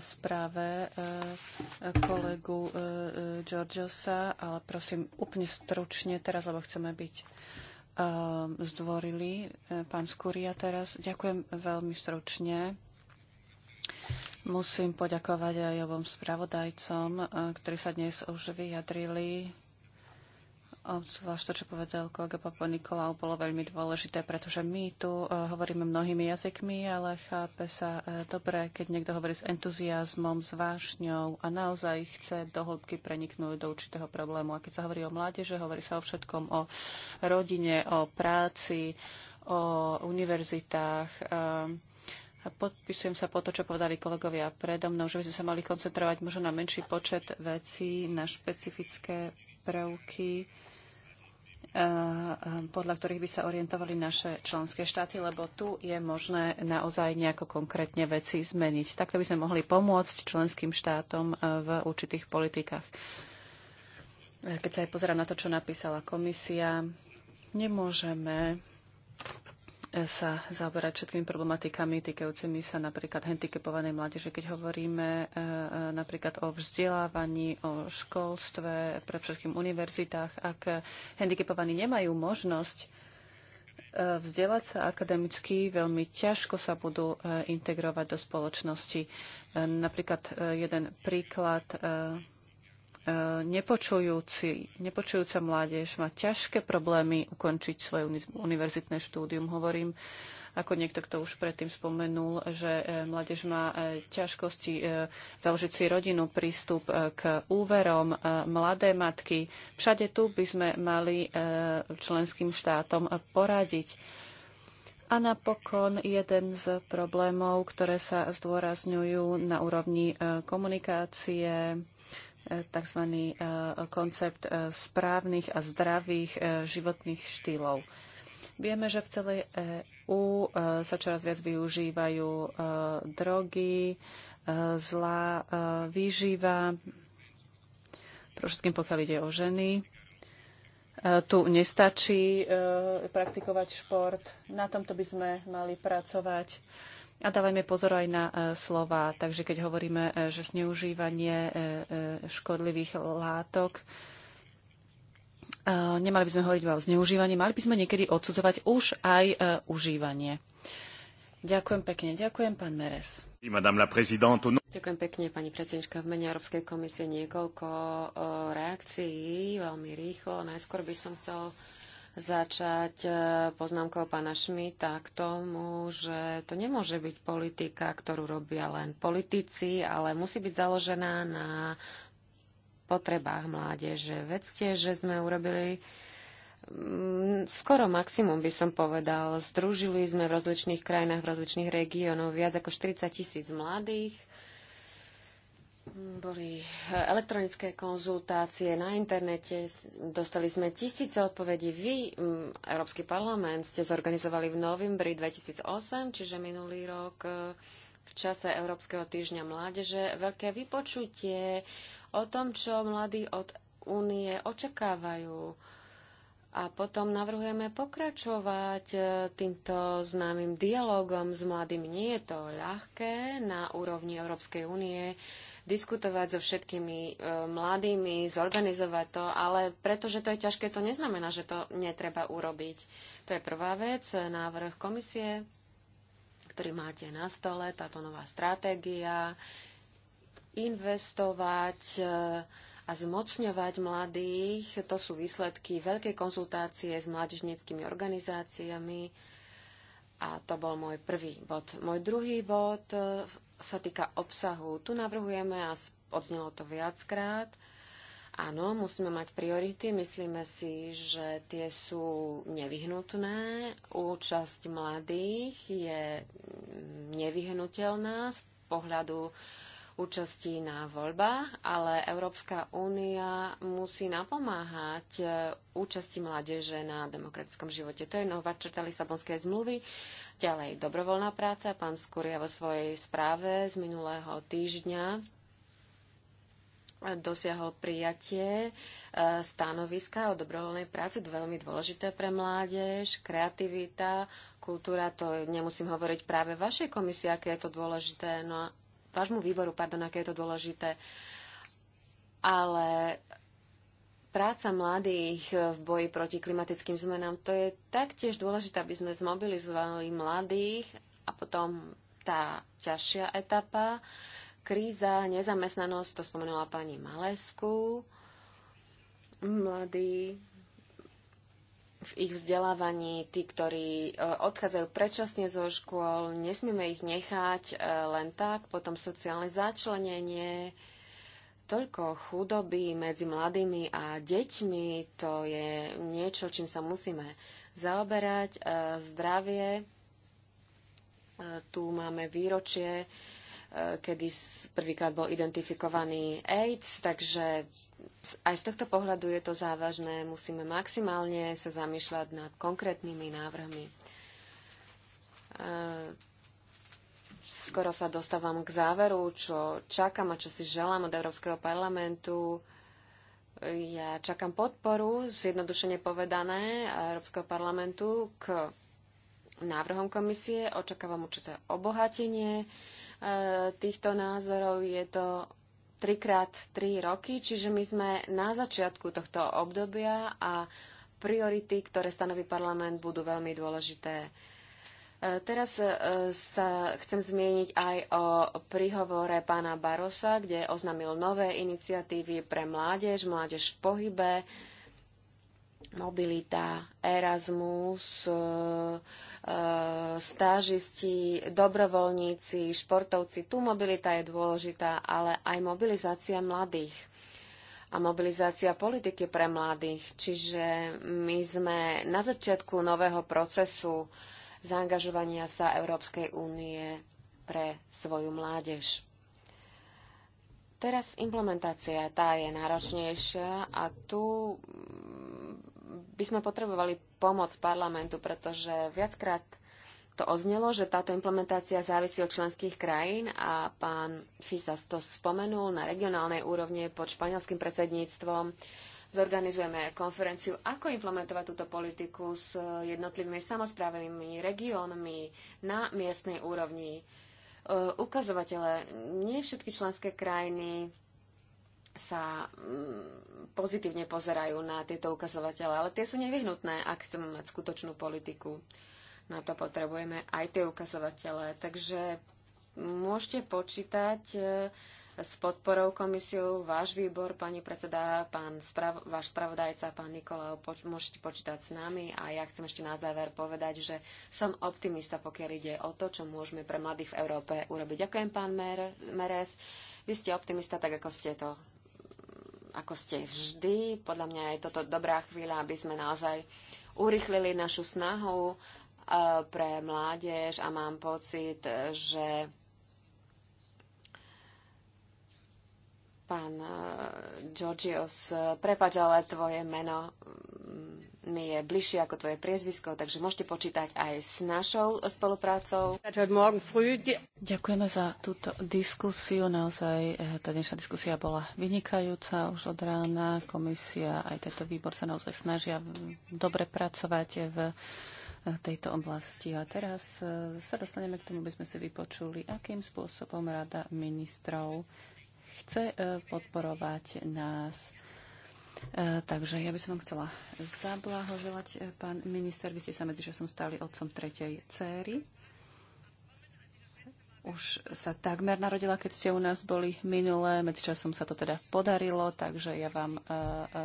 správe e, kolegu e, e, Georgiosa, ale prosím úplne stručne teraz, lebo chceme byť e, zdvorili. E, pán Skúria teraz, ďakujem veľmi stručne. Musím poďakovať aj obom spravodajcom, e, ktorí sa dnes už vyjadrili Zvlášť to, čo povedal kolega Papa Nikolau, bolo veľmi dôležité, pretože my tu eh, hovoríme mnohými jazykmi, ale chápe sa eh, dobre, keď niekto hovorí s entuziasmom, s vášňou a naozaj chce do hĺbky preniknúť do určitého problému. A keď sa hovorí o mládeže, hovorí sa o všetkom, o rodine, o práci, o univerzitách. Eh, a podpisujem sa po to, čo povedali kolegovia predo mnou, že by sme sa mali koncentrovať možno na menší počet vecí, na špecifické prvky Eh, podľa ktorých by sa orientovali naše členské štáty, lebo tu je možné naozaj nejako konkrétne veci zmeniť. Takto by sme mohli pomôcť členským štátom eh, v určitých politikách. Eh, keď sa aj pozerám na to, čo napísala komisia, nemôžeme sa zaoberať všetkými problematikami týkajúcimi sa napríklad handicapovanej mládeže. Keď hovoríme e, e, napríklad o vzdelávaní, o školstve, pre všetkým univerzitách, ak handicapovaní nemajú možnosť e, vzdelať sa akademicky, veľmi ťažko sa budú integrovať do spoločnosti. Napríklad jeden príklad nepočujúci, nepočujúca mládež má ťažké problémy ukončiť svoje univerzitné štúdium. Hovorím, ako niekto, kto už predtým spomenul, že e, mládež má e, ťažkosti e, založiť si rodinu, prístup k úverom, mladé matky. Všade tu by sme mali členským štátom poradiť. A napokon jeden z problémov, ktoré sa zdôrazňujú na úrovni komunikácie, tzv. E, koncept e, správnych a zdravých e, životných štýlov. Vieme, že v celej EÚ sa čoraz viac využívajú drogy, zlá výživa, pro pokiaľ ide o ženy. Tu nestačí praktikovať šport, na tomto by sme mali pracovať a dávajme pozor aj na e, slova. Takže keď hovoríme, e, že zneužívanie e, škodlivých látok, nemali by sme hovoriť o zneužívaní, mali by sme niekedy odsudzovať už aj užívanie. Ďakujem pekne. Ďakujem, pán Meres. Ďakujem pekne, pani predsednička. V mene Európskej komisie niekoľko reakcií, veľmi rýchlo. Najskôr by som chcel začať e, poznámkou pána Šmita k tomu, že to nemôže byť politika, ktorú robia len politici, ale musí byť založená na potrebách mládeže. Vedzte, že sme urobili mm, skoro maximum, by som povedal. Združili sme v rozličných krajinách, v rozličných regiónoch viac ako 40 tisíc mladých boli elektronické konzultácie na internete, dostali sme tisíce odpovedí. Vy, Európsky parlament, ste zorganizovali v novembri 2008, čiže minulý rok e, v čase Európskeho týždňa mládeže, veľké vypočutie o tom, čo mladí od únie očakávajú. A potom navrhujeme pokračovať e, týmto známym dialogom s mladými. Nie je to ľahké na úrovni Európskej únie diskutovať so všetkými e, mladými, zorganizovať to, ale pretože to je ťažké, to neznamená, že to netreba urobiť. To je prvá vec, e, návrh komisie, ktorý máte na stole, táto nová stratégia, investovať e, a zmocňovať mladých. To sú výsledky veľkej konzultácie s mládežníckými organizáciami. A to bol môj prvý bod. Môj druhý bod sa týka obsahu, tu navrhujeme, a odznelo to viackrát, áno, musíme mať priority, myslíme si, že tie sú nevyhnutné. Účasť mladých je nevyhnutelná z pohľadu uh, účasti na voľbách, ale Európska únia musí napomáhať e, účasti mládeže na demokratickom živote. To je nová črta Lisabonskej zmluvy. Ďalej, dobrovoľná práca. Pán Skúria vo svojej správe z minulého týždňa dosiahol prijatie e, stanoviska o dobrovoľnej práci, veľmi dôležité pre mládež, kreativita, kultúra, to nemusím hovoriť práve vašej komisii, aké je to dôležité. No a vášmu výboru, pardon, aké je to dôležité, ale práca mladých v boji proti klimatickým zmenám, to je taktiež dôležité, aby sme zmobilizovali mladých a potom tá ťažšia etapa, kríza, nezamestnanosť, to spomenula pani Malesku, mladí v ich vzdelávaní, tí, ktorí e, odchádzajú predčasne zo škôl, nesmieme ich nechať e, len tak, potom sociálne začlenenie, toľko chudoby medzi mladými a deťmi, to je niečo, čím sa musíme zaoberať. E, zdravie, tu máme výročie, kedy prvýkrát bol identifikovaný AIDS, takže aj z tohto pohľadu je to závažné. Musíme maximálne sa zamýšľať nad konkrétnymi návrhmi. E, skoro sa dostávam k záveru, čo čakám a čo si želám od Európskeho parlamentu. Ja čakám podporu, zjednodušene povedané, Európskeho parlamentu k návrhom komisie. Očakávam určité obohatenie e, týchto názorov. Je to Trikrát tri roky, čiže my sme na začiatku tohto obdobia a priority, ktoré stanoví parlament, budú veľmi dôležité. E, teraz e, sa chcem zmieniť aj o príhovore pána Barosa, kde oznámil nové iniciatívy pre mládež, mládež v pohybe, mobilita, Erasmus, e, e, stážisti, dobrovoľníci, športovci. Tu mobilita je dôležitá, ale aj mobilizácia mladých a mobilizácia politiky pre mladých. Čiže my sme na začiatku nového procesu zaangažovania sa Európskej únie pre svoju mládež. Teraz implementácia tá je náročnejšia a tu by sme potrebovali pomoc parlamentu, pretože viackrát to oznelo, že táto implementácia závisí od členských krajín a pán FISA to spomenul na regionálnej úrovni pod španielským predsedníctvom. Zorganizujeme konferenciu, ako implementovať túto politiku s jednotlivými samozprávnymi regiónmi na miestnej úrovni. E, ukazovatele, nie všetky členské krajiny sa mm, pozitívne pozerajú na tieto ukazovatele, ale tie sú nevyhnutné, ak chceme mať skutočnú politiku. Na to potrebujeme aj tie ukazovatele. Takže môžete počítať e, s podporou komisiou váš výbor, pani predseda, pán sprav- váš spravodajca, pán Nikolau, poč- môžete počítať s nami a ja chcem ešte na záver povedať, že som optimista, pokiaľ ide o to, čo môžeme pre mladých v Európe urobiť. Ďakujem, pán Mer- Meres. Vy ste optimista, tak ako ste to ako ste vždy. Podľa mňa je toto dobrá chvíľa, aby sme naozaj urychlili našu snahu e, pre mládež a mám pocit, že pán e, Georgios, prepač, ale tvoje meno mm, mi je bližšie ako tvoje priezvisko, takže môžete počítať aj s našou spoluprácou. Ďakujeme za túto diskusiu. Naozaj eh, tá dnešná diskusia bola vynikajúca už od rána. Komisia aj tento výbor sa naozaj snažia dobre pracovať v eh, tejto oblasti. A teraz eh, sa dostaneme k tomu, aby sme si vypočuli, akým spôsobom Rada ministrov chce podporovať nás Eh, takže ja by som vám chcela zablahoželať, eh, pán minister. Vy ste sa medzičasom stali otcom tretej céry. Už sa takmer narodila, keď ste u nás boli minulé. Medzičasom sa to teda podarilo, takže ja vám eh,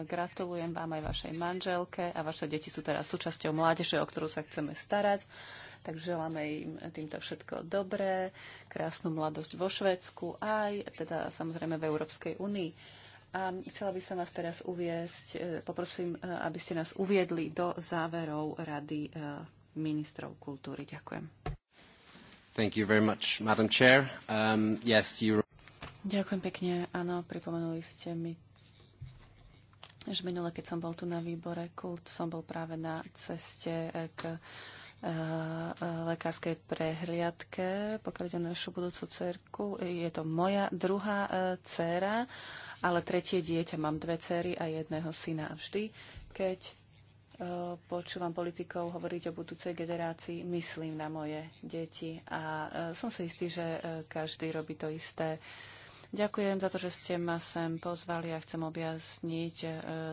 gratulujem, vám aj vašej manželke a vaše deti sú teraz súčasťou mládeže, o ktorú sa chceme starať. Takže želáme im týmto všetko dobré, krásnu mladosť vo Švedsku aj teda samozrejme v Európskej únii. A chcela by som vás teraz uviesť, e, poprosím, e, aby ste nás uviedli do záverov Rady e, ministrov kultúry. Ďakujem. Thank you very much, Madam Chair. Um, yes, you... Ďakujem pekne. Áno, pripomenuli ste mi, že minule, keď som bol tu na výbore kult, som bol práve na ceste k lekárskej prehliadke, pokiaľ ide o našu budúcu cerku. Je to moja druhá dcéra ale tretie dieťa, mám dve cery a jedného syna. A vždy, keď e, počúvam politikov hovoriť o budúcej generácii, myslím na moje deti a e, som si istý, že e, každý robí to isté. Ďakujem za to, že ste ma sem pozvali a chcem objasniť,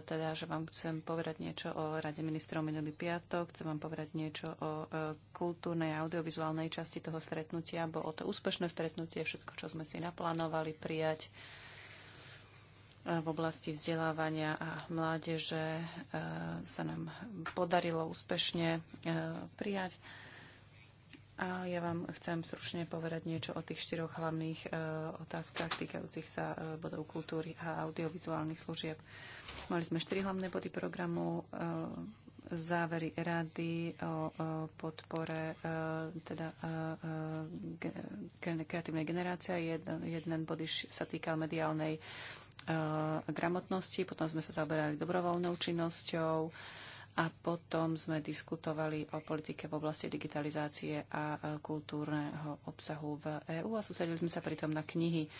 teda, že vám chcem povedať niečo o Rade ministrov minulý piatok, chcem vám povedať niečo o kultúrnej a audiovizuálnej časti toho stretnutia, o to úspešné stretnutie, všetko, čo sme si naplánovali prijať v oblasti vzdelávania a mládeže e, sa nám podarilo úspešne e, prijať. A ja vám chcem stručne povedať niečo o tých štyroch hlavných e, otázkach týkajúcich sa bodov kultúry a audiovizuálnych služieb. Mali sme štyri hlavné body programu, závery rady o podpore teda kreatívnej generácie. Jeden, jeden bod sa týkal mediálnej Eh, gramotnosti, potom sme sa zaoberali dobrovoľnou činnosťou a potom sme diskutovali o politike v oblasti digitalizácie a eh, kultúrneho obsahu v EÚ a sústredili sme sa pritom na knihy.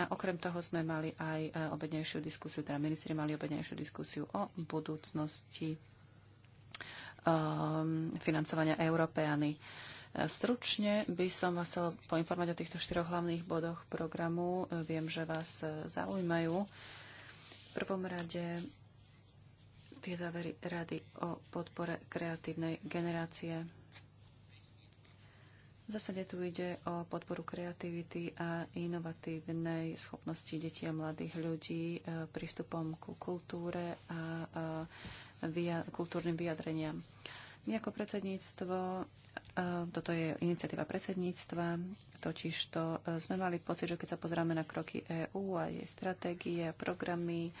A okrem toho sme mali aj eh, obednejšiu diskusiu, teda ministri mali obednejšiu diskusiu o budúcnosti um, financovania Európeany. Uh, Stručne by som vás chcel poinformovať o týchto štyroch hlavných bodoch programu. Viem, že vás e, zaujímajú. V prvom rade tie závery rady o podpore kreatívnej generácie. V zásade tu ide o podporu kreativity a inovatívnej schopnosti detí a mladých ľudí e, prístupom ku kultúre a kultúrnym vyjadreniam. My ako predsedníctvo, e, toto je iniciatíva predsedníctva, totiž to e, sme mali pocit, že keď sa pozráme na kroky EÚ a jej stratégie a programy,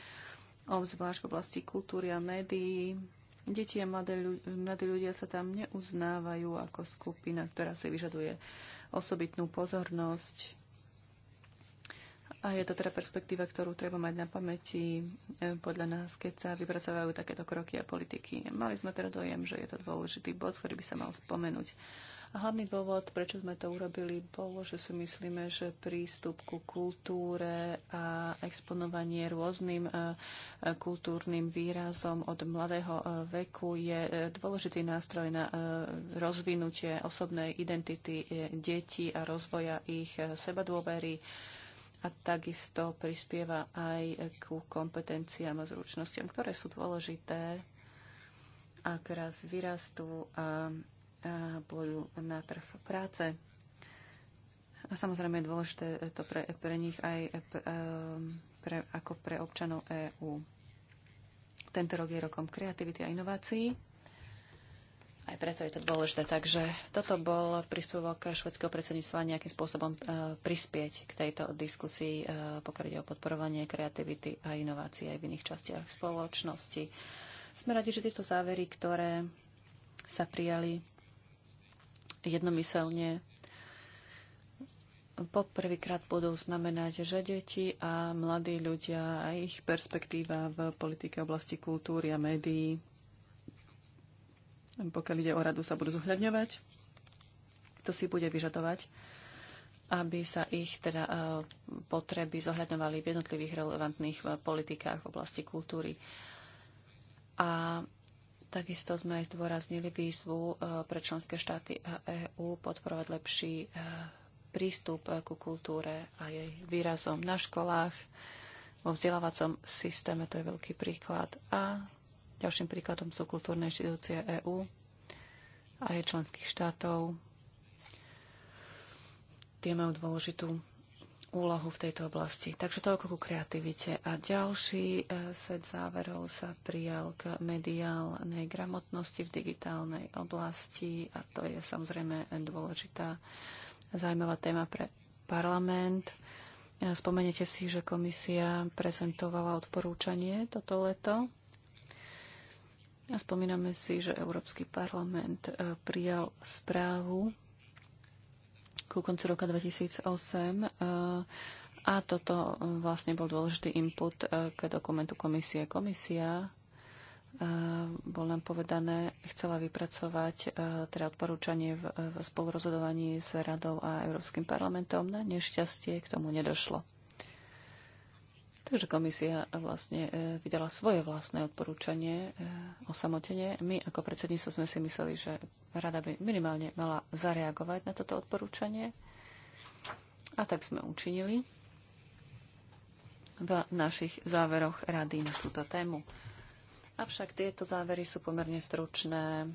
obzvlášť v oblasti kultúry a médií, deti a mladé, mladí ľudia sa tam neuznávajú ako skupina, ktorá si vyžaduje osobitnú pozornosť a je to teda perspektíva, ktorú treba mať na pamäti e, podľa nás, keď sa vypracovajú takéto kroky a politiky. Mali sme teda dojem, že je to dôležitý bod, ktorý by sa mal spomenúť. A hlavný dôvod, prečo sme to urobili, bolo, že si myslíme, že prístup ku kultúre a exponovanie rôznym e, e, kultúrnym výrazom od mladého veku je dôležitý nástroj na rozvinutie osobnej identity detí a rozvoja ich sebadôvery a takisto prispieva aj ku kompetenciám a zručnostiam, ktoré sú dôležité, ak raz vyrastú a, a pôjdu na trh práce. A samozrejme je dôležité to pre, pre nich aj pre, e, pre, ako pre občanov EÚ. Tento rok je rokom kreativity a inovácií. Aj preto je to dôležité. Takže toto bol príspevok švedského predsedníctva nejakým spôsobom e, prispieť k tejto diskusii, e, pokiaľ ide o podporovanie kreativity a inovácií aj v iných častiach spoločnosti. Sme radi, že tieto závery, ktoré sa prijali jednomyselne, poprvýkrát budú znamenať, že deti a mladí ľudia a ich perspektíva v politike oblasti kultúry a médií pokiaľ ide o radu, sa budú zohľadňovať. To si bude vyžadovať, aby sa ich teda e, potreby zohľadňovali v jednotlivých relevantných e, politikách v oblasti kultúry. A takisto sme aj zdôraznili výzvu e, pre členské štáty a EÚ podporovať lepší prístup ku kultúre a jej výrazom na školách, vo vzdelávacom systéme, to je veľký príklad, a Ďalším príkladom sú kultúrne inštitúcie EÚ a jej členských štátov. Tie majú dôležitú úlohu v tejto oblasti. Takže toľko ku kreativite. A ďalší e, set záverov sa prijal k mediálnej gramotnosti v digitálnej oblasti a to je samozrejme dôležitá zaujímavá téma pre parlament. E, Spomeniete si, že komisia prezentovala odporúčanie toto leto a spomíname si, že Európsky parlament e, prijal správu ku koncu roka 2008 e, a toto e, vlastne bol dôležitý input k dokumentu komisie. Komisia bol nám povedané, chcela vypracovať teda odporúčanie v, v spolurozhodovaní s Radou a Európskym parlamentom. Na nešťastie k tomu nedošlo. Takže komisia vlastne e, vydala svoje vlastné odporúčanie e, o samotene. My ako predsedníctvo sme si mysleli, že rada by minimálne mala zareagovať na toto odporúčanie. A tak sme učinili v našich záveroch rady na túto tému. Avšak tieto závery sú pomerne stručné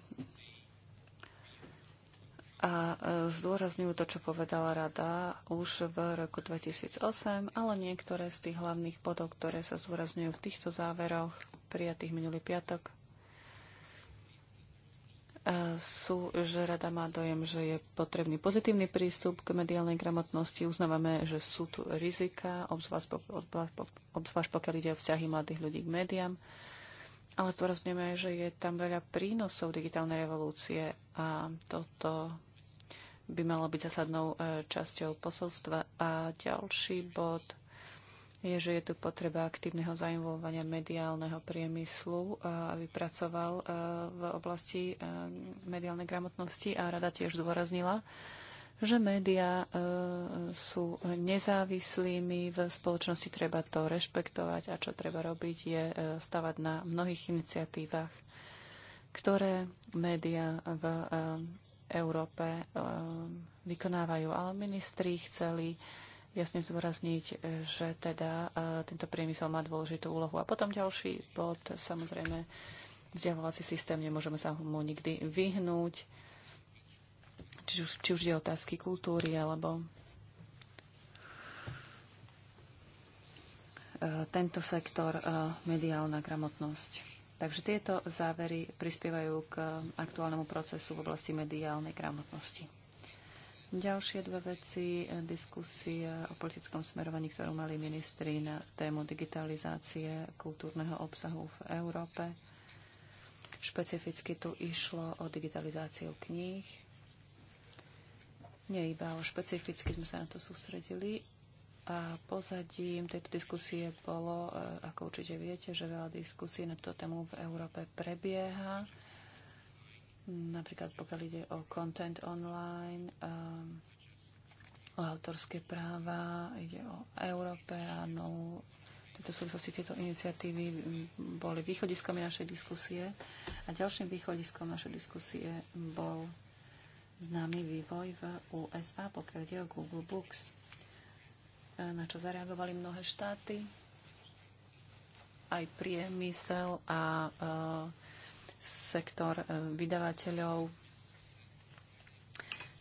a e, zdôrazňujú to, čo povedala rada už v roku 2008, ale niektoré z tých hlavných bodov, ktoré sa zdôrazňujú v týchto záveroch prijatých minulý piatok, e, sú, že rada má dojem, že je potrebný pozitívny prístup k mediálnej gramotnosti. Uznávame, že sú tu rizika, obzvlášť, obzvlášť pokiaľ ide o vzťahy mladých ľudí k médiám. Ale zdôrazňujeme, že je tam veľa prínosov digitálnej revolúcie a toto by malo byť zásadnou e, časťou posolstva. A ďalší bod je, že je tu potreba aktívneho zainvolovania mediálneho priemyslu, e, aby pracoval e, v oblasti mediálnej gramotnosti a rada tiež zdôraznila, že médiá sú nezávislými v spoločnosti, treba to rešpektovať a čo treba robiť je stavať na mnohých iniciatívach, ktoré médiá v Európe eh, vykonávajú. Ale ministri chceli jasne zdôrazniť, že teda eh, tento priemysel má dôležitú úlohu. A potom ďalší bod, samozrejme, vzdelávací systém, nemôžeme sa mu nikdy vyhnúť, či, či už je otázky kultúry alebo eh, tento sektor mediálna gramotnosť. Takže tieto závery prispievajú k aktuálnemu procesu v oblasti mediálnej gramotnosti. Ďalšie dve veci, diskusia o politickom smerovaní, ktorú mali ministri na tému digitalizácie kultúrneho obsahu v Európe. Špecificky tu išlo o digitalizáciu kníh. Nie iba ale špecificky sme sa na to sústredili, a pozadím tejto diskusie bolo, e, ako určite viete, že veľa diskusí na túto tému v Európe prebieha. Napríklad pokiaľ ide o content online, e, o autorské práva, ide o Európeánov. Tieto súvislosti, tieto iniciatívy boli východiskom našej diskusie. A ďalším východiskom našej diskusie bol známy vývoj v USA, pokiaľ ide o Google Books na čo zareagovali mnohé štáty, aj priemysel a e, sektor e, vydavateľov.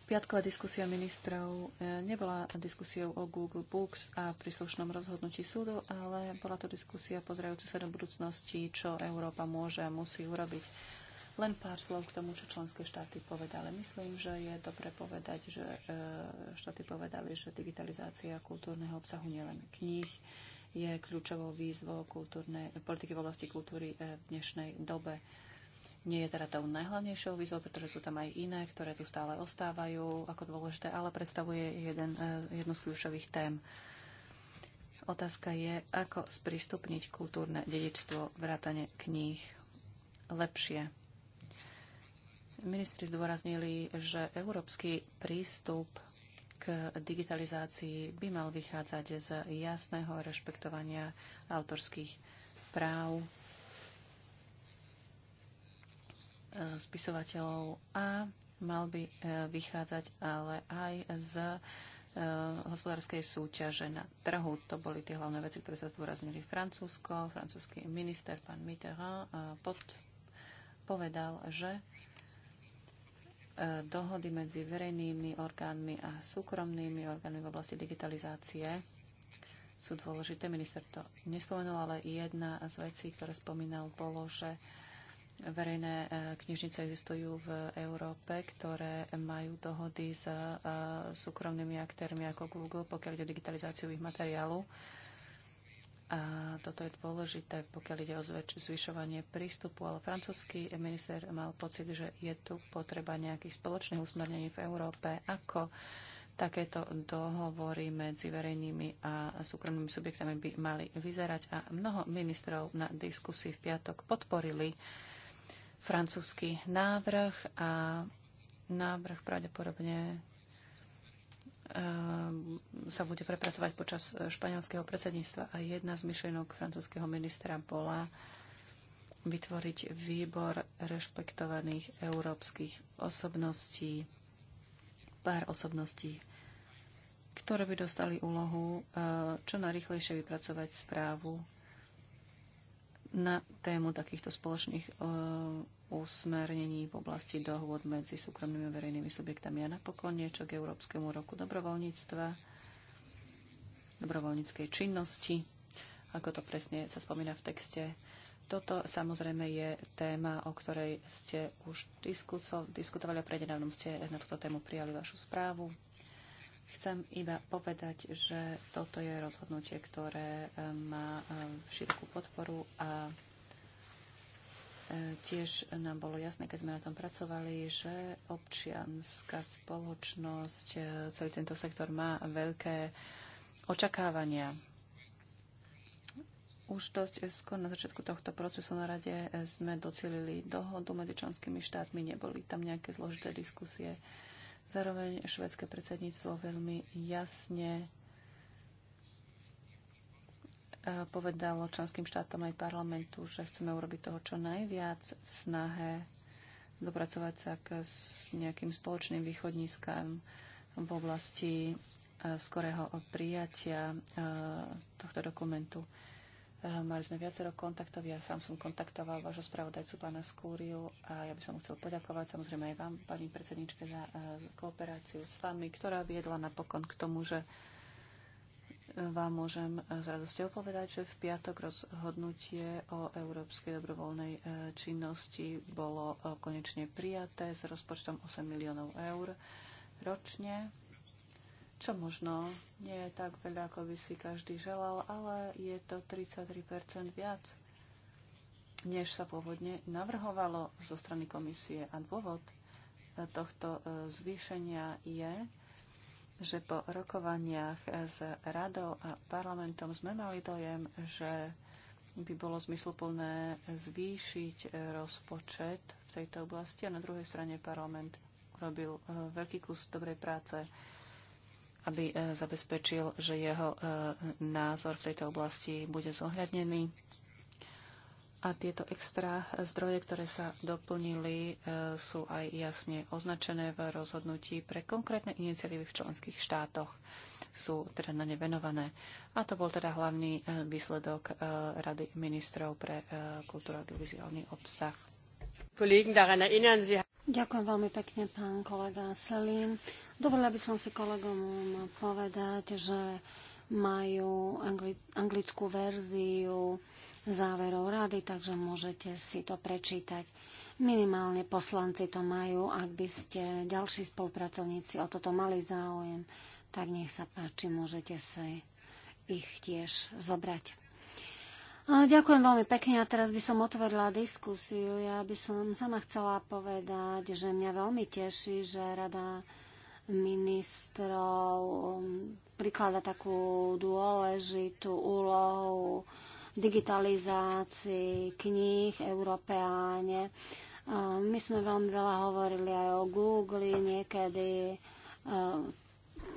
Piatková diskusia ministrov e, nebola diskusiou o Google Books a príslušnom rozhodnutí súdu, ale bola to diskusia pozerajúca sa do budúcnosti, čo Európa môže a musí urobiť. Len pár slov k tomu, čo členské štáty povedali. Myslím, že je dobre povedať, že e, štáty povedali, že digitalizácia kultúrneho obsahu nielen kníh je kľúčovou výzvou kultúrnej, politiky v oblasti kultúry e, v dnešnej dobe. Nie je teda tou najhlavnejšou výzvou, pretože sú tam aj iné, ktoré tu stále ostávajú ako dôležité, ale predstavuje jeden, e, jednu z kľúčových tém. Otázka je, ako sprístupniť kultúrne dedičstvo vrátane kníh lepšie Ministri zdôraznili, že európsky prístup k digitalizácii by mal vychádzať z jasného rešpektovania autorských práv eh, spisovateľov a mal by eh, vychádzať ale aj z eh, hospodárskej súťaže na trhu. To boli tie hlavné veci, ktoré sa zdôraznili Francúzsko. Francúzsky minister, pán Mitterrand, povedal, že E, dohody medzi verejnými orgánmi a súkromnými orgánmi v oblasti digitalizácie sú dôležité. Minister to nespomenul, ale jedna z vecí, ktoré spomínal, bolo, že verejné e, knižnice existujú v Európe, ktoré majú dohody s e, súkromnými aktérmi ako Google, pokiaľ ide o digitalizáciu ich materiálu. A toto je dôležité, pokiaľ ide o zvyšovanie prístupu, ale francúzsky minister mal pocit, že je tu potreba nejakých spoločných usmernení v Európe, ako takéto dohovory medzi verejnými a súkromnými subjektami by mali vyzerať. A mnoho ministrov na diskusii v piatok podporili francúzsky návrh a návrh pravdepodobne Ehm, sa bude prepracovať počas e, španielského predsedníctva a jedna z myšlienok francúzského ministra bola vytvoriť výbor rešpektovaných európskych osobností, pár osobností, ktoré by dostali úlohu e, čo najrychlejšie vypracovať správu na tému takýchto spoločných e, usmernení v oblasti dohôd medzi súkromnými a verejnými subjektami. A napokon niečo k Európskemu roku dobrovoľníctva, dobrovoľníckej činnosti, ako to presne sa spomína v texte. Toto samozrejme je téma, o ktorej ste už diskutovali a prednedávnom ste na túto tému prijali vašu správu. Chcem iba povedať, že toto je rozhodnutie, ktoré e, má e, širokú podporu a e, tiež nám bolo jasné, keď sme na tom pracovali, že občianská spoločnosť, celý tento sektor má veľké očakávania. Už dosť skôr na začiatku tohto procesu na rade sme docelili dohodu medzi členskými štátmi, neboli tam nejaké zložité diskusie. Zároveň švedské predsedníctvo veľmi jasne e, povedalo členským štátom aj parlamentu, že chceme urobiť toho čo najviac v snahe dopracovať sa k nejakým spoločným východniskám v oblasti e, skorého prijatia e, tohto dokumentu. Eh, mali sme viacero kontaktov, ja sám som kontaktoval vášho spravodajcu pána Skúriu a ja by som chcel poďakovať samozrejme aj vám, pani predsedničke, za eh, kooperáciu s vami, ktorá viedla napokon k tomu, že eh, vám môžem s radosťou povedať, že v piatok rozhodnutie o európskej dobrovoľnej činnosti bolo konečne prijaté s rozpočtom 8 miliónov eur ročne čo možno nie je tak veľa, ako by si každý želal, ale je to 33% viac, než sa pôvodne navrhovalo zo strany komisie. A dôvod tohto e, zvýšenia je, že po rokovaniach s radou a parlamentom sme mali dojem, že by bolo zmysluplné zvýšiť e, rozpočet v tejto oblasti a na druhej strane parlament robil e, veľký kus dobrej práce aby e, zabezpečil, že jeho e, názor v tejto oblasti bude zohľadnený. A tieto extra zdroje, ktoré sa doplnili, e, sú aj jasne označené v rozhodnutí pre konkrétne iniciatívy v členských štátoch. Sú teda na ne venované. A to bol teda hlavný výsledok Rady ministrov pre kultúru a obsah. Kollegen daran erinnern, Sie Ďakujem veľmi pekne, pán kolega Selin. Dovolila by som si kolegom povedať, že majú anglickú verziu záverov rady, takže môžete si to prečítať. Minimálne poslanci to majú, ak by ste ďalší spolupracovníci o toto mali záujem, tak nech sa páči, môžete si ich tiež zobrať. Ďakujem veľmi pekne a teraz by som otvorila diskusiu. Ja by som sama chcela povedať, že mňa veľmi teší, že Rada ministrov um, priklada takú dôležitú úlohu digitalizácii kníh Európeáne. My sme veľmi veľa hovorili aj o Google, niekedy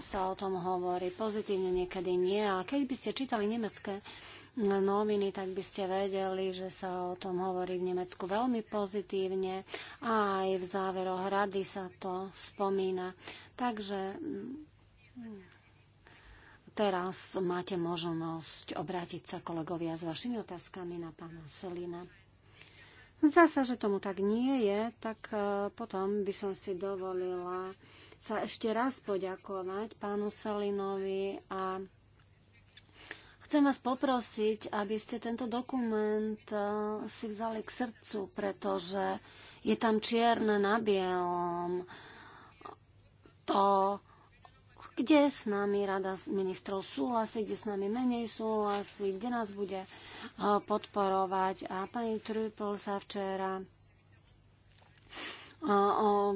sa o tom hovorí pozitívne, niekedy nie. A keď by ste čítali nemecké noviny, tak by ste vedeli, že sa o tom hovorí v Nemecku veľmi pozitívne a aj v záveroch rady sa to spomína. Takže mm, teraz máte možnosť obrátiť sa kolegovia s vašimi otázkami na pána Selina. Zdá sa, že tomu tak nie je, tak e, potom by som si dovolila sa ešte raz poďakovať pánu Selinovi a Chcem vás poprosiť, aby ste tento dokument eh, si vzali k srdcu, pretože je tam čierne na bielom to, kde s nami rada ministrov súhlasí, kde s nami menej súhlasí, kde nás bude eh, podporovať. A pani Trupel sa včera o,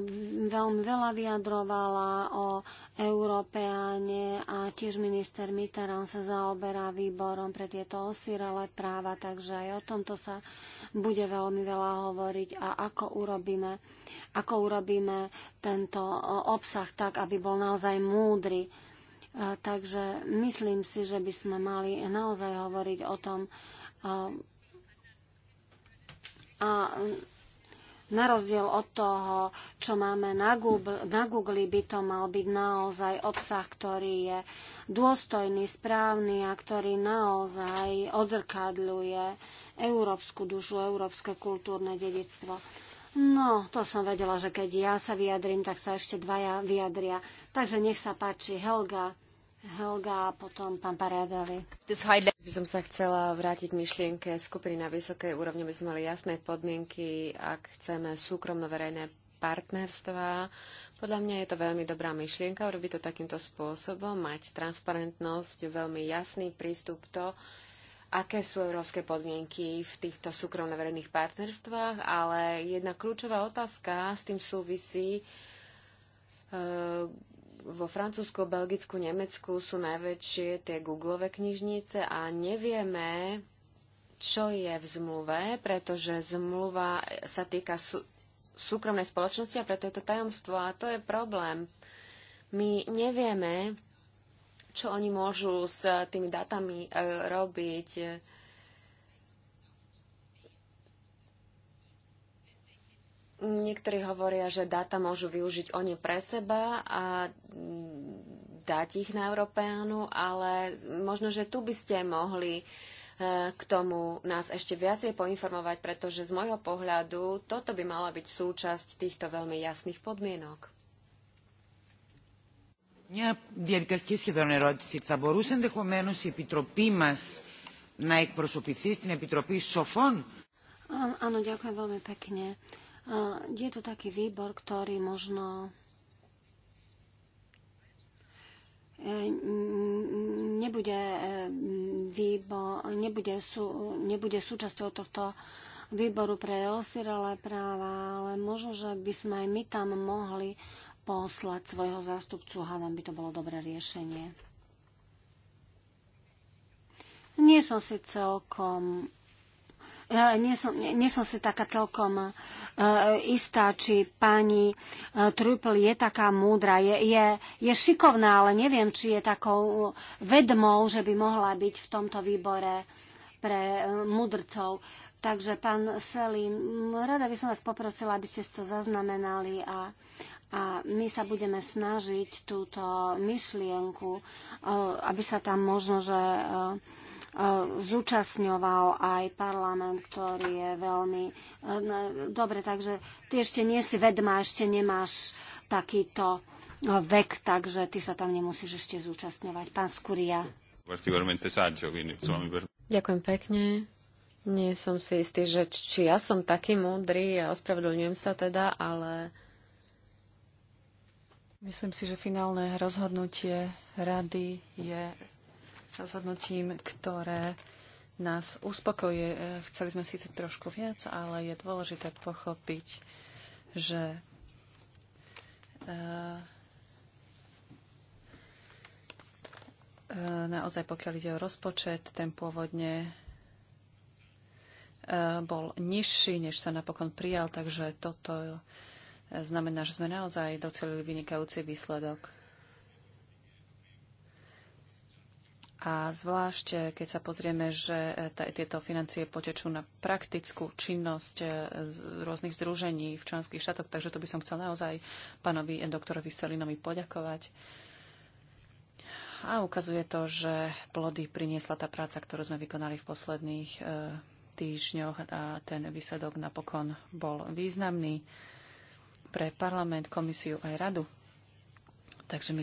veľmi veľa vyjadrovala o Európeáne a tiež minister Mitterrand sa zaoberá výborom pre tieto osirele práva, takže aj o tomto sa bude veľmi veľa hovoriť a ako urobíme, ako urobíme tento obsah tak, aby bol naozaj múdry. E, takže myslím si, že by sme mali naozaj hovoriť o tom e, a na rozdiel od toho, čo máme na Google, na Google by to mal byť naozaj obsah, ktorý je dôstojný, správny a ktorý naozaj odzrkadľuje európsku dušu, európske kultúrne dedictvo. No, to som vedela, že keď ja sa vyjadrím, tak sa ešte dvaja vyjadria. Takže nech sa páči, Helga. Helga a potom pán Paradali. By som sa chcela vrátiť k myšlienke skupiny na vysokej úrovni, by sme mali jasné podmienky, ak chceme súkromno-verejné partnerstva. Podľa mňa je to veľmi dobrá myšlienka urobiť to takýmto spôsobom, mať transparentnosť, veľmi jasný prístup to, aké sú európske podmienky v týchto súkromno-verejných partnerstvách, ale jedna kľúčová otázka s tým súvisí, e, vo Francúzsku, Belgicku, Nemecku sú najväčšie tie Googleové knižnice a nevieme, čo je v zmluve, pretože zmluva sa týka sú, súkromnej spoločnosti a preto je to tajomstvo a to je problém. My nevieme, čo oni môžu s tými datami e, robiť Niektorí hovoria, že dáta môžu využiť oni pre seba a dať ich na Európeánu, ale možno, že tu by ste mohli e, k tomu nás ešte viacej poinformovať, pretože z môjho pohľadu toto by mala byť súčasť týchto veľmi jasných podmienok. Μια διαδικαστική σχεδόν ερώτηση. Θα μπορούσε ενδεχομένω η Επιτροπή μα να εκπροσωπηθεί στην Επιτροπή Σοφών. Αν, ďakujem veľmi pekne. Uh, Eh, je to taký výbor, ktorý možno eh, nebude, eh, výbo, nebude, sú, nebude súčasťou tohto výboru pre osirelé práva, ale možno, že by sme aj my tam mohli poslať svojho zástupcu, hádam by to bolo dobré riešenie. Nie som si celkom E, nie som, nie, nie som si taká celkom e, istá, či pani e, Trupl je taká múdra. Je, je, je šikovná, ale neviem, či je takou vedmou, že by mohla byť v tomto výbore pre mudrcov. Takže, pán Selin, rada by som vás poprosila, aby ste to zaznamenali a, a my sa budeme snažiť túto myšlienku, aby sa tam možno, že zúčastňoval aj parlament, ktorý je veľmi... Eh, dobre, takže ty ešte nie si vedma, ešte nemáš takýto eh, vek, takže ty sa tam nemusíš ešte zúčastňovať. Pán Skuria. Ďakujem pekne. Nie som si istý, že či ja som taký múdry, ja ospravedlňujem sa teda, ale... Myslím si, že finálne rozhodnutie rady je rozhodnutím, ktoré nás uspokojuje. E, chceli sme síce trošku viac, ale je dôležité pochopiť, že e, e, naozaj pokiaľ ide o rozpočet, ten pôvodne bol nižší, než sa napokon prijal, takže toto znamená, že sme naozaj docelili vynikajúci výsledok. A zvlášť, eh, keď sa pozrieme, že eh, tieto financie potečú na praktickú činnosť eh, rôznych združení v členských štátoch, takže to by som chcel naozaj pánovi doktorovi Selinovi poďakovať. A ukazuje to, že plody priniesla tá práca, ktorú sme vykonali v posledných e, týždňoch a ten výsledok napokon bol významný pre parlament, komisiu aj radu. Takže my